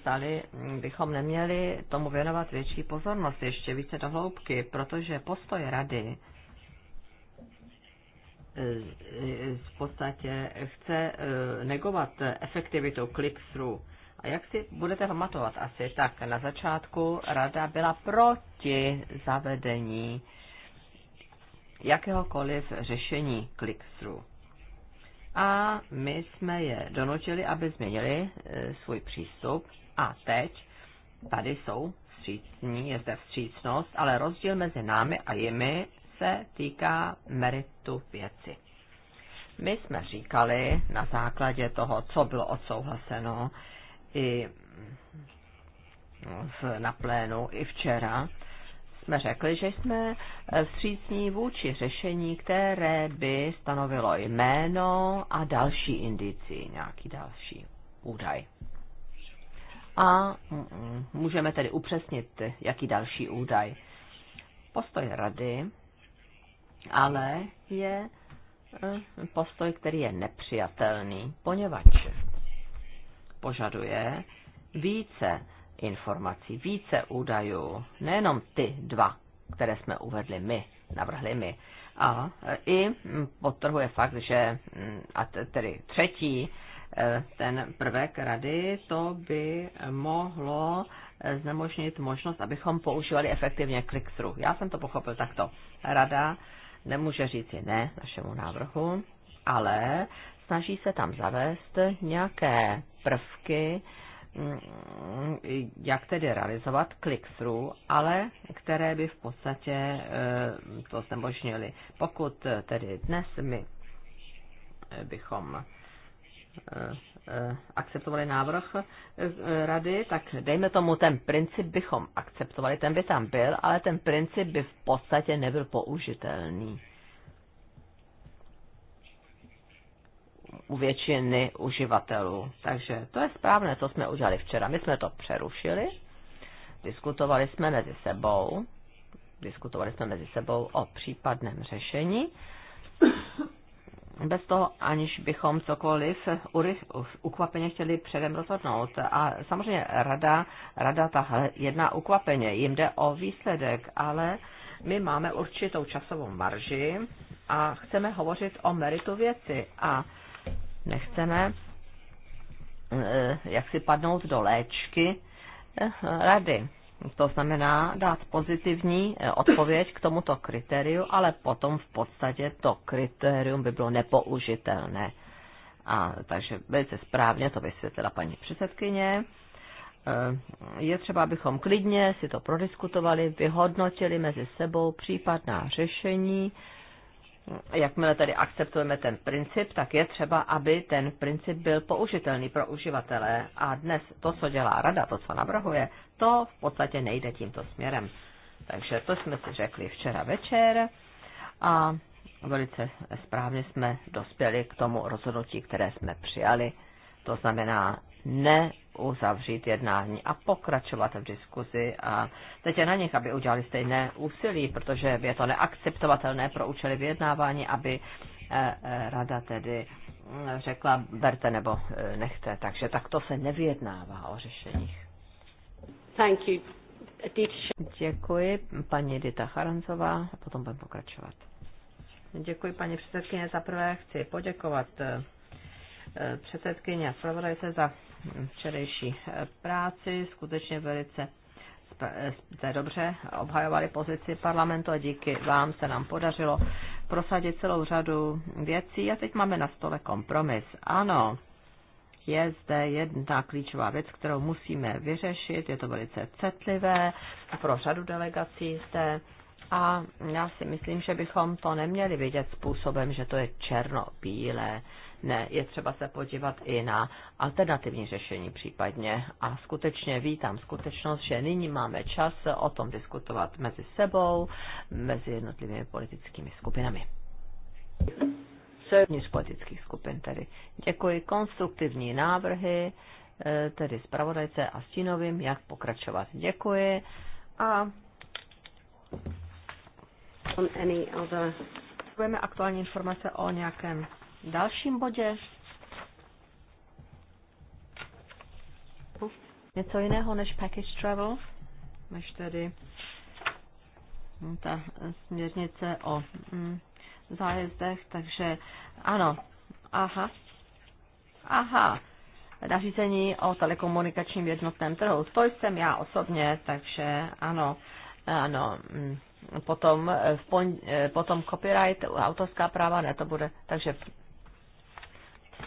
zdali bychom neměli tomu věnovat větší pozornost, ještě více do hloubky, protože postoj rady v podstatě chce eh, negovat efektivitu click-through. A jak si budete pamatovat asi, tak na začátku rada byla proti zavedení jakéhokoliv řešení click-through. A my jsme je donutili, aby změnili eh, svůj přístup. A teď tady jsou vstřícní, je zde vstřícnost, ale rozdíl mezi námi a jimi se týká meritu věci. My jsme říkali na základě toho, co bylo odsouhlaseno i na plénu i včera, jsme řekli, že jsme střícní vůči řešení, které by stanovilo jméno a další indici, nějaký další údaj. A můžeme tedy upřesnit, jaký další údaj. Postoj rady ale je eh, postoj, který je nepřijatelný, poněvadž požaduje více informací, více údajů, nejenom ty dva, které jsme uvedli my, navrhli my. A eh, i hm, potrhuje fakt, že hm, a tedy třetí, eh, ten prvek rady, to by mohlo znemožnit možnost, abychom používali efektivně click-through. Já jsem to pochopil takto. Rada nemůže říci ne našemu návrhu, ale snaží se tam zavést nějaké prvky, mm, jak tedy realizovat click-through, ale které by v podstatě eh, to znemožnili. Pokud tedy dnes my eh, bychom Eh, eh, akceptovali návrh eh, rady, tak dejme tomu, ten princip bychom akceptovali, ten by tam byl, ale ten princip by v podstatě nebyl použitelný. u většiny uživatelů. Takže to je správné, co jsme udělali včera. My jsme to přerušili, diskutovali jsme mezi sebou, diskutovali jsme mezi sebou o případném řešení bez toho, aniž bychom cokoliv ukvapeně chtěli předem rozhodnout. A samozřejmě rada, rada tahle jedná ukvapeně, jim jde o výsledek, ale my máme určitou časovou marži a chceme hovořit o meritu věci a nechceme eh, jak si padnout do léčky eh, rady. To znamená dát pozitivní eh, odpověď k tomuto kritériu, ale potom v podstatě to kritérium by bylo nepoužitelné. A, takže velice správně to vysvětlila paní předsedkyně. Eh, je třeba, abychom klidně si to prodiskutovali, vyhodnotili mezi sebou případná řešení. Jakmile tedy akceptujeme ten princip, tak je třeba, aby ten princip byl použitelný pro uživatele. A dnes to, co dělá rada, to, co navrhuje, to v podstatě nejde tímto směrem. Takže to jsme si řekli včera večer a velice správně jsme dospěli k tomu rozhodnutí, které jsme přijali. To znamená neuzavřít jednání a pokračovat v diskuzi. A teď je na nich, aby udělali stejné úsilí, protože je to neakceptovatelné pro účely vyjednávání, aby eh, eh, rada tedy hm, řekla berte nebo eh, nechte. Takže tak to se nevyjednává o řešeních. Thank you. Děkuji, paní Dita Charancová, a potom budeme pokračovat. Děkuji, paní předsedkyně. Za prvé chci poděkovat eh, předsedkyně a zpravodajce za včerejší eh, práci. Skutečně velice eh, jste dobře obhajovali pozici parlamentu a díky vám se nám podařilo prosadit celou řadu věcí a teď máme na stole kompromis. Ano, je zde jedna klíčová věc, kterou musíme vyřešit. Je to velice citlivé pro řadu delegací zde. A já si myslím, že bychom to neměli vidět způsobem, že to je černo-bílé. Ne, je třeba se podívat i na alternativní řešení případně. A skutečně vítám skutečnost, že nyní máme čas o tom diskutovat mezi sebou, mezi jednotlivými politickými skupinami koalice vnitř politických skupin tedy. Děkuji konstruktivní návrhy, eh, tedy zpravodajce a stínovým, jak pokračovat. Děkuji a on any other. Budeme aktuální informace o nějakém dalším bodě. Něco jiného než package travel, než tedy ta směrnice o mm, zájezdech, takže ano, aha, aha, nařízení o telekomunikačním jednotném trhu, to jsem já osobně, takže ano, ano, mm. potom, eh, v pon, eh, potom copyright, autorská práva, ne, to bude, takže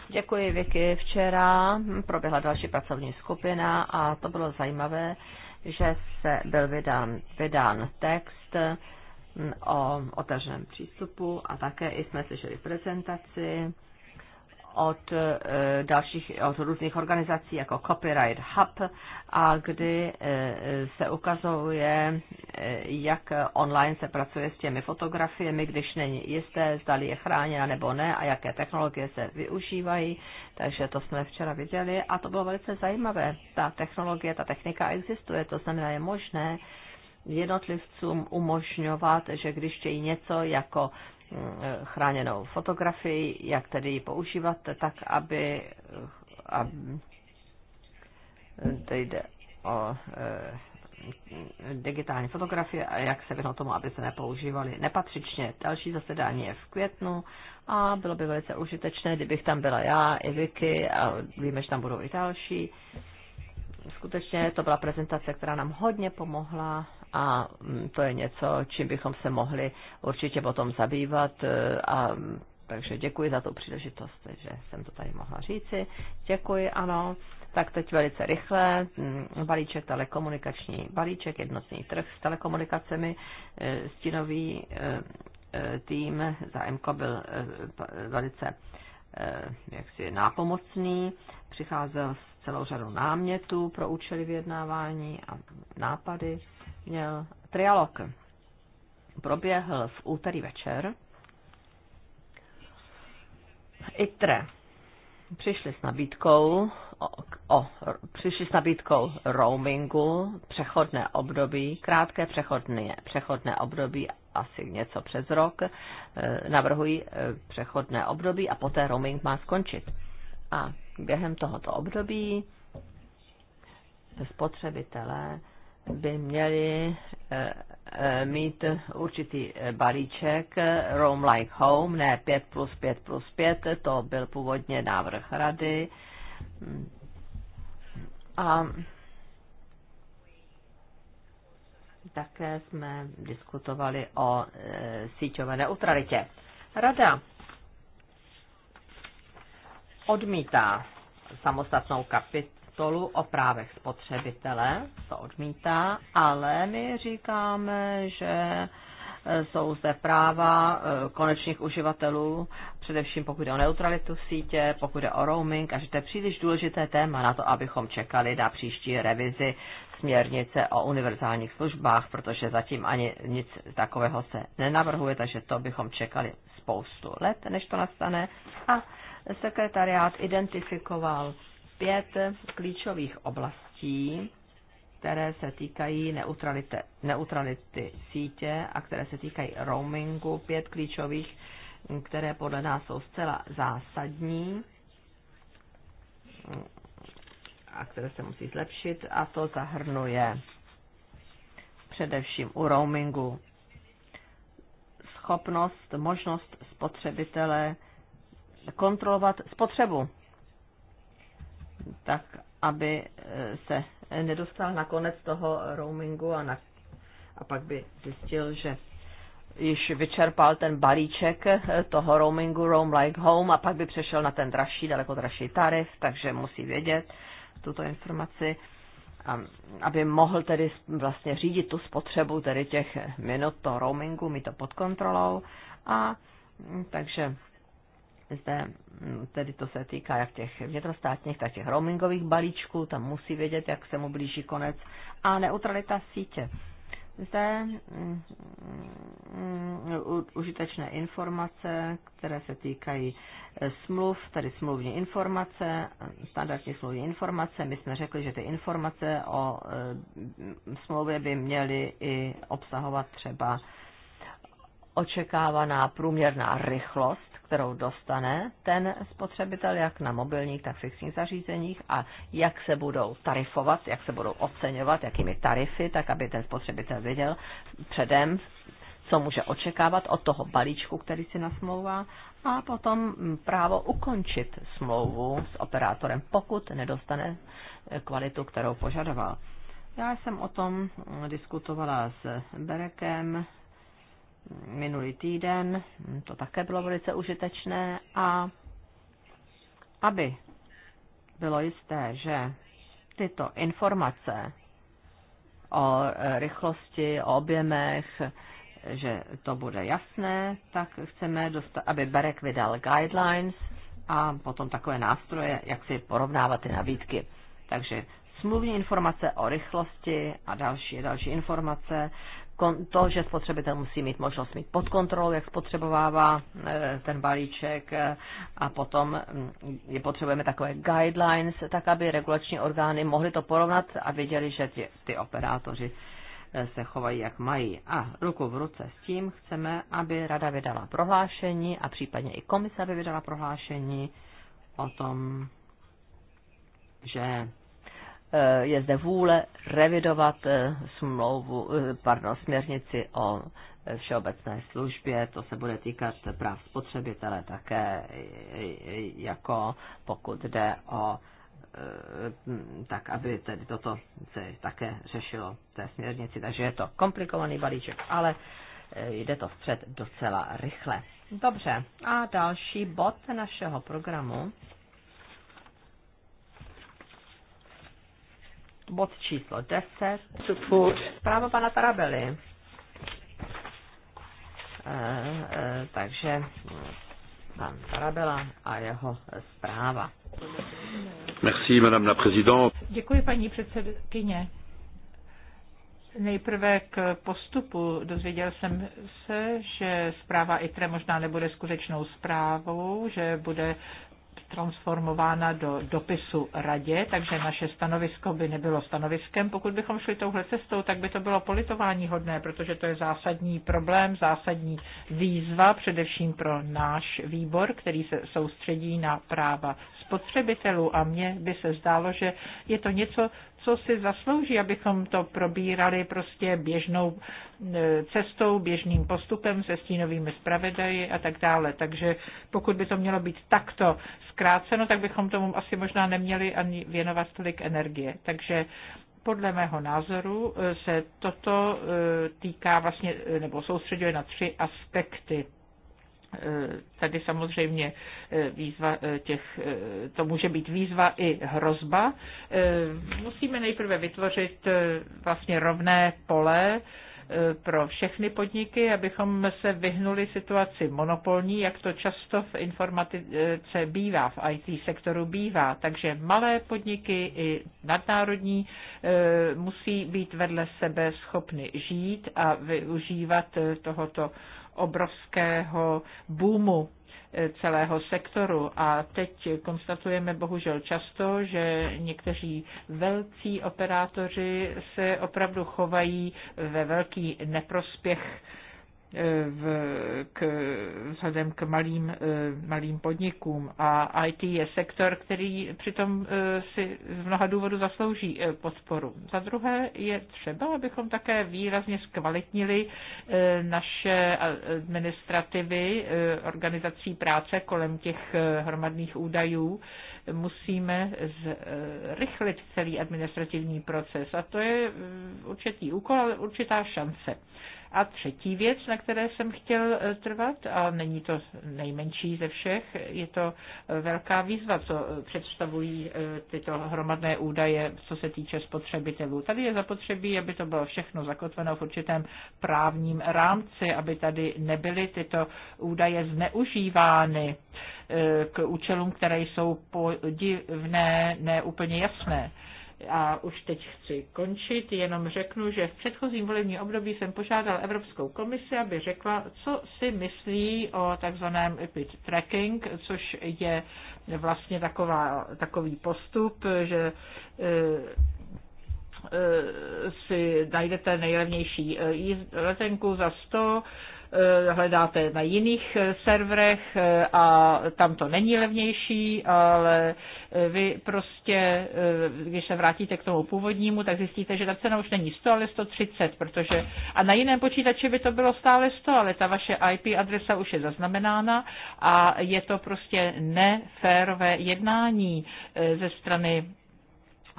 Děkuji, Vicky. Včera proběhla další pracovní skupina a to bylo zajímavé, že se byl vydán, vydán text, o otevřeném přístupu a také jsme slyšeli prezentaci od e, dalších, od různých organizací jako Copyright Hub, a kdy e, se ukazuje, e, jak online se pracuje s těmi fotografiemi, když není jisté, zda je chráněna nebo ne a jaké technologie se využívají. Takže to jsme včera viděli a to bylo velice zajímavé. Ta technologie, ta technika existuje, to znamená, je možné jednotlivcům umožňovat, že když chtějí něco jako mm, chráněnou fotografii, jak tedy ji používat, tak aby, aby to jde o eh, digitální fotografie a jak se vyhnout tomu, aby se nepoužívali nepatřičně. Další zasedání je v květnu a bylo by velice užitečné, kdybych tam byla já i Vicky a víme, že tam budou i další. Skutečně to byla prezentace, která nám hodně pomohla a mm, to je něco, čím bychom se mohli určitě potom zabývat e, a mm, takže děkuji za tu příležitost, že jsem to tady mohla říci. Děkuji, ano. Tak teď velice rychle, mm, balíček telekomunikační, balíček jednotný trh s telekomunikacemi, e, stínový e, tým za MKO byl velice jaksi nápomocný, přicházel s celou řadou námětů pro účely vyjednávání a nápady měl trialog. Proběhl v úterý večer. ITRE přišli s nabídkou o, o, přišli s nabídkou roamingu, přechodné období, krátké přechodné, přechodné období, asi něco přes rok, eh, navrhují eh, přechodné období a poté roaming má skončit. A během tohoto období spotřebitelé by měli eh, eh, mít určitý eh, balíček Roam Like Home, ne 5 plus 5 plus 5, to byl původně návrh rady. A také jsme diskutovali o e, síťové neutralitě. Rada odmítá samostatnou kapit, Stolu o právech spotřebitele, to odmítá, ale my říkáme, že e, jsou zde práva e, konečných uživatelů, především pokud jde o neutralitu v sítě, pokud jde o roaming, a že to je příliš důležité téma na to, abychom čekali na příští revizi směrnice o univerzálních službách, protože zatím ani nic takového se nenavrhuje, takže to bychom čekali spoustu let, než to nastane. A sekretariát identifikoval pět klíčových oblastí, které se týkají neutrality, neutrality sítě a které se týkají roamingu, pět klíčových, které podle nás jsou zcela zásadní a které se musí zlepšit a to zahrnuje především u roamingu schopnost, možnost spotřebitele kontrolovat spotřebu tak aby eh, se nedostal na konec toho roamingu a, na, a pak by zjistil, že již vyčerpal ten balíček eh, toho roamingu Roam Like Home a pak by přešel na ten dražší, daleko dražší tarif, takže musí vědět tuto informaci, aby mohl tedy vlastně řídit tu spotřebu tedy těch minut toho roamingu, mít to pod kontrolou a mm, takže zde, mm, tedy to se týká jak těch vnitrostátních, tak těch roamingových balíčků, tam musí vědět, jak se mu blíží konec, a neutralita sítě. Zde mm, u, mm, užitečné informace, které se týkají e, smluv, tady smluvní informace, standardní smluvní informace. My jsme řekli, že ty informace o um, smlouvě by měly i obsahovat třeba očekávaná průměrná rychlost kterou dostane ten spotřebitel jak na mobilních, tak fixních zařízeních a jak se budou tarifovat, jak se budou oceňovat, jakými tarify, tak aby ten spotřebitel věděl předem, co může očekávat od toho balíčku, který si nasmlouvá, a potom právo ukončit smlouvu s operátorem, pokud nedostane kvalitu, kterou požadoval. Já jsem o tom diskutovala s Berekem minulý týden, to také bylo velice užitečné a aby bylo jisté, že tyto informace o e, rychlosti, o objemech, že to bude jasné, tak chceme, dostat, aby Berek vydal guidelines a potom takové nástroje, jak si porovnávat ty nabídky. Takže smluvní informace o rychlosti a další další informace to, že spotřebitel musí mít možnost mít pod kontrolou, jak spotřebovává e, ten balíček e, a potom mm, je potřebujeme takové guidelines, tak aby regulační orgány mohly to porovnat a věděli, že ty, ty operátoři e, se chovají, jak mají. A ruku v ruce s tím chceme, aby rada vydala prohlášení a případně i komise, aby vydala prohlášení o tom, že Eh, je zde vůle revidovat eh, smlouvu, eh, pardon, směrnici o všeobecné službě, to se bude týkat práv spotřebitele také, jako pokud jde o tak, aby tedy toto se také řešilo v té směrnici. Takže je to komplikovaný balíček, ale jde to vpřed docela rychle. Dobře, a další bod našeho programu bod číslo 10. Právo pana Tarabely. E, e, takže pan Tarabela a jeho zpráva. Merci, madame la Děkuji, paní předsedkyně. Nejprve k postupu. Dozvěděl jsem se, že zpráva ITRE možná nebude skutečnou zprávou, že bude transformována do dopisu radě, takže naše stanovisko by nebylo stanoviskem. Pokud bychom šli touhle cestou, tak by to bylo politování hodné, protože to je zásadní problém, zásadní výzva, především pro náš výbor, který se soustředí na práva spotřebitelů a mně by se zdálo, že je to něco, co si zaslouží, abychom to probírali prostě běžnou e, cestou, běžným postupem se stínovými zpravedaji a tak dále. Takže pokud by to mělo být takto zkráceno, tak bychom tomu asi možná neměli ani věnovat tolik energie. Takže podle mého názoru e, se toto e, týká vlastně, nebo soustředuje na tři aspekty. Eh, tady samozřejmě eh, výzva eh, těch, to může být výzva i hrozba. Musíme nejprve vytvořit vlastně rovné pole pro všechny podniky, abychom se vyhnuli situaci monopolní, jak to často v informatice bývá, v IT sektoru bývá. Takže malé podniky i nadnárodní musí být vedle sebe schopny žít a využívat tohoto obrovského boomu eh, celého sektoru. A teď konstatujeme bohužel často, že někteří velcí operátoři se opravdu chovají ve velký neprospěch v, k, vzhledem k malým, eh, malým podnikům. A IT je sektor, který přitom eh, si z mnoha důvodů zaslouží eh, podporu. Za druhé je třeba, abychom také výrazně zkvalitnili naše administrativy organizací práce kolem těch hromadných údajů. Musíme zrychlit celý administrativní proces a to je určitý úkol, ale určitá šance. A třetí věc, na které jsem chtěl eh, trvat, a není to nejmenší ze všech, je to eh, velká výzva, co eh, představují tyto hromadné údaje, co se týče spotřebitelů. Tady je zapotřebí, aby to bylo všechno zakotveno v určitém právním rámci, aby tady nebyly tyto údaje zneužívány k účelům, které jsou podivné, neúplně jasné a už teď chci končit, jenom řeknu, že v předchozím volebním období jsem požádal Evropskou komisi, aby řekla, co si myslí o takzvaném EPID tracking, což je vlastně taková, takový postup, že eh, eh, si najdete nejlevnější eh, letenku za 100 Eh, hledáte na jiných eh, serverech eh, a tam to není levnější, ale vy prostě, když se vrátíte k tomu původnímu, tak zjistíte, že ta cena už není 100, ale 130, protože a na jiném počítači by to bylo stále 100, ale ta vaše IP adresa už je zaznamenána a je to prostě neférové jednání ze strany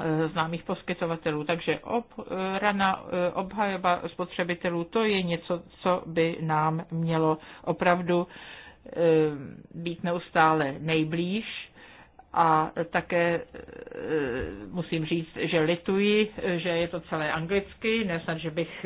Eh, známých poskytovatelů. Takže ob, rana eh, obhajoba spotřebitelů, to je něco, co by nám mělo opravdu eh, být neustále nejblíž. A také musím říct, že lituji, že je to celé anglicky, nesnad, že bych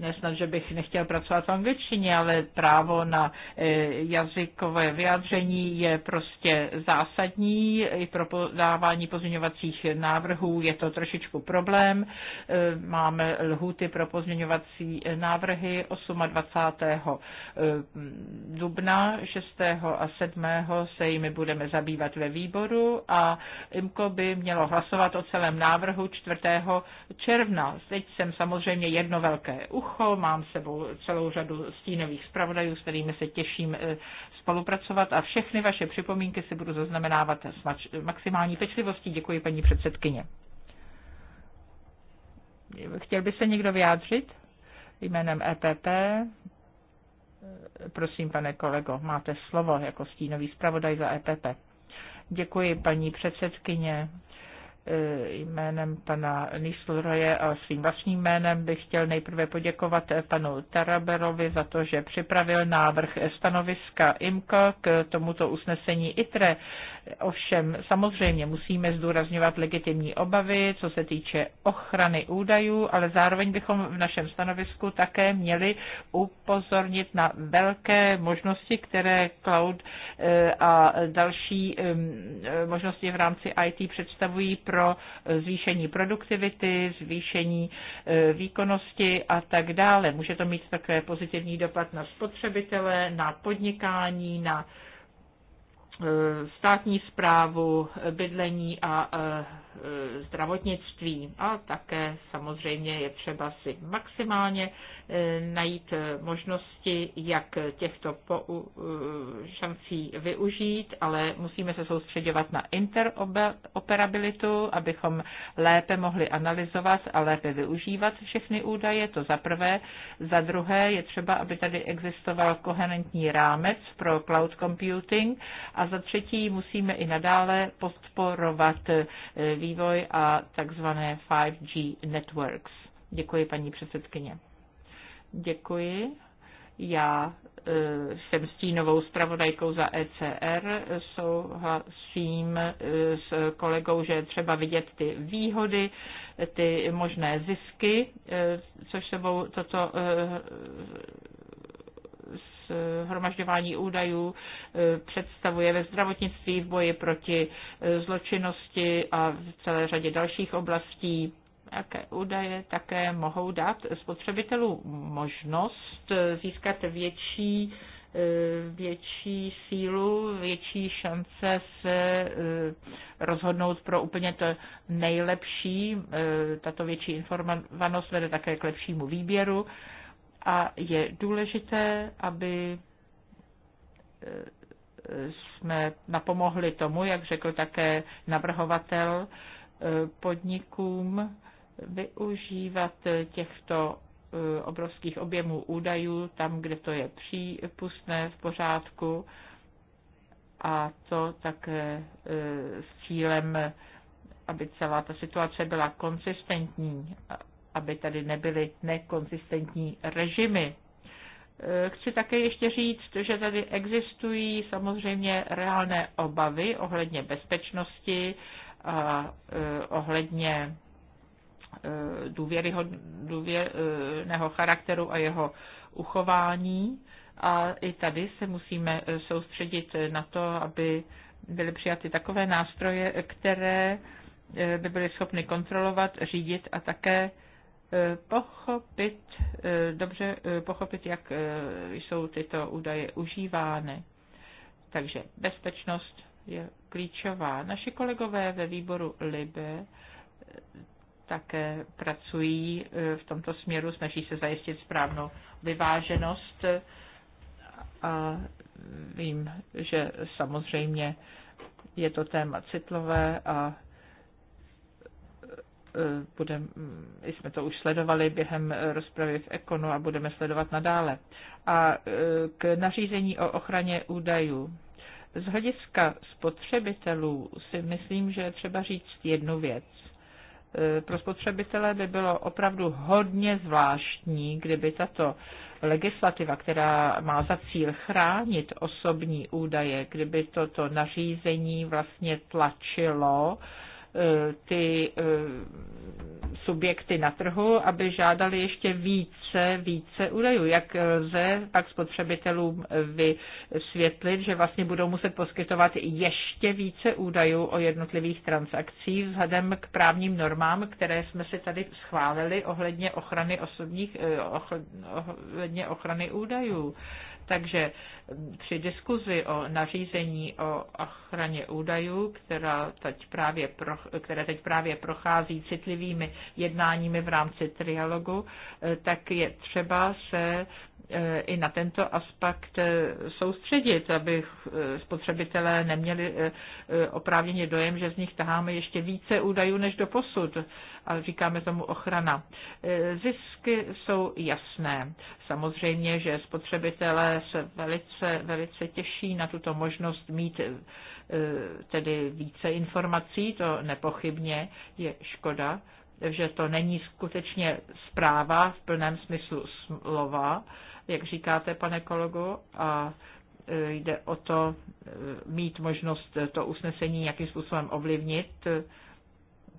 nesnad, že bych nechtěl pracovat v angličtině, ale právo na eh, jazykové vyjádření je prostě zásadní. I pro podávání pozměňovacích návrhů je to trošičku problém. Eh, máme lhuty pro pozměňovací eh, návrhy 28. dubna, 6. a 7. se jimi budeme zabývat ve výboru a IMKO by mělo hlasovat o celém návrhu 4. června. Teď jsem samozřejmě jedno velké ucho, Kocho, mám sebou celou řadu stínových zpravodajů, s kterými se těším eh, spolupracovat a všechny vaše připomínky si budu zaznamenávat s maximální pečlivostí. Děkuji, paní předsedkyně. Chtěl by se někdo vyjádřit jménem EPP? Prosím, pane kolego, máte slovo jako stínový zpravodaj za EPP. Děkuji, paní předsedkyně jménem pana Nisleroje a svým vlastním jménem bych chtěl nejprve poděkovat panu Taraberovi za to, že připravil návrh stanoviska IMCO k tomuto usnesení ITRE. Ovšem samozřejmě musíme zdůrazňovat legitimní obavy, co se týče ochrany údajů, ale zároveň bychom v našem stanovisku také měli upozornit na velké možnosti, které cloud eh, a další eh, možnosti v rámci IT představují pro eh, zvýšení produktivity, zvýšení výkonnosti a tak dále. Může to mít také pozitivní dopad na spotřebitele, na podnikání, na státní zprávu, bydlení a eh, Eh, zdravotnictví. A také samozřejmě je třeba si maximálně eh, najít eh, možnosti, jak těchto šancí využít, ale musíme se soustředovat na interoperabilitu, abychom lépe mohli analyzovat a lépe využívat všechny údaje, to za prvé. Za druhé je třeba, aby tady existoval koherentní rámec pro cloud computing a za třetí musíme i nadále podporovat výzkum vývoj a takzvané 5G networks. Děkuji, paní předsedkyně. Děkuji. Já e, jsem stínovou zpravodajkou za ECR, souhlasím e, s kolegou, že je třeba vidět ty výhody, ty možné zisky, e, což sebou toto Eh, hromažďování údajů eh, představuje ve zdravotnictví, v boji proti eh, zločinnosti a v celé řadě dalších oblastí. Jaké údaje také mohou dát spotřebitelům možnost získat větší větší sílu, větší šance se rozhodnout pro úplně to nejlepší. Tato větší informovanost vede také k lepšímu výběru a je důležité, aby eh, jsme napomohli tomu, jak řekl také navrhovatel, eh, podnikům využívat těchto eh, obrovských objemů údajů tam, kde to je přípustné v pořádku a to také s cílem, aby celá ta situace byla konsistentní aby tady nebyly nekonzistentní režimy. E, chci také ještě říct, že tady existují samozřejmě reálné obavy ohledně bezpečnosti a e, ohledně e, důvěrného charakteru a jeho uchování. A i tady se musíme soustředit na to, aby byly přijaty takové nástroje, které by byly schopny kontrolovat, řídit a také Eh, pochopit, eh, dobře eh, pochopit, jak jsou tyto údaje užívány. Takže bezpečnost je klíčová. Naši kolegové ve výboru LIBE také pracují v tomto směru, snaží se zajistit správnou vyváženost a vím, že samozřejmě je to téma citlové a E, budem, jsme to už sledovali během rozpravy v Ekonu a budeme sledovat nadále. A e, k nařízení o ochraně údajů. Z hlediska spotřebitelů si myslím, že je třeba říct jednu věc. E, pro spotřebitele by bylo opravdu hodně zvláštní, kdyby tato legislativa, která má za cíl chránit osobní údaje, kdyby toto nařízení vlastně tlačilo uh, E, ty e, subjekty na trhu, aby žádali ještě více, více údajů. Jak lze pak spotřebitelům vysvětlit, že vlastně budou muset poskytovat ještě více údajů o jednotlivých transakcích vzhledem k právním normám, které jsme si tady schválili ohledně ochrany osobních, e, ohledně ochrany údajů. Takže při diskuzi o nařízení o ochraně údajů, která teď právě pro, které teď právě prochází citlivými jednáními v rámci trialogu, e, tak je třeba se i na tento aspekt eh, soustředit, aby eh, spotřebitelé neměli eh, oprávněně dojem, že z nich taháme ještě více údajů než do posud a říkáme tomu ochrana. Zisky jsou jasné. Samozřejmě, že spotřebitelé se velice, velice těší na tuto možnost mít tedy více informací, to nepochybně je škoda, že to není skutečně zpráva v plném smyslu slova, jak říkáte, pane kolego, a e, jde o to e, mít možnost to usnesení nějakým způsobem ovlivnit,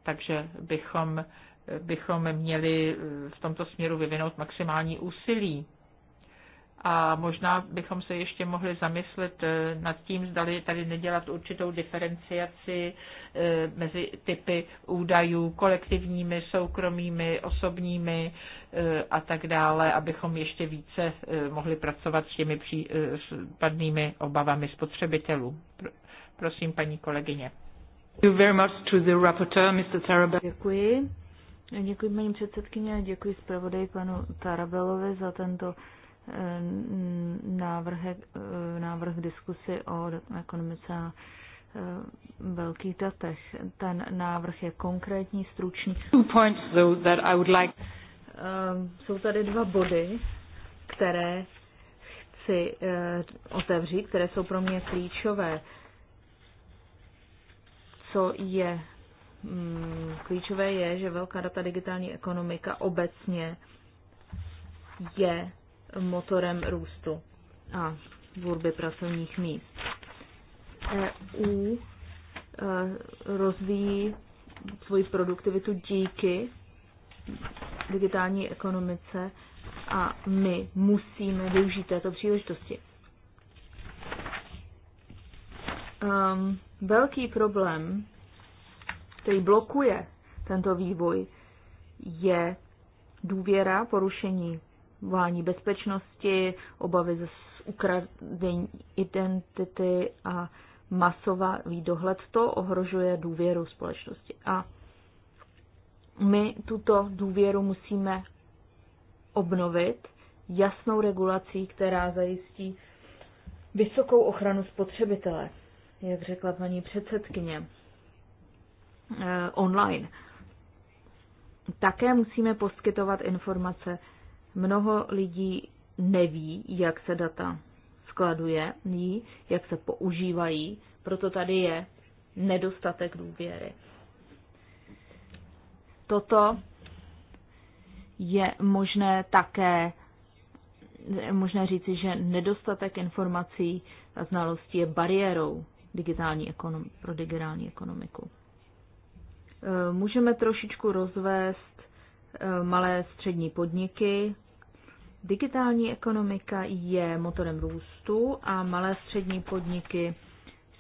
takže bychom, bychom měli v tomto směru vyvinout maximální úsilí a možná bychom se ještě mohli zamyslet eh, nad tím, zdali tady nedělat určitou diferenciaci eh, mezi typy údajů, kolektivními, soukromými, osobními eh, a tak dále, abychom ještě více mohli pracovat s těmi případnými obavami spotřebitelů. Prosím, paní kolegyně. Děkuji. Děkuji paní předsedkyně a děkuji zpravodaji panu Tarabelovi za tento Eh, návrh eh, návrh diskusy o ekonomice a eh, velkých datech. Ten návrh je konkrétní, stručný. Jsou tady dva body, které chci otevřít, které jsou pro mě klíčové. Co je mm, klíčové je, že velká data digitální ekonomika obecně je motorem růstu a tvorby pracovních míst. EU e, rozvíjí svoji produktivitu díky digitální ekonomice a my musíme využít této příležitosti. Um, velký problém, který blokuje tento vývoj, je důvěra, porušení vání bezpečnosti, obavy ze ukradení identity a masový dohled, to ohrožuje důvěru společnosti. A my tuto důvěru musíme obnovit jasnou regulací, která zajistí vysokou ochranu spotřebitele, jak řekla paní předsedkyně, eh, online. Také musíme poskytovat informace Mnoho lidí neví, jak se data skladuje, ví, jak se používají, proto tady je nedostatek důvěry. Toto je možné také je možné říci, že nedostatek informací a znalostí je bariérou digitální ekonomi- pro digitální ekonomiku. E, můžeme trošičku rozvést Eh, malé střední podniky. Digitální ekonomika je motorem růstu a malé střední podniky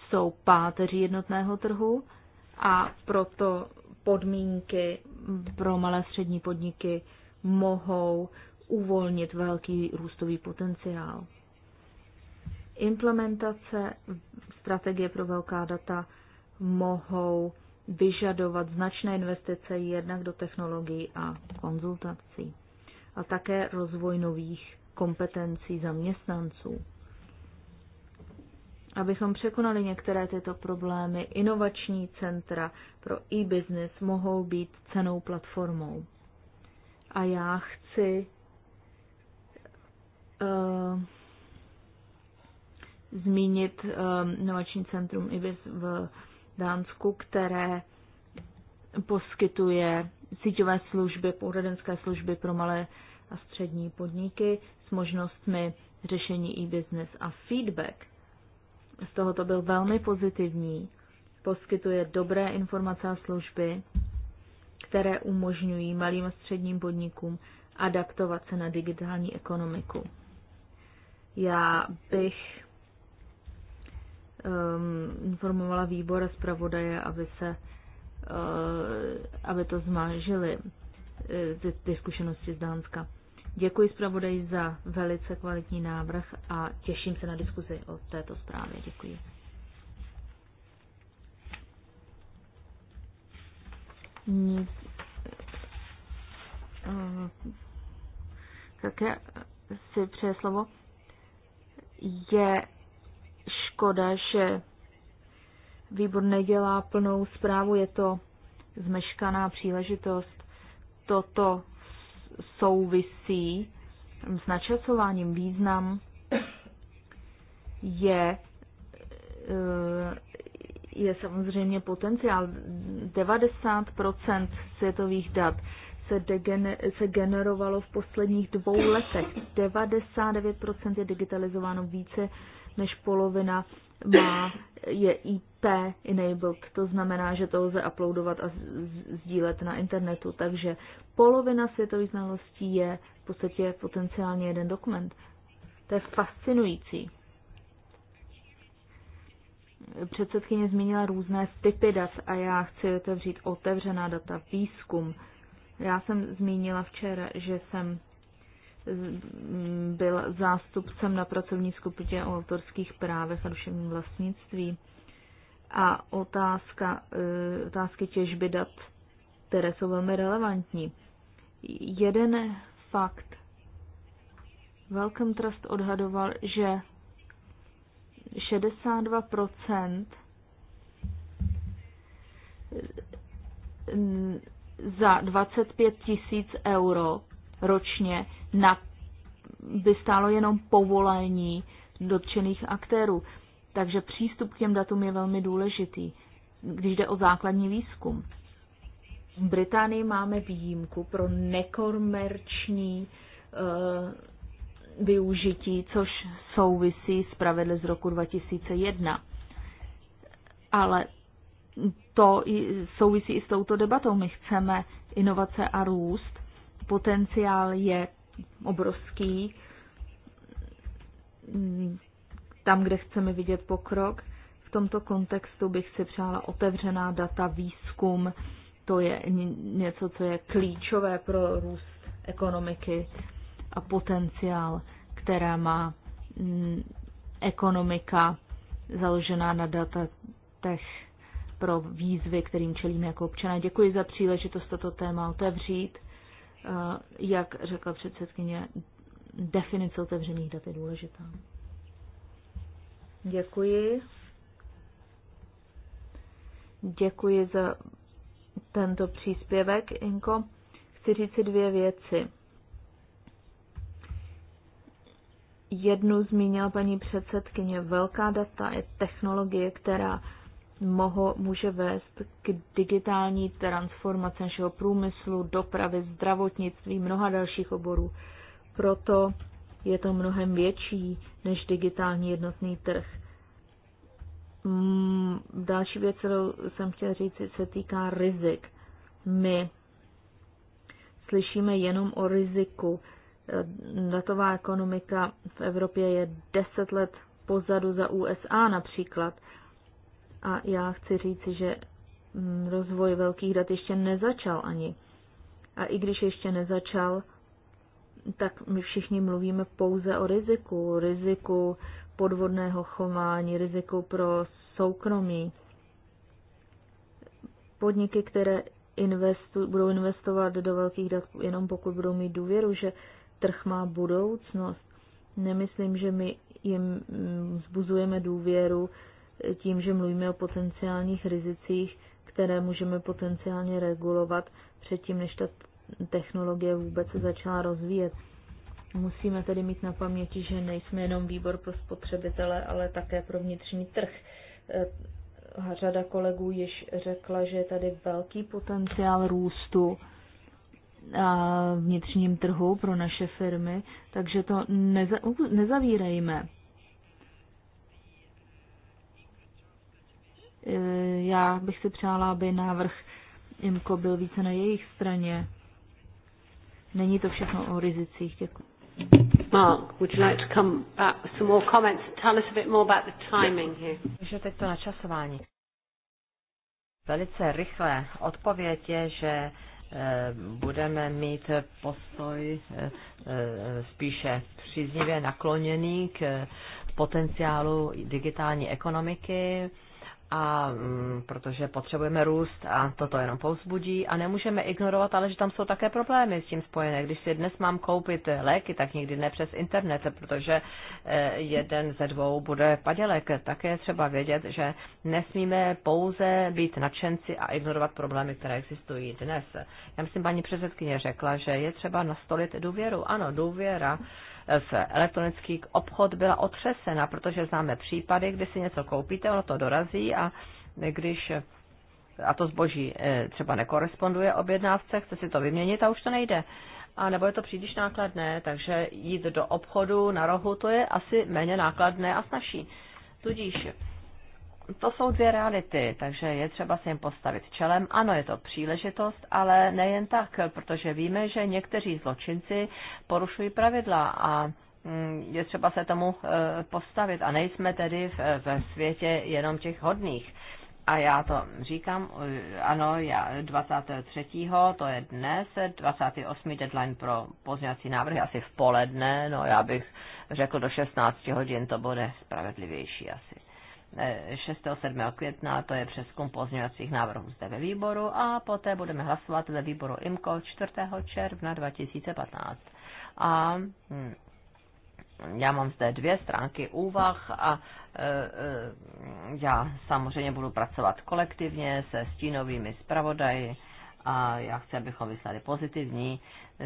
jsou páteří jednotného trhu a proto podmínky pro malé střední podniky mohou uvolnit velký růstový potenciál. Implementace strategie pro velká data mohou vyžadovat značné investice jednak do technologií a konzultací a také rozvoj nových kompetencí zaměstnanců. Abychom překonali některé tyto problémy, inovační centra pro e-business mohou být cenou platformou. A já chci uh, zmínit uh, inovační centrum i v Dánsku, které poskytuje síťové služby, poradenské služby pro malé a střední podniky s možnostmi řešení e-business a feedback. Z toho to byl velmi pozitivní. Poskytuje dobré informace a služby, které umožňují malým a středním podnikům adaptovat se na digitální ekonomiku. Já bych Um, informovala výbor a zpravodaje, aby se uh, aby to zmážili uh, ty, ty zkušenosti z Dánska. Děkuji zpravodaji za velice kvalitní návrh a těším se na diskuzi o této zprávě. Děkuji. Nic. Uh, také si přeje slovo. Je škoda, že výbor nedělá plnou zprávu, je to zmeškaná příležitost. Toto souvisí s načasováním význam je eh, je samozřejmě potenciál. 90% světových dat se, degener, se generovalo v posledních dvou letech. 99% je digitalizováno více než polovina má je IP enabled, to znamená, že to lze uploadovat a sdílet na internetu, takže polovina světových znalostí je v podstatě potenciálně jeden dokument. To je fascinující. Předsedkyně zmínila různé typy dat a já chci otevřít otevřená data, výzkum. Já jsem zmínila včera, že jsem byl zástupcem na pracovní skupině o autorských právech a duševním vlastnictví. A otázka, e, otázky těžby dat, které jsou velmi relevantní. Jeden fakt. Welcome Trust odhadoval, že 62 za 25 tisíc euro ročně na, by stálo jenom povolení dotčených aktérů. Takže přístup k těm datům je velmi důležitý, když jde o základní výzkum. V Británii máme výjimku pro nekomerční e, využití, což souvisí s pravidly z roku 2001. Ale to souvisí i s touto debatou. My chceme inovace a růst potenciál je obrovský. Tam, kde chceme vidět pokrok, v tomto kontextu bych si přála otevřená data, výzkum, to je něco, co je klíčové pro růst ekonomiky a potenciál, která má mm, ekonomika založená na datech pro výzvy, kterým čelíme jako občané. Děkuji za příležitost toto téma otevřít. Eh, jak řekla předsedkyně, definice otevřených dat je důležitá. Děkuji. Děkuji za tento příspěvek, Inko. Chci říct si dvě věci. Jednu zmínila paní předsedkyně. Velká data je technologie, která moho, může vést k digitální transformaci našeho průmyslu, dopravy, zdravotnictví, mnoha dalších oborů. Proto je to mnohem větší než digitální jednotný trh. Mm, další věc, kterou jsem chtěla říct, se týká rizik. My slyšíme jenom o riziku. Datová ekonomika v Evropě je deset let pozadu za USA například a já chci říci, že mm, rozvoj velkých dat ještě nezačal ani. A i když ještě nezačal, tak my všichni mluvíme pouze o riziku, riziku podvodného chování, riziku pro soukromí. Podniky, které investu, budou investovat do velkých dat jenom pokud budou mít důvěru, že trh má budoucnost, nemyslím, že my jim mm, vzbuzujeme důvěru tím, že mluvíme o potenciálních rizicích, které můžeme potenciálně regulovat předtím, než ta technologie vůbec se začala rozvíjet. Musíme tedy mít na paměti, že nejsme jenom výbor pro spotřebitele, ale také pro vnitřní trh. Eh, řada kolegů již řekla, že je tady velký potenciál růstu a eh, vnitřním trhu pro naše firmy, takže to neza, nezavírejme. Eh, já bych si přála, aby návrh IMCO byl více na jejich straně. Není to všechno o rizicích. Děkuji. Mark, would you like to come back with some more comments? Tell us a bit more about the timing here. teď to načasování. Velice rychle odpověď je, že eh, budeme mít postoj eh, spíše příznivě nakloněný k potenciálu digitální ekonomiky a mm, protože potřebujeme růst a toto jenom povzbudí a nemůžeme ignorovat, ale že tam jsou také problémy s tím spojené. Když si dnes mám koupit léky, tak nikdy ne přes internet, protože eh, jeden ze dvou bude padělek. Také je třeba vědět, že nesmíme pouze být nadšenci a ignorovat problémy, které existují dnes. Já myslím, paní předsedkyně řekla, že je třeba nastolit důvěru. Ano, důvěra v elektronický obchod byla otřesena, protože známe případy, kdy si něco koupíte, ono to dorazí a když a to zboží eh, třeba nekoresponduje objednávce, chce si to vyměnit a už to nejde. A nebo je to příliš nákladné, takže jít do obchodu na rohu, to je asi méně nákladné a snažší. Tudíž to jsou dvě reality, takže je třeba se jim postavit čelem. Ano, je to příležitost, ale nejen tak, protože víme, že někteří zločinci porušují pravidla a mm, je třeba se tomu eh, postavit a nejsme tedy ve světě jenom těch hodných. A já to říkám, eh, ano, já 23. to je dnes, 28. deadline pro pozměňovací návrhy asi v poledne, no já bych řekl do 16 hodin, to bude spravedlivější asi. 6. 7. května, to je přeskum pozměňovacích návrhů zde ve výboru a poté budeme hlasovat ve výboru IMKO 4. června 2015. A hm, já mám zde dvě stránky úvah a e, e, já samozřejmě budu pracovat kolektivně se stínovými zpravodaji a já chci, abychom vyslali pozitivní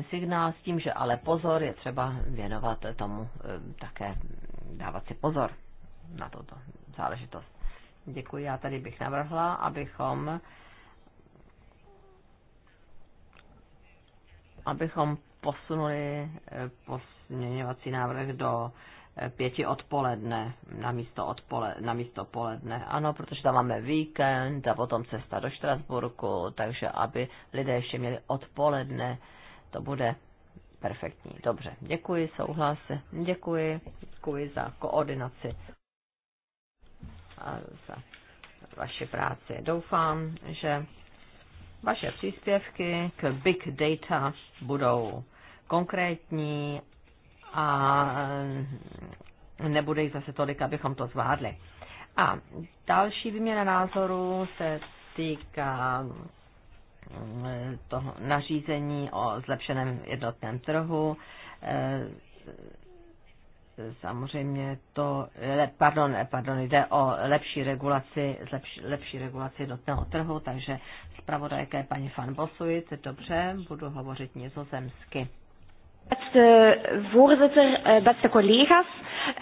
signál s tím, že ale pozor je třeba věnovat tomu e, také dávat si pozor na toto záležitost. Děkuji, já tady bych navrhla, abychom abychom posunuli eh, posměňovací návrh do eh, pěti odpoledne na místo, odpole, na místo poledne. Ano, protože tam máme víkend a potom cesta do Štrasburku, takže aby lidé ještě měli odpoledne, to bude perfektní. Dobře, děkuji, souhlas, děkuji, děkuji za koordinaci za vaši práci. Doufám, že vaše příspěvky k big data budou konkrétní a nebude jich zase tolik, abychom to zvládli. A další výměna názoru se týká eh, toho nařízení o zlepšeném jednotném trhu eh, samozřejmě to, le, pardon, pardon, jde o lepší regulaci, lepší, lepší regulaci dotného trhu, takže zpravodajka je paní Fan Bosuit, dobře, budu hovořit nizozemsky. Beste eh, voorzitter, eh, beste collega's,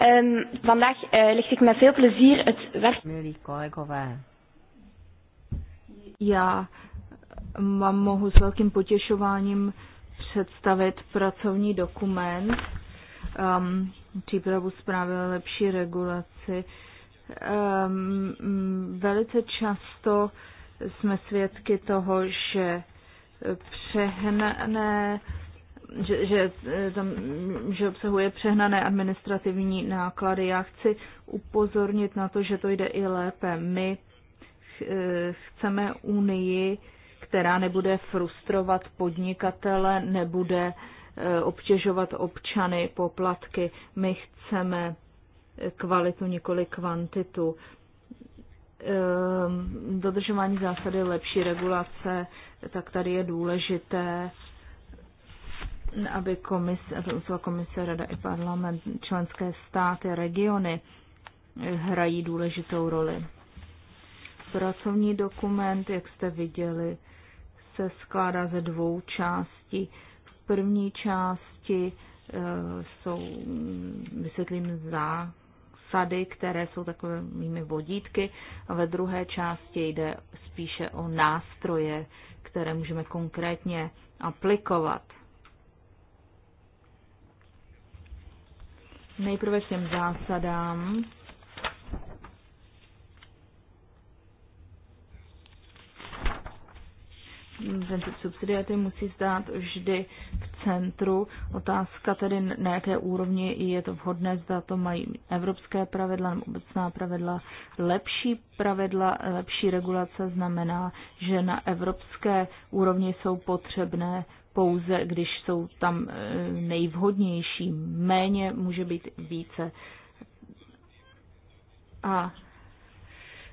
ehm, vandaag eh, licht ik met veel plezier het werk... Milí kolegové, já vám mohu s velkým potěšováním představit pracovní dokument, um, přípravu zprávy o lepší regulaci. Ehm, mm, velice často jsme svědky toho, že přehnané že, že, e, tam, že obsahuje přehnané administrativní náklady. Já chci upozornit na to, že to jde i lépe. My e, chceme Unii, která nebude frustrovat podnikatele, nebude Eh, obtěžovat občany poplatky. My chceme kvalitu, nikoli kvantitu. Ehm, dodržování zásady lepší regulace, tak tady je důležité, aby komise, komise Rada i parlament, členské státy, regiony hrají důležitou roli. Pracovní dokument, jak jste viděli, se skládá ze dvou částí první části eh, jsou, vysvětlím, zásady, které jsou takovými vodítky a ve druhé části jde spíše o nástroje, které můžeme konkrétně aplikovat. Nejprve těm zásadám. princip subsidiarity musí zdát vždy v centru. Otázka tedy na jaké úrovni je to vhodné, zda to mají evropské pravidla nebo obecná pravidla. Lepší pravidla, lepší regulace znamená, že na evropské úrovni jsou potřebné pouze, když jsou tam e, nejvhodnější. Méně může být více. A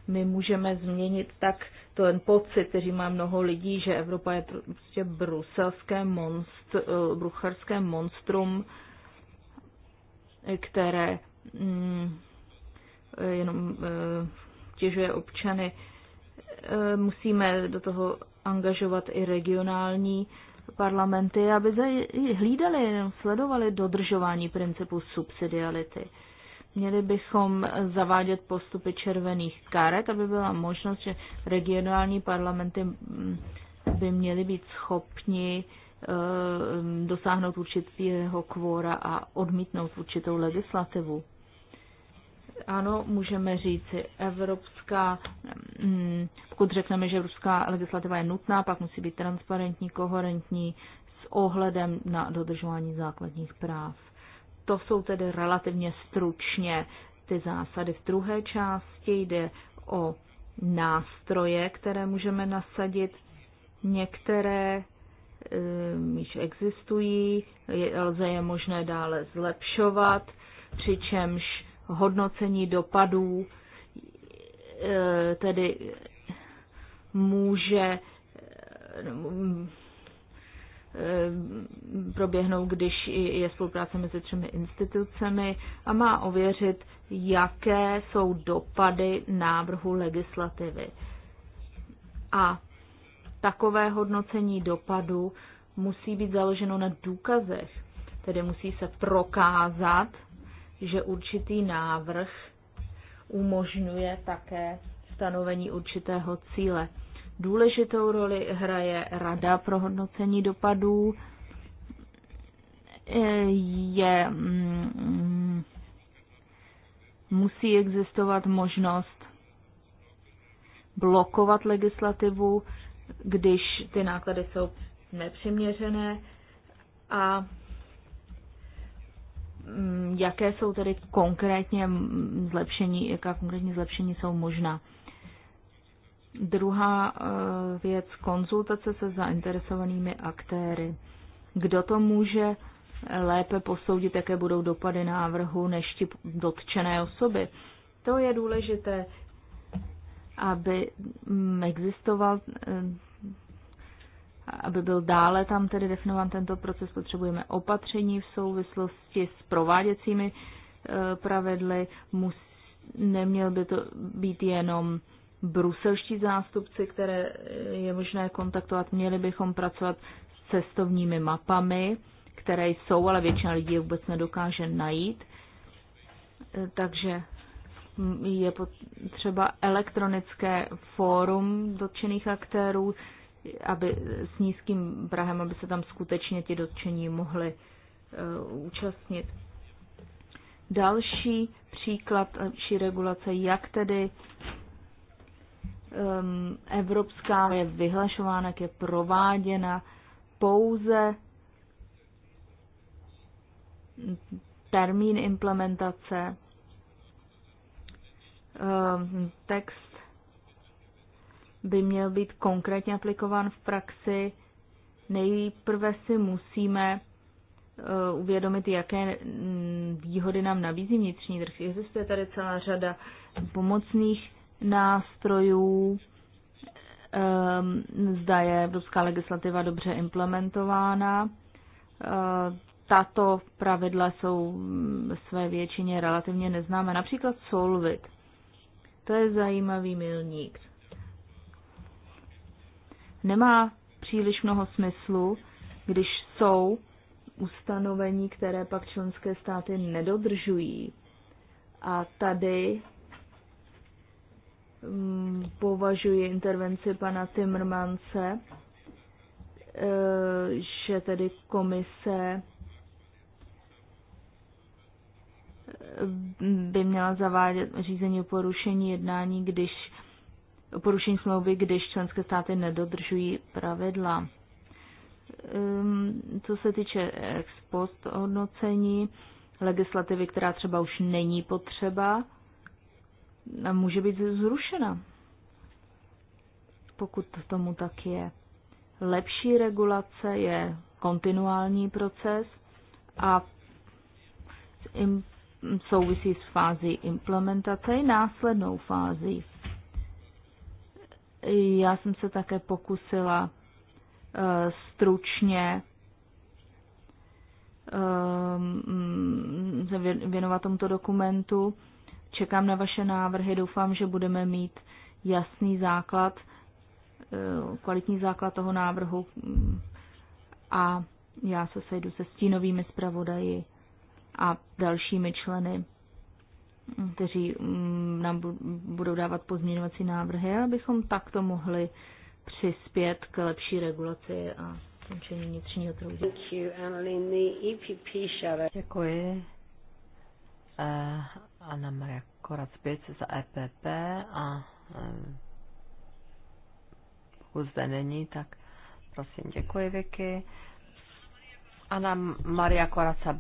my můžeme změnit tak ten pocit, který má mnoho lidí, že Evropa je prostě bruselské monst, eh, brucharské monstrum, které mm, eh, jenom eh, těžuje občany. Musíme do toho angažovat i regionální parlamenty, aby hlídali, sledovali dodržování principu subsidiality. Měli bychom zavádět postupy červených karet, aby byla možnost, že regionální parlamenty mm, by měly být schopni e, mm, dosáhnout určitého kvóra a odmítnout určitou legislativu. Ano, můžeme říci, evropská, mm, pokud řekneme, že evropská legislativa je nutná, pak musí být transparentní, koherentní s ohledem na dodržování základních práv. To jsou tedy relativně stručně ty zásady. V druhé části jde o nástroje, které můžeme nasadit. Některé ehm, již existují, lze je možné dále zlepšovat, přičemž hodnocení dopadů e, tedy může Eh, proběhnou, když je spolupráce mezi třemi institucemi a má ověřit, jaké jsou dopady návrhu legislativy. A takové hodnocení dopadu musí být založeno na důkazech, tedy musí se prokázat, že určitý návrh umožňuje také stanovení určitého cíle. Důležitou roli hraje Rada pro hodnocení dopadů, e, je, mm, musí existovat možnost blokovat legislativu, když ty náklady jsou nepřiměřené a mm, jaké jsou tedy konkrétně zlepšení, jaká konkrétní zlepšení jsou možná. Druhá eh, věc, konzultace se zainteresovanými aktéry. Kdo to může eh, lépe posoudit, jaké budou dopady návrhu, než ti dotčené osoby? To je důležité, aby mm, existoval, eh, aby byl dále tam tedy definován tento proces, potřebujeme opatření v souvislosti s prováděcími pravidly, neměl by to být jenom bruselští zástupci, které je možné kontaktovat. Měli bychom pracovat s cestovními mapami, které jsou, ale většina lidí je vůbec nedokáže najít. Takže je potřeba elektronické fórum dotčených aktérů, aby s nízkým Prahem, aby se tam skutečně ti dotčení mohli uh, účastnit. Další příklad další eh, regulace, jak tedy Ehm, evropská je vyhlašována, jak je prováděna pouze termín implementace, ehm, text by měl být konkrétně aplikován v praxi. Nejprve si musíme eh, uvědomit, jaké mm, výhody nám nabízí vnitřní trh. Existuje tady celá řada pomocných nástrojů, ehm, zda je evropská legislativa dobře implementována. Eh, tato pravidla jsou své většině relativně neznámé, například Solvit. To je zajímavý milník. Nemá příliš mnoho smyslu, když jsou ustanovení, které pak členské státy nedodržují. A tady považuji intervenci pana Timmermance, e, že tedy komise by měla zavádět řízení o porušení jednání, když o porušení smlouvy, když členské státy nedodržují pravidla. Ehm, co se týče ex post hodnocení, legislativy, která třeba už není potřeba, a může být zrušena. Pokud tomu tak je. Lepší regulace je kontinuální proces a souvisí s fází implementace i následnou fází. Já jsem se také pokusila eh, stručně eh, mm, se věnovat tomuto dokumentu. Čekám na vaše návrhy, doufám, že budeme mít jasný základ, eh, kvalitní základ toho návrhu mm, a já se sejdu se stínovými zpravodaji a dalšími členy, mm, kteří mm, nám budou dávat pozměňovací návrhy, abychom takto mohli přispět k lepší regulaci a ukončení vnitřního trhu. E Děkuji. Eh, Anna Maria Korac-Pic za EPP a eh, pokud zde není, tak prosím, děkuji Vicky. Anna Maria Koraca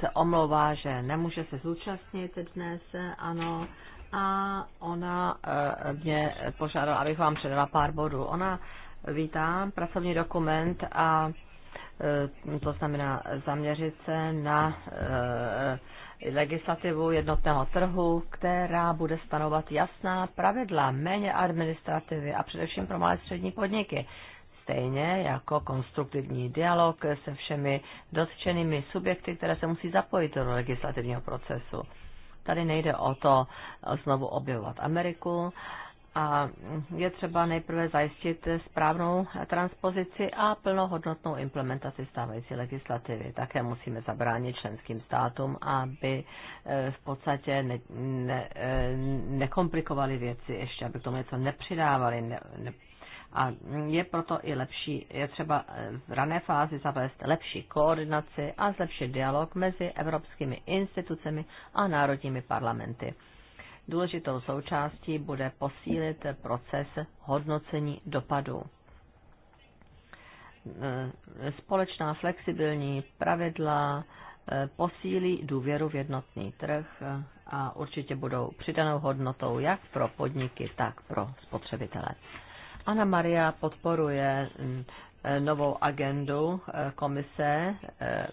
se omlouvá, že nemůže se zúčastnit dnes, ano, a ona eh, mě požádala, abych vám předala pár bodů. Ona vítá pracovní dokument a eh, to znamená zaměřit se na legislativu jednotného trhu, která bude stanovat jasná pravidla, méně administrativy a především pro malé střední podniky. Stejně jako konstruktivní dialog se všemi dotčenými subjekty, které se musí zapojit do legislativního procesu. Tady nejde o to znovu objevovat Ameriku, a je třeba nejprve zajistit správnou transpozici a plnohodnotnou implementaci stávající legislativy. Také musíme zabránit členským státům, aby eh, v podstatě ne, ne, eh, nekomplikovali věci ještě, aby k tomu něco nepřidávali, ne, ne, a je proto i lepší, je třeba eh, v rané fázi zavést lepší koordinaci a zlepšit dialog mezi evropskými institucemi a národními parlamenty. Důležitou součástí bude posílit proces hodnocení dopadů. E, společná flexibilní pravidla e, posílí důvěru v jednotný trh e, a určitě budou přidanou hodnotou jak pro podniky, tak pro spotřebitele. Ana Maria podporuje novou agendu komise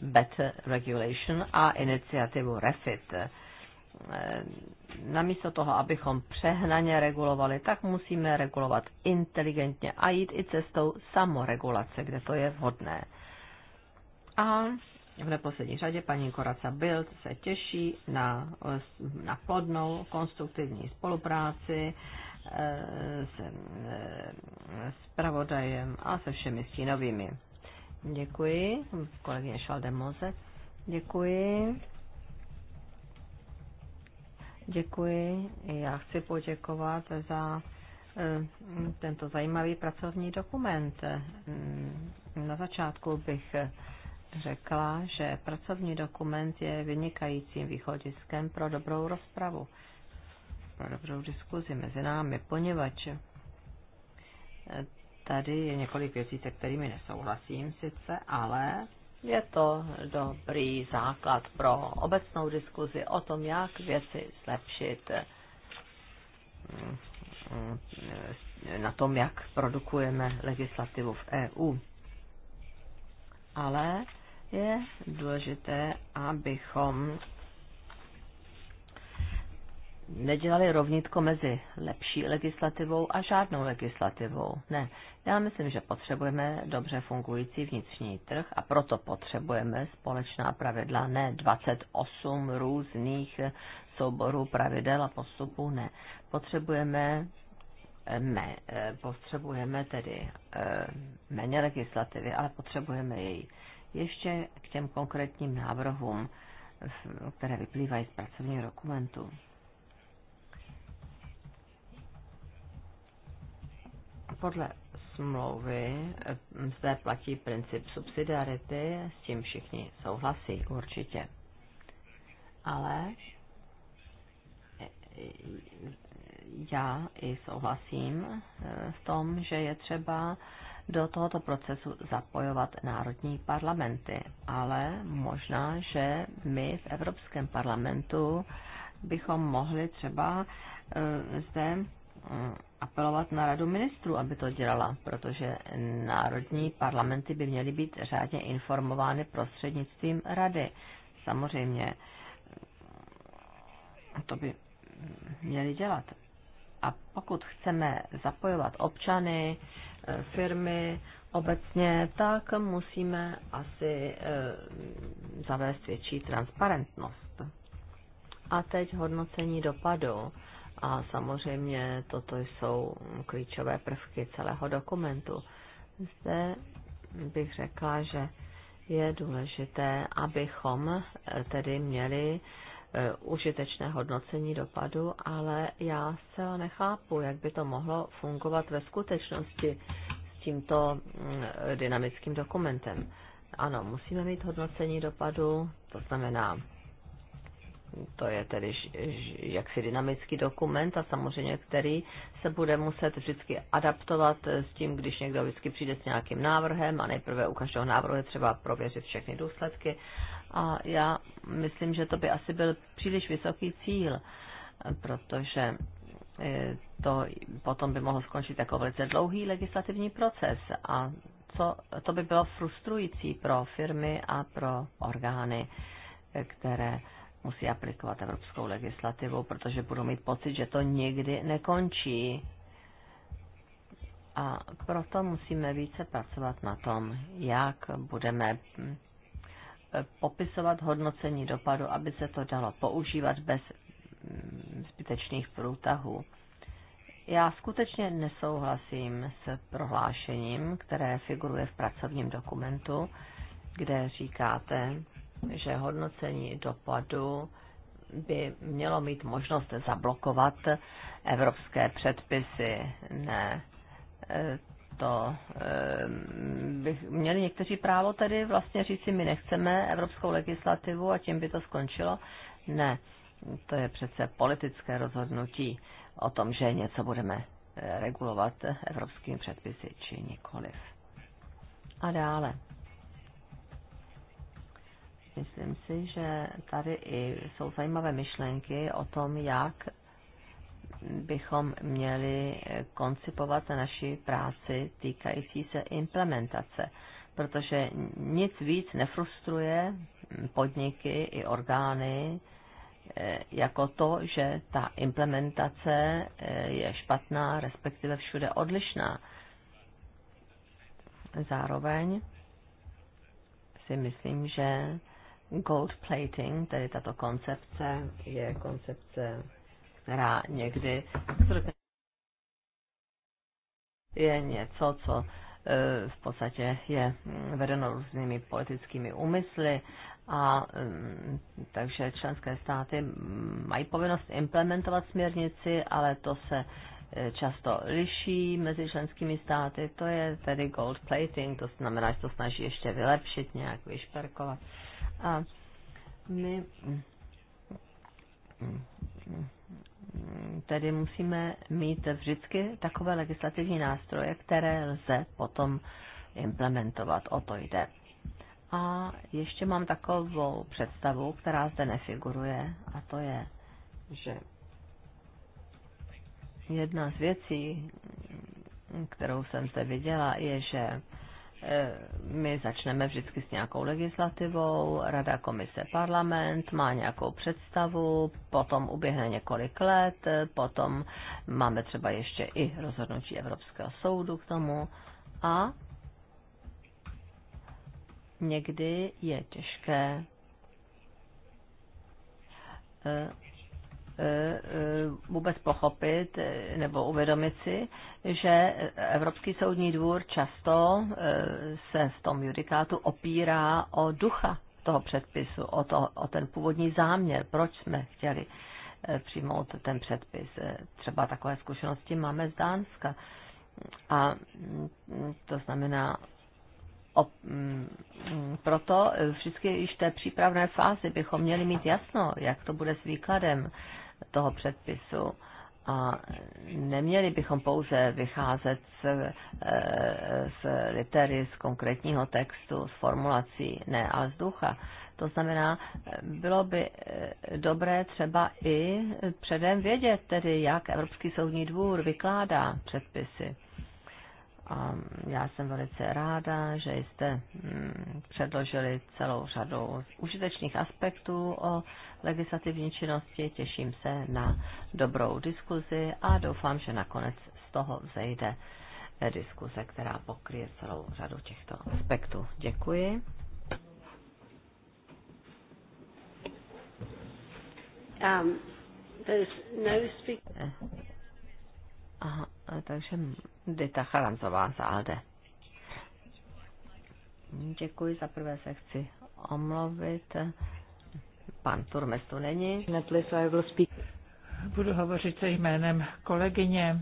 BET Regulation a iniciativu REFIT Eh, namísto toho, abychom přehnaně regulovali, tak musíme regulovat inteligentně a jít i cestou samoregulace, kde to je vhodné. A v neposlední řadě paní Koraca Bild se těší na, na plodnou konstruktivní spolupráci eh, eh, s zpravodajem a se všemi stínovými. Děkuji, kolegyně Šaldemoze. Děkuji. Děkuji. Já chci poděkovat za eh, tento zajímavý pracovní dokument. Mm, na začátku bych řekla, že pracovní dokument je vynikajícím východiskem pro dobrou rozpravu, pro dobrou diskuzi mezi námi, poněvadž eh, tady je několik věcí, se kterými nesouhlasím sice, ale je to dobrý základ pro obecnou diskuzi o tom, jak věci zlepšit mm, na tom, jak produkujeme legislativu v EU. Ale je důležité, abychom nedělali rovnitko mezi lepší legislativou a žádnou legislativou. Ne, já myslím, že potřebujeme dobře fungující vnitřní trh a proto potřebujeme společná pravidla, ne 28 různých souborů pravidel a postupů, ne. Potřebujeme eh, me, eh, potřebujeme tedy eh, méně legislativy, ale potřebujeme její. Ještě k těm konkrétním návrhům, které vyplývají z pracovního dokumentu. Podle smlouvy eh, zde platí princip subsidiarity, s tím všichni souhlasí určitě. Ale eh, já i souhlasím eh, v tom, že je třeba do tohoto procesu zapojovat národní parlamenty, ale možná, že my v Evropském parlamentu bychom mohli třeba zde mm, apelovat na radu ministrů, aby to dělala, protože národní parlamenty by měly být řádně informovány prostřednictvím rady. Samozřejmě to by měli dělat. A pokud chceme zapojovat občany, firmy obecně, tak musíme asi eh, zavést větší transparentnost. A teď hodnocení dopadu a samozřejmě toto jsou klíčové prvky celého dokumentu. Zde bych řekla, že je důležité, abychom eh, tedy měli eh, užitečné hodnocení dopadu, ale já zcela nechápu, jak by to mohlo fungovat ve skutečnosti s tímto mm, dynamickým dokumentem. Ano, musíme mít hodnocení dopadu, to znamená to je tedy jaksi dynamický dokument a samozřejmě, který se bude muset vždycky adaptovat s tím, když někdo vždycky přijde s nějakým návrhem a nejprve u každého návrhu je třeba prověřit všechny důsledky. A já myslím, že to by asi byl příliš vysoký cíl, protože e, to potom by mohlo skončit jako velice dlouhý legislativní proces a co, to by bylo frustrující pro firmy a pro orgány, e, které musí aplikovat evropskou legislativu, protože budou mít pocit, že to nikdy nekončí. A proto musíme více pracovat na tom, jak budeme hm, popisovat hodnocení dopadu, aby se to dalo používat bez hm, zbytečných průtahů. Já skutečně nesouhlasím s prohlášením, které figuruje v pracovním dokumentu, kde říkáte, že hodnocení dopadu by mělo mít možnost zablokovat evropské předpisy. Ne, e, to e, by měli někteří právo tedy vlastně říci, my nechceme evropskou legislativu a tím by to skončilo. Ne, to je přece politické rozhodnutí o tom, že něco budeme e, regulovat evropskými předpisy či nikoliv. A dále. Myslím si, že tady i jsou zajímavé myšlenky o tom, jak bychom měli koncipovat naši práci týkající se implementace, protože nic víc nefrustruje podniky i orgány, eh, jako to, že ta implementace eh, je špatná, respektive všude odlišná. Zároveň si myslím, že gold plating, tedy tato koncepce, je koncepce, která někdy je něco, co e, v podstatě je mm, vedeno různými politickými úmysly a mm, takže členské státy mm, mají povinnost implementovat směrnici, ale to se e, často liší mezi členskými státy. To je tedy gold plating, to znamená, že to snaží ještě vylepšit, nějak vyšperkovat. A my tedy musíme mít vždycky takové legislativní nástroje, které lze potom implementovat. O to jde. A ještě mám takovou představu, která zde nefiguruje, a to je, že jedna z věcí, kterou jsem zde viděla, je, že Eh, my začneme vždycky s nějakou legislativou, Rada komise parlament má nějakou představu, potom uběhne několik let, eh, potom máme třeba ještě i rozhodnutí Evropského soudu k tomu a někdy je těžké eh, E, e, vůbec pochopit e, nebo uvědomit si, že Evropský soudní dvůr často se v tom judikátu opírá o ducha toho předpisu, o, to, o ten původní záměr, proč jsme chtěli přijmout ten předpis. Třeba takové zkušenosti máme z Dánska. A mm, to znamená, O, mm, proto vždycky již v té přípravné fázi bychom měli mít jasno, jak to bude s výkladem toho předpisu. A neměli bychom pouze vycházet z, eh, z litery, z konkrétního textu, z formulací, ne, ale z ducha. To znamená, bylo by eh, dobré třeba i předem vědět, tedy jak Evropský soudní dvůr vykládá předpisy. A já jsem velice ráda, že jste mm, předložili celou řadu užitečných aspektů o legislativní činnosti. Těším se na dobrou diskuzi a doufám, že nakonec z toho vzejde diskuze, která pokryje celou řadu těchto aspektů. Děkuji. Um, no speak- eh, Aha, takže Dita Charanzová z ALDE. Děkuji, za prvé se chci omluvit. Pan Turmes tu není. Budu hovořit se jménem kolegyně,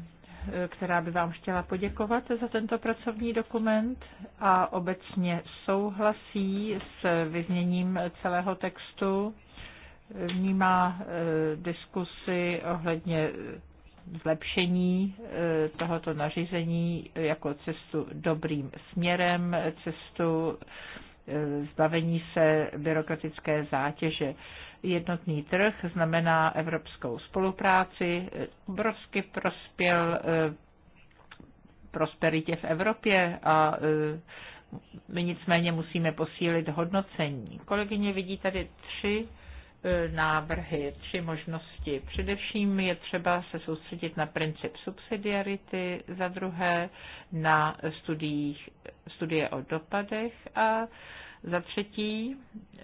která by vám chtěla poděkovat za tento pracovní dokument a obecně souhlasí s vyzněním celého textu. Vnímá eh, diskusy ohledně zlepšení eh, tohoto nařízení jako cestu dobrým směrem, cestu eh, zbavení se byrokratické zátěže. Jednotný trh znamená evropskou spolupráci, eh, obrovsky prospěl prosperitě v Evropě a my nicméně musíme posílit hodnocení. Kolegyně vidí tady tři E, návrhy, tři možnosti. Především je třeba se soustředit na princip subsidiarity, za druhé na studiích, studie o dopadech a za třetí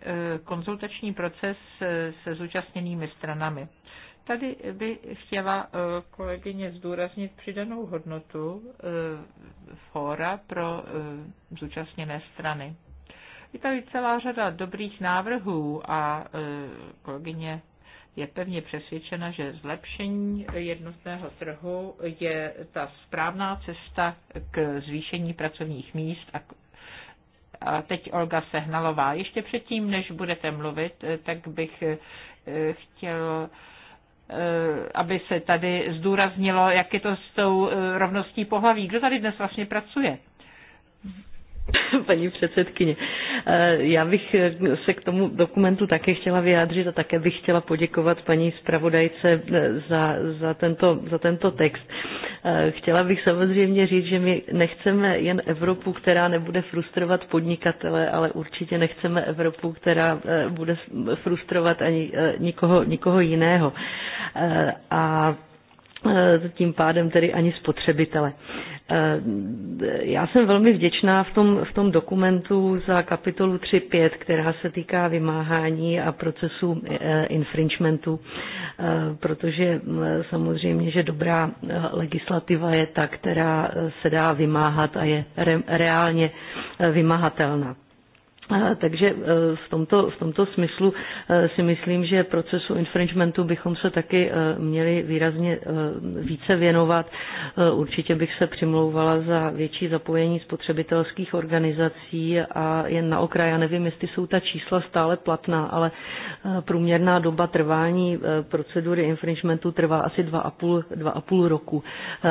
e, konzultační proces e, se zúčastněnými stranami. Tady by chtěla kolegyně zdůraznit přidanou hodnotu fóra pro zúčastněné strany. Je tady celá řada dobrých návrhů a e, kolegyně je pevně přesvědčena, že zlepšení jednotného trhu je ta správná cesta k zvýšení pracovních míst a a teď Olga Sehnalová. Ještě předtím, než budete mluvit, e, tak bych e, chtěl aby se tady zdůraznilo, jak je to s tou rovností pohlaví. Kdo tady dnes vlastně pracuje? Paní předsedkyně, eh, já bych se k tomu dokumentu také chtěla vyjádřit a také bych chtěla poděkovat paní zpravodajce eh, za, za, tento, za tento text. Eh, chtěla bych samozřejmě říct, že my nechceme jen Evropu, která nebude frustrovat podnikatele, ale určitě nechceme Evropu, která bude frustrovat ani nikoho, nikoho jiného. A Eh, tím pádem tedy ani spotřebitele. Eh, já jsem velmi vděčná v tom, v tom dokumentu za kapitolu 3.5, která se týká vymáhání a procesu eh, infringementu, protože samozřejmě, že dobrá legislativa je ta, která se dá vymáhat a je re, reálně vymahatelná. Takže e, v tomto, v tomto smyslu e, si myslím, že procesu infringementu bychom se taky e, měli výrazně více věnovat. Určitě bych se přimlouvala za větší zapojení spotřebitelských organizací a jen na okraj, já nevím, jestli jsou ta čísla stále platná, ale průměrná doba trvání procedury infringementu trvá asi 2,5 roku.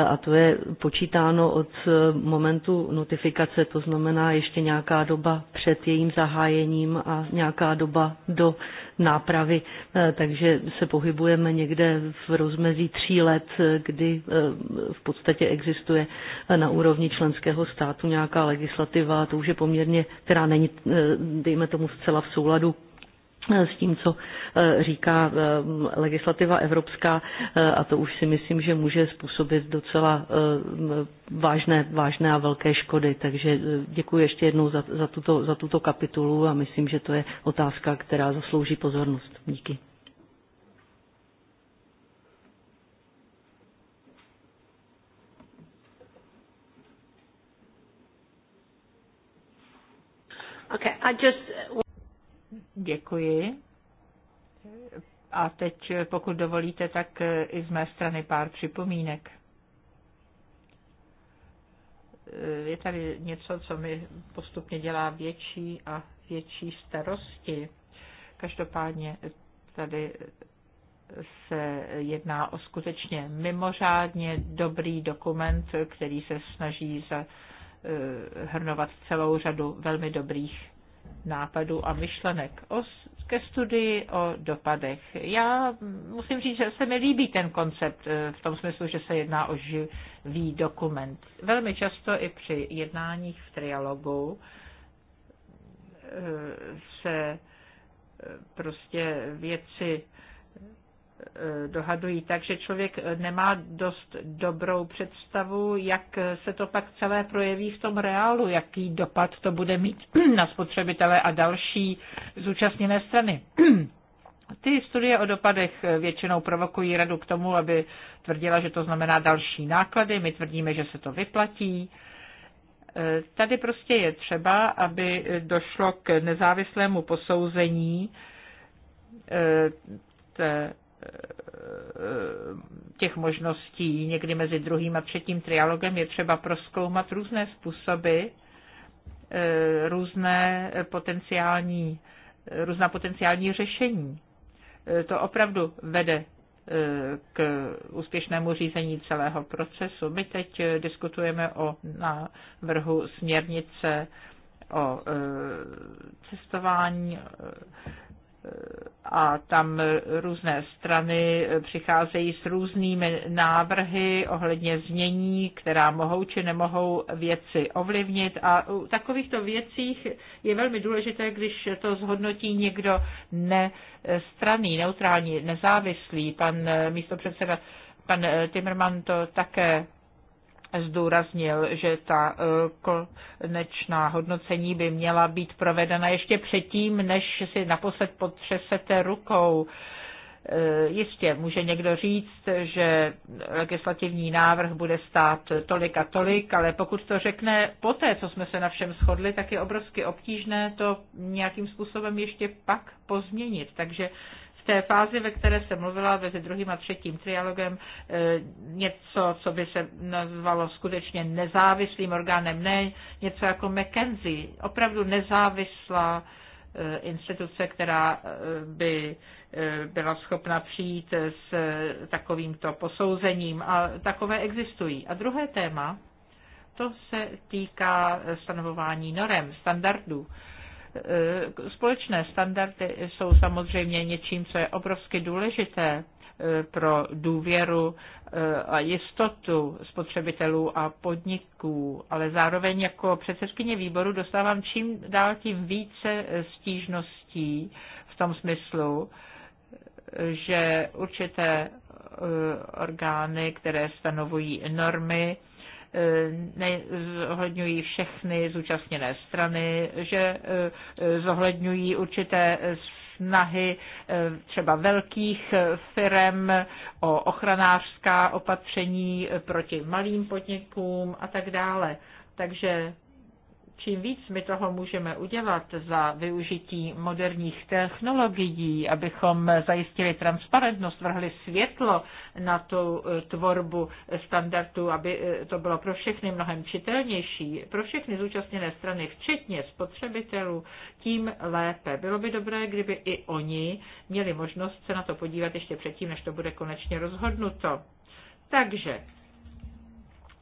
A to je počítáno od momentu notifikace, to znamená ještě nějaká doba před jejím zahájením a nějaká doba do nápravy. Eh, takže se pohybujeme někde v rozmezí tří let, eh, kdy eh, v podstatě existuje na úrovni členského státu nějaká legislativa, to už je poměrně, která není, dejme tomu, zcela v souladu s tím, co eh, říká eh, legislativa evropská eh, a to už si myslím, že může způsobit docela vážné, vážné a velké škody. Takže děkuji ještě jednou za, za, tuto, za tuto kapitulu a myslím, že to je otázka, která zaslouží pozornost. Díky. Okay, I just Děkuji. A teď, pokud dovolíte, tak i z mé strany pár připomínek. Je tady něco, co mi postupně dělá větší a větší starosti. Každopádně tady se jedná o skutečně mimořádně dobrý dokument, který se snaží zahrnovat eh, celou řadu velmi dobrých nápadů a myšlenek o, ke studii o dopadech. Já musím říct, že se mi líbí ten koncept eh, v tom smyslu, že se jedná o živý dokument. Velmi často i při jednáních v trialogu eh, se eh, prostě věci Eh, dohadují takže člověk eh, nemá dost dobrou představu, jak se to pak celé projeví v tom reálu, jaký dopad to bude mít na spotřebitele a další zúčastněné strany. Ty studie o dopadech eh, většinou provokují radu k tomu, aby tvrdila, že to znamená další náklady. My tvrdíme, že se to vyplatí. Tady prostě je třeba, aby došlo k nezávislému posouzení těch možností někdy mezi druhým a třetím trialogem je třeba proskoumat různé způsoby, eh, různé potenciální, různá potenciální řešení. Eh, to opravdu vede eh, k úspěšnému řízení celého procesu. My teď diskutujeme o návrhu směrnice o cestování a tam různé strany přicházejí s různými návrhy ohledně změní, která mohou či nemohou věci ovlivnit. A u takovýchto věcích je velmi důležité, když to zhodnotí někdo nestraný, neutrální, nezávislý. Pan místopředseda, pan Timmerman to také zdůraznil, že ta eh, konečná hodnocení by měla být provedena ještě předtím, než si naposled potřesete rukou. Eh, jistě může někdo říct, že legislativní návrh bude stát tolik a tolik, ale pokud to řekne poté, co jsme se na všem shodli, tak je obrovsky obtížné to nějakým způsobem ještě pak pozměnit. Takže té fázi, ve které se mluvila mezi druhým a třetím trialogem, eh, něco, co by se nazvalo skutečně nezávislým orgánem, ne něco jako McKenzie, opravdu nezávislá eh, instituce, která eh, by byla schopna přijít s takovýmto posouzením. A takové existují. A druhé téma, to se týká stanovování norem, standardů. Eh, společné standardy jsou samozřejmě něčím, co je obrovsky důležité eh, pro důvěru eh, a jistotu spotřebitelů a podniků, ale zároveň jako předsedkyně výboru dostávám čím dál tím více stížností v tom smyslu, že určité orgány, které stanovují normy, E, zohledňují všechny zúčastněné strany, že e, zohledňují určité snahy e, třeba velkých firm o ochranářská opatření proti malým podnikům a tak dále. Takže Čím víc my toho můžeme udělat za využití moderních technologií, abychom zajistili transparentnost, vrhli světlo na tu eh, tvorbu standardů, aby eh, to bylo pro všechny mnohem čitelnější, pro všechny zúčastněné strany, včetně spotřebitelů, tím lépe. Bylo by dobré, kdyby i oni měli možnost se na to podívat ještě předtím, než to bude konečně rozhodnuto. Takže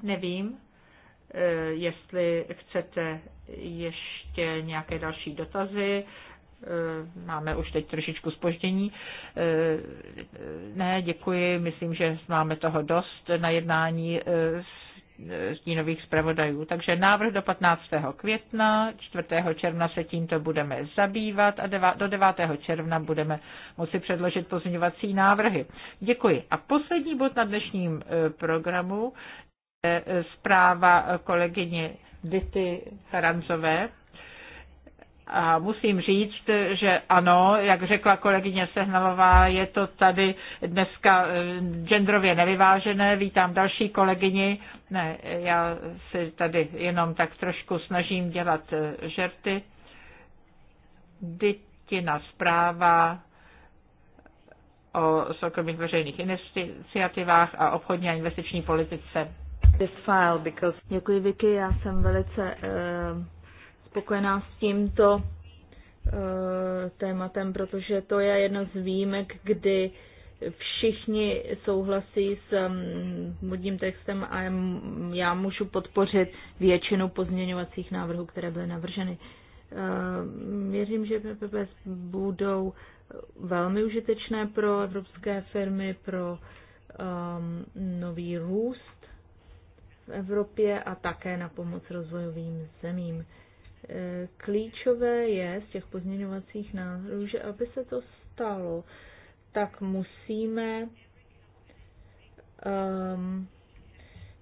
nevím, Eh, jestli chcete ještě nějaké další dotazy, eh, máme už teď trošičku spoždění. Eh, ne, děkuji, myslím, že máme toho dost na jednání stínových zpravodajů. Takže návrh do 15. května, 4. června se tímto budeme zabývat a do 9. června budeme moci předložit pozměňovací návrhy. Děkuji. A poslední bod na dnešním programu Eh, zpráva eh, kolegyně Dity Charanzové. A musím říct, že ano, jak řekla kolegyně Sehnalová, je to tady dneska eh, genderově nevyvážené. Vítám další kolegyni. Ne, já se tady jenom tak trošku snažím dělat žerty. Dytina zpráva o soukromých veřejných iniciativách a obchodní a investiční politice Děkuji, Vicky, já jsem velice uh, spokojená s tímto uh, tématem, protože to je jedno z výjimek, kdy všichni souhlasí s vodním mm, um, textem a já můžu podpořit většinu pozměňovacích návrhů, které byly navrženy. Uh, věřím, že PPS budou velmi užitečné pro evropské firmy, pro um, nový růst v Evropě a také na pomoc rozvojovým zemím. E, klíčové je z těch pozměňovacích návrhů, že aby se to stalo, tak musíme um,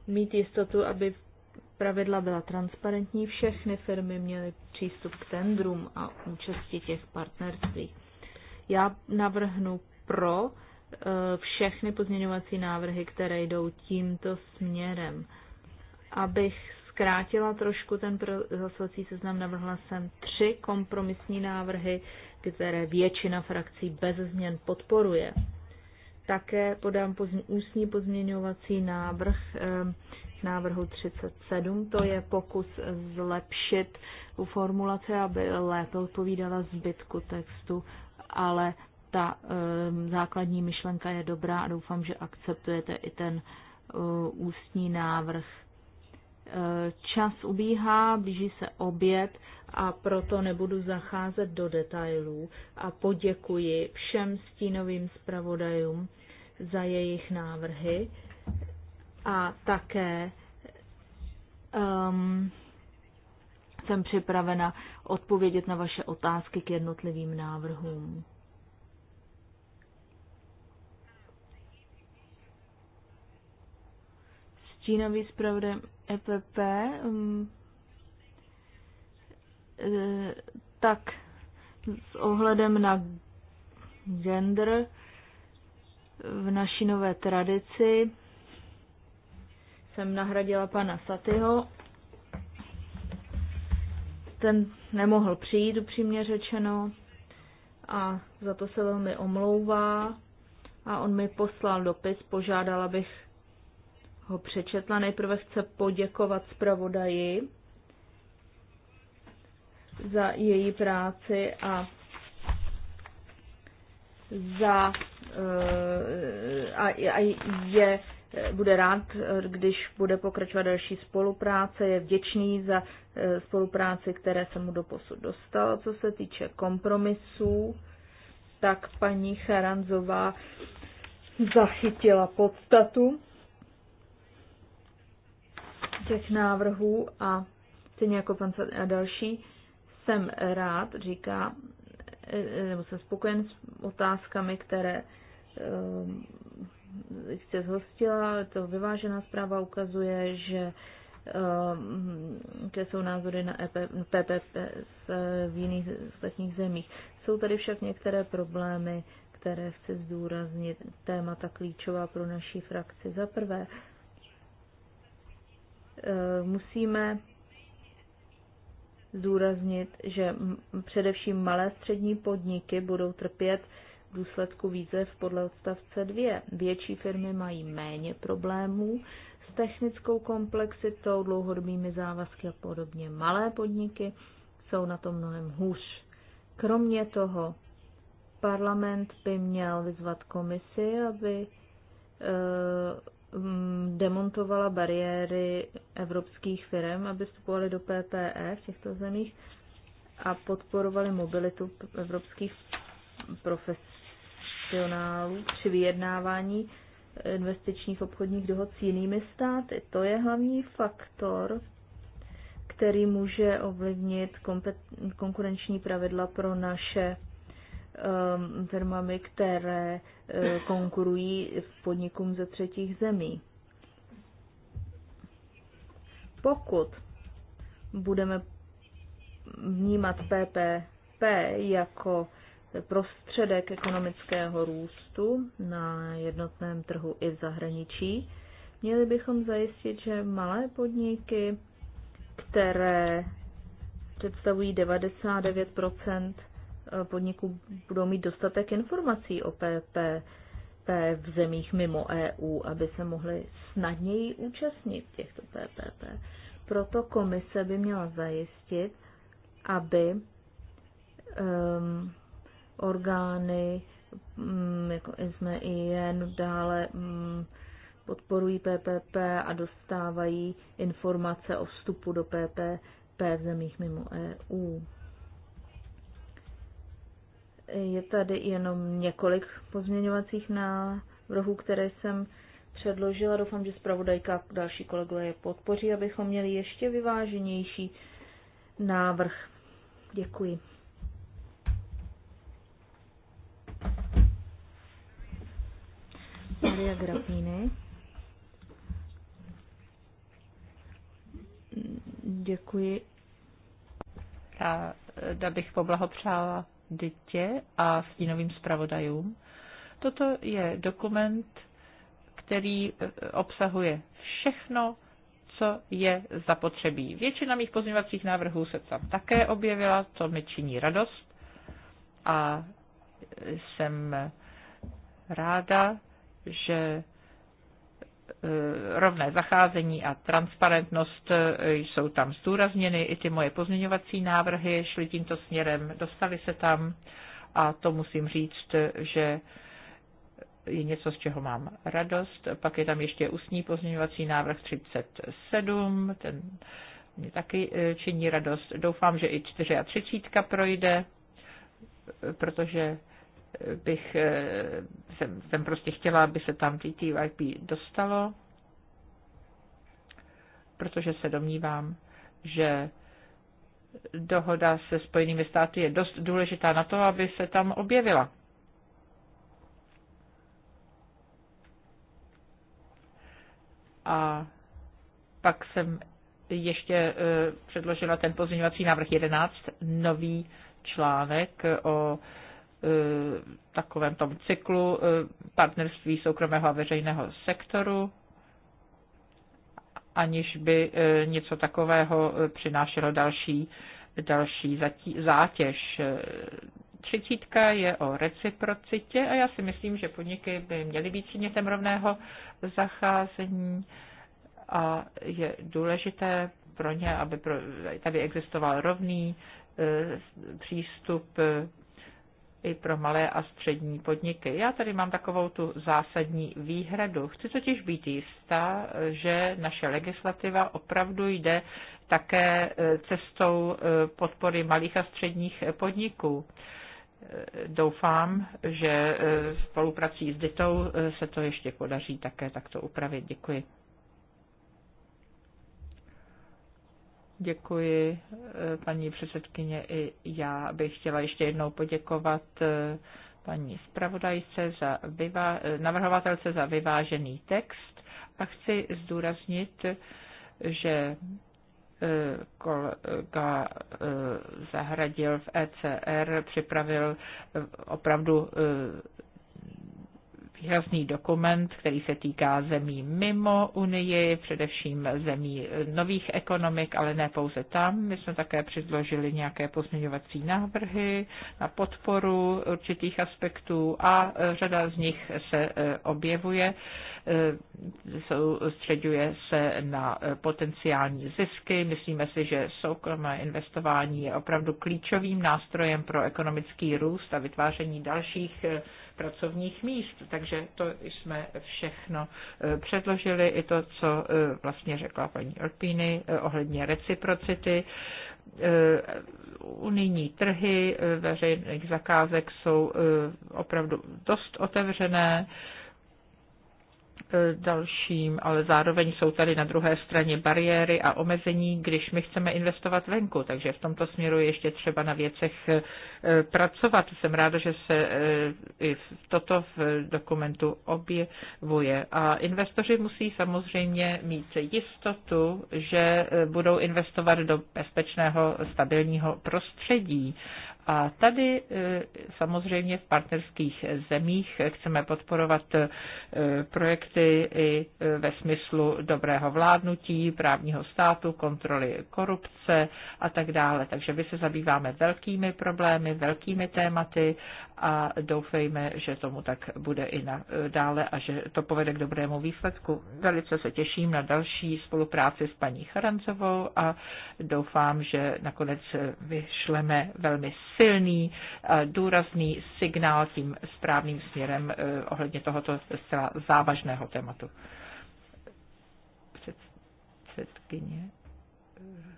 mít jistotu, aby pravidla byla transparentní, všechny firmy měly přístup k tendrům a účasti těch partnerství. Já navrhnu pro e, všechny pozměňovací návrhy, které jdou tímto směrem. Abych zkrátila trošku ten hlasovací seznam, navrhla jsem tři kompromisní návrhy, které většina frakcí bez změn podporuje. Také podám pozmě, ústní pozměňovací návrh eh, návrhu 37. To je pokus zlepšit u formulace, aby lépe odpovídala zbytku textu, ale ta eh, základní myšlenka je dobrá a doufám, že akceptujete i ten eh, ústní návrh Čas ubíhá, blíží se oběd a proto nebudu zacházet do detailů a poděkuji všem stínovým zpravodajům za jejich návrhy a také um, jsem připravena odpovědět na vaše otázky k jednotlivým návrhům. Stínový zpravodaj EPP, mm, e, tak s ohledem na gender v naší nové tradici jsem nahradila pana Satyho. Ten nemohl přijít, upřímně řečeno, a za to se velmi omlouvá. A on mi poslal dopis, požádal, abych ho přečetla. Nejprve chce poděkovat zpravodaji za její práci a za eh, a, a je bude rád, když bude pokračovat další spolupráce, je vděčný za eh, spolupráci, které se mu do posud dostalo. Co se týče kompromisů, tak paní Charanzová zachytila podstatu těch návrhů a stejně jako pan a další, jsem rád, říká, e, e, nebo jsem spokojen s otázkami, které e, jste zhostila. To vyvážená zpráva ukazuje, že jaké jsou názory na EP, PPP v jiných ostatních zemích. Jsou tady však některé problémy, které chci zdůraznit, témata klíčová pro naší frakci. Za prvé, Eh, musíme zdůraznit, že především malé střední podniky budou trpět v důsledku výzev podle odstavce 2. Větší firmy mají méně problémů s technickou komplexitou, dlouhodobými závazky a podobně. Malé podniky jsou na tom mnohem hůř. Kromě toho, parlament by měl vyzvat komisi, aby eh, Mm, demontovala bariéry evropských firm, aby vstupovaly do PPE v těchto zemích a podporovali mobilitu evropských profesionálů při vyjednávání investičních obchodních dohod s jinými státy. To je hlavní faktor, který může ovlivnit konkurenční pravidla pro naše Um, firmami, které uh, konkurují podnikům ze třetích zemí. Pokud budeme vnímat PPP jako prostředek ekonomického růstu na jednotném trhu i v zahraničí, měli bychom zajistit, že malé podniky, které představují 99 Eh, podniků budou mít dostatek informací o PPP v zemích mimo EU, aby se mohli snadněji účastnit těchto PPP. Proto komise by měla zajistit, aby um, orgány um, jako jsme i jen dále um, podporují PPP a dostávají informace o vstupu do PPP v zemích mimo EU. Je tady jenom několik pozměňovacích návrhů, které jsem předložila. Doufám, že zpravodajka a další kolegové je podpoří, abychom měli ještě vyváženější návrh. Děkuji. Maria Grafíny. Děkuji. Já eh, bych poblahopřála dítě a v inovým zpravodajům. Toto je dokument, který e, obsahuje všechno, co je zapotřebí. Většina mých pozměňovacích návrhů se tam také objevila, to mi činí radost a jsem ráda, že Eh, rovné zacházení a transparentnost eh, jsou tam zdůrazněny. I ty moje pozměňovací návrhy šly tímto směrem, dostali se tam a to musím říct, že je něco, z čeho mám radost. Pak je tam ještě ústní pozměňovací návrh 37, ten mě taky eh, činí radost. Doufám, že i 34 projde, protože bych, eh, jsem, jsem prostě chtěla, aby se tam TTIP dostalo, protože se domnívám, že dohoda se Spojenými státy je dost důležitá na to, aby se tam objevila. A pak jsem ještě eh, předložila ten pozměňovací návrh 11, nový článek o Eh, takovém tom cyklu eh, partnerství soukromého a veřejného sektoru, aniž by eh, něco takového přinášelo další, další zátěž. Třicítka je o reciprocitě a já si myslím, že podniky by měly být předmětem rovného zacházení a je důležité pro ně, aby pro, tady existoval rovný přístup i pro malé a střední podniky. Já tady mám takovou tu zásadní výhradu. Chci totiž být jistá, že naše legislativa opravdu jde také e, cestou e, podpory malých a středních podniků. E, doufám, že spoluprací s DITou se to ještě podaří také takto upravit. Děkuji. Děkuji, eh, paní předsedkyně. I já bych chtěla ještě jednou poděkovat eh, paní zpravodajce za vyvá- eh, navrhovatelce za vyvážený text a chci zdůraznit, že kolega Zahradil v ECR připravil opravdu jasný dokument, který se týká zemí mimo Unii, především zemí nových ekonomik, ale ne pouze tam. My jsme také předložili nějaké pozměňovací návrhy na podporu určitých aspektů a e, řada z nich se e, objevuje. E, Soustředuje se na potenciální zisky. Myslíme si, že soukromé investování je opravdu klíčovým nástrojem pro ekonomický růst a vytváření dalších pracovních míst. Takže to jsme všechno e, předložili, i to, co e, vlastně řekla paní Alpíny e, ohledně reciprocity. Unijní trhy veřejných zakázek jsou opravdu dost otevřené E, dalším, ale zároveň jsou tady na druhé straně bariéry a omezení, když my chceme investovat venku. Takže v tomto směru ještě třeba na věcech e, pracovat. Jsem ráda, že se e, i toto v dokumentu objevuje. A investoři musí samozřejmě mít jistotu, že budou investovat do bezpečného, stabilního prostředí. A tady e, samozřejmě v partnerských zemích chceme podporovat e, projekty i e, ve smyslu dobrého vládnutí, právního státu, kontroly korupce a tak dále. Takže my se zabýváme velkými problémy, velkými tématy a doufejme, že tomu tak bude i na, dále a že to povede k dobrému výsledku. Velice se těším na další spolupráci s paní Charancovou a doufám, že nakonec vyšleme velmi silný, důrazný signál tím správným směrem eh, ohledně tohoto zcela závažného tématu. Předsedkyně. Eh,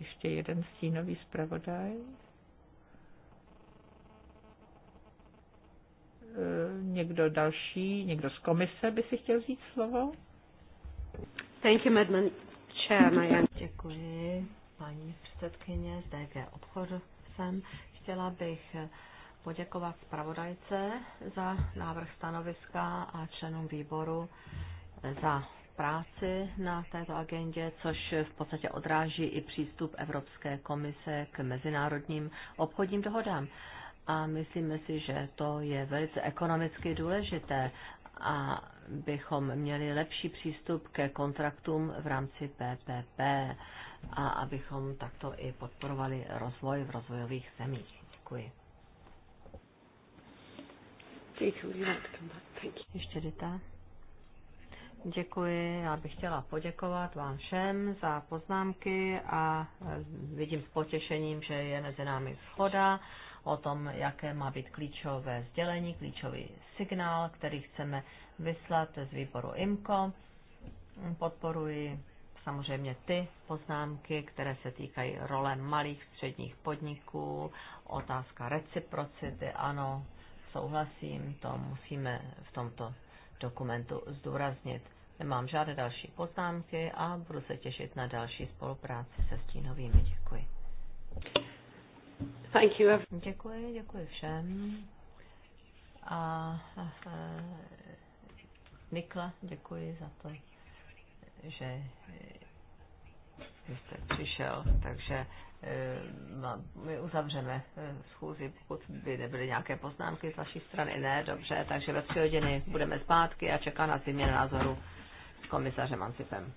ještě jeden stínový zpravodaj. Eh, někdo další, někdo z komise by si chtěl vzít slovo? Thank you, Madam Chair. Děkuji, paní předsedkyně z DG obchodu jsem. Chtěla bych poděkovat zpravodajce za návrh stanoviska a členům výboru za práci na této agendě, což v podstatě odráží i přístup Evropské komise k mezinárodním obchodním dohodám a myslíme si, že to je velice ekonomicky důležité a bychom měli lepší přístup ke kontraktům v rámci PPP a abychom takto i podporovali rozvoj v rozvojových zemích. Děkuji. Ještě Dita. Děkuji, já bych chtěla poděkovat vám všem za poznámky a vidím s potěšením, že je mezi námi shoda o tom, jaké má být klíčové sdělení, klíčový signál, který chceme vyslat z výboru IMCO. Podporuji samozřejmě ty poznámky, které se týkají role malých středních podniků, otázka reciprocity, ano, souhlasím, to musíme v tomto dokumentu zdůraznit. Nemám žádné další poznámky a budu se těšit na další spolupráci se Stínovými. Děkuji. Thank you. Děkuji, děkuji všem. A, a, Nikla, děkuji za to, že jste přišel, takže e, my uzavřeme e, schůzi, pokud by nebyly nějaké poznámky z vaší strany. Ne, dobře, takže ve tři hodiny budeme zpátky a čeká nás výměna názoru s komisařem Ancipem.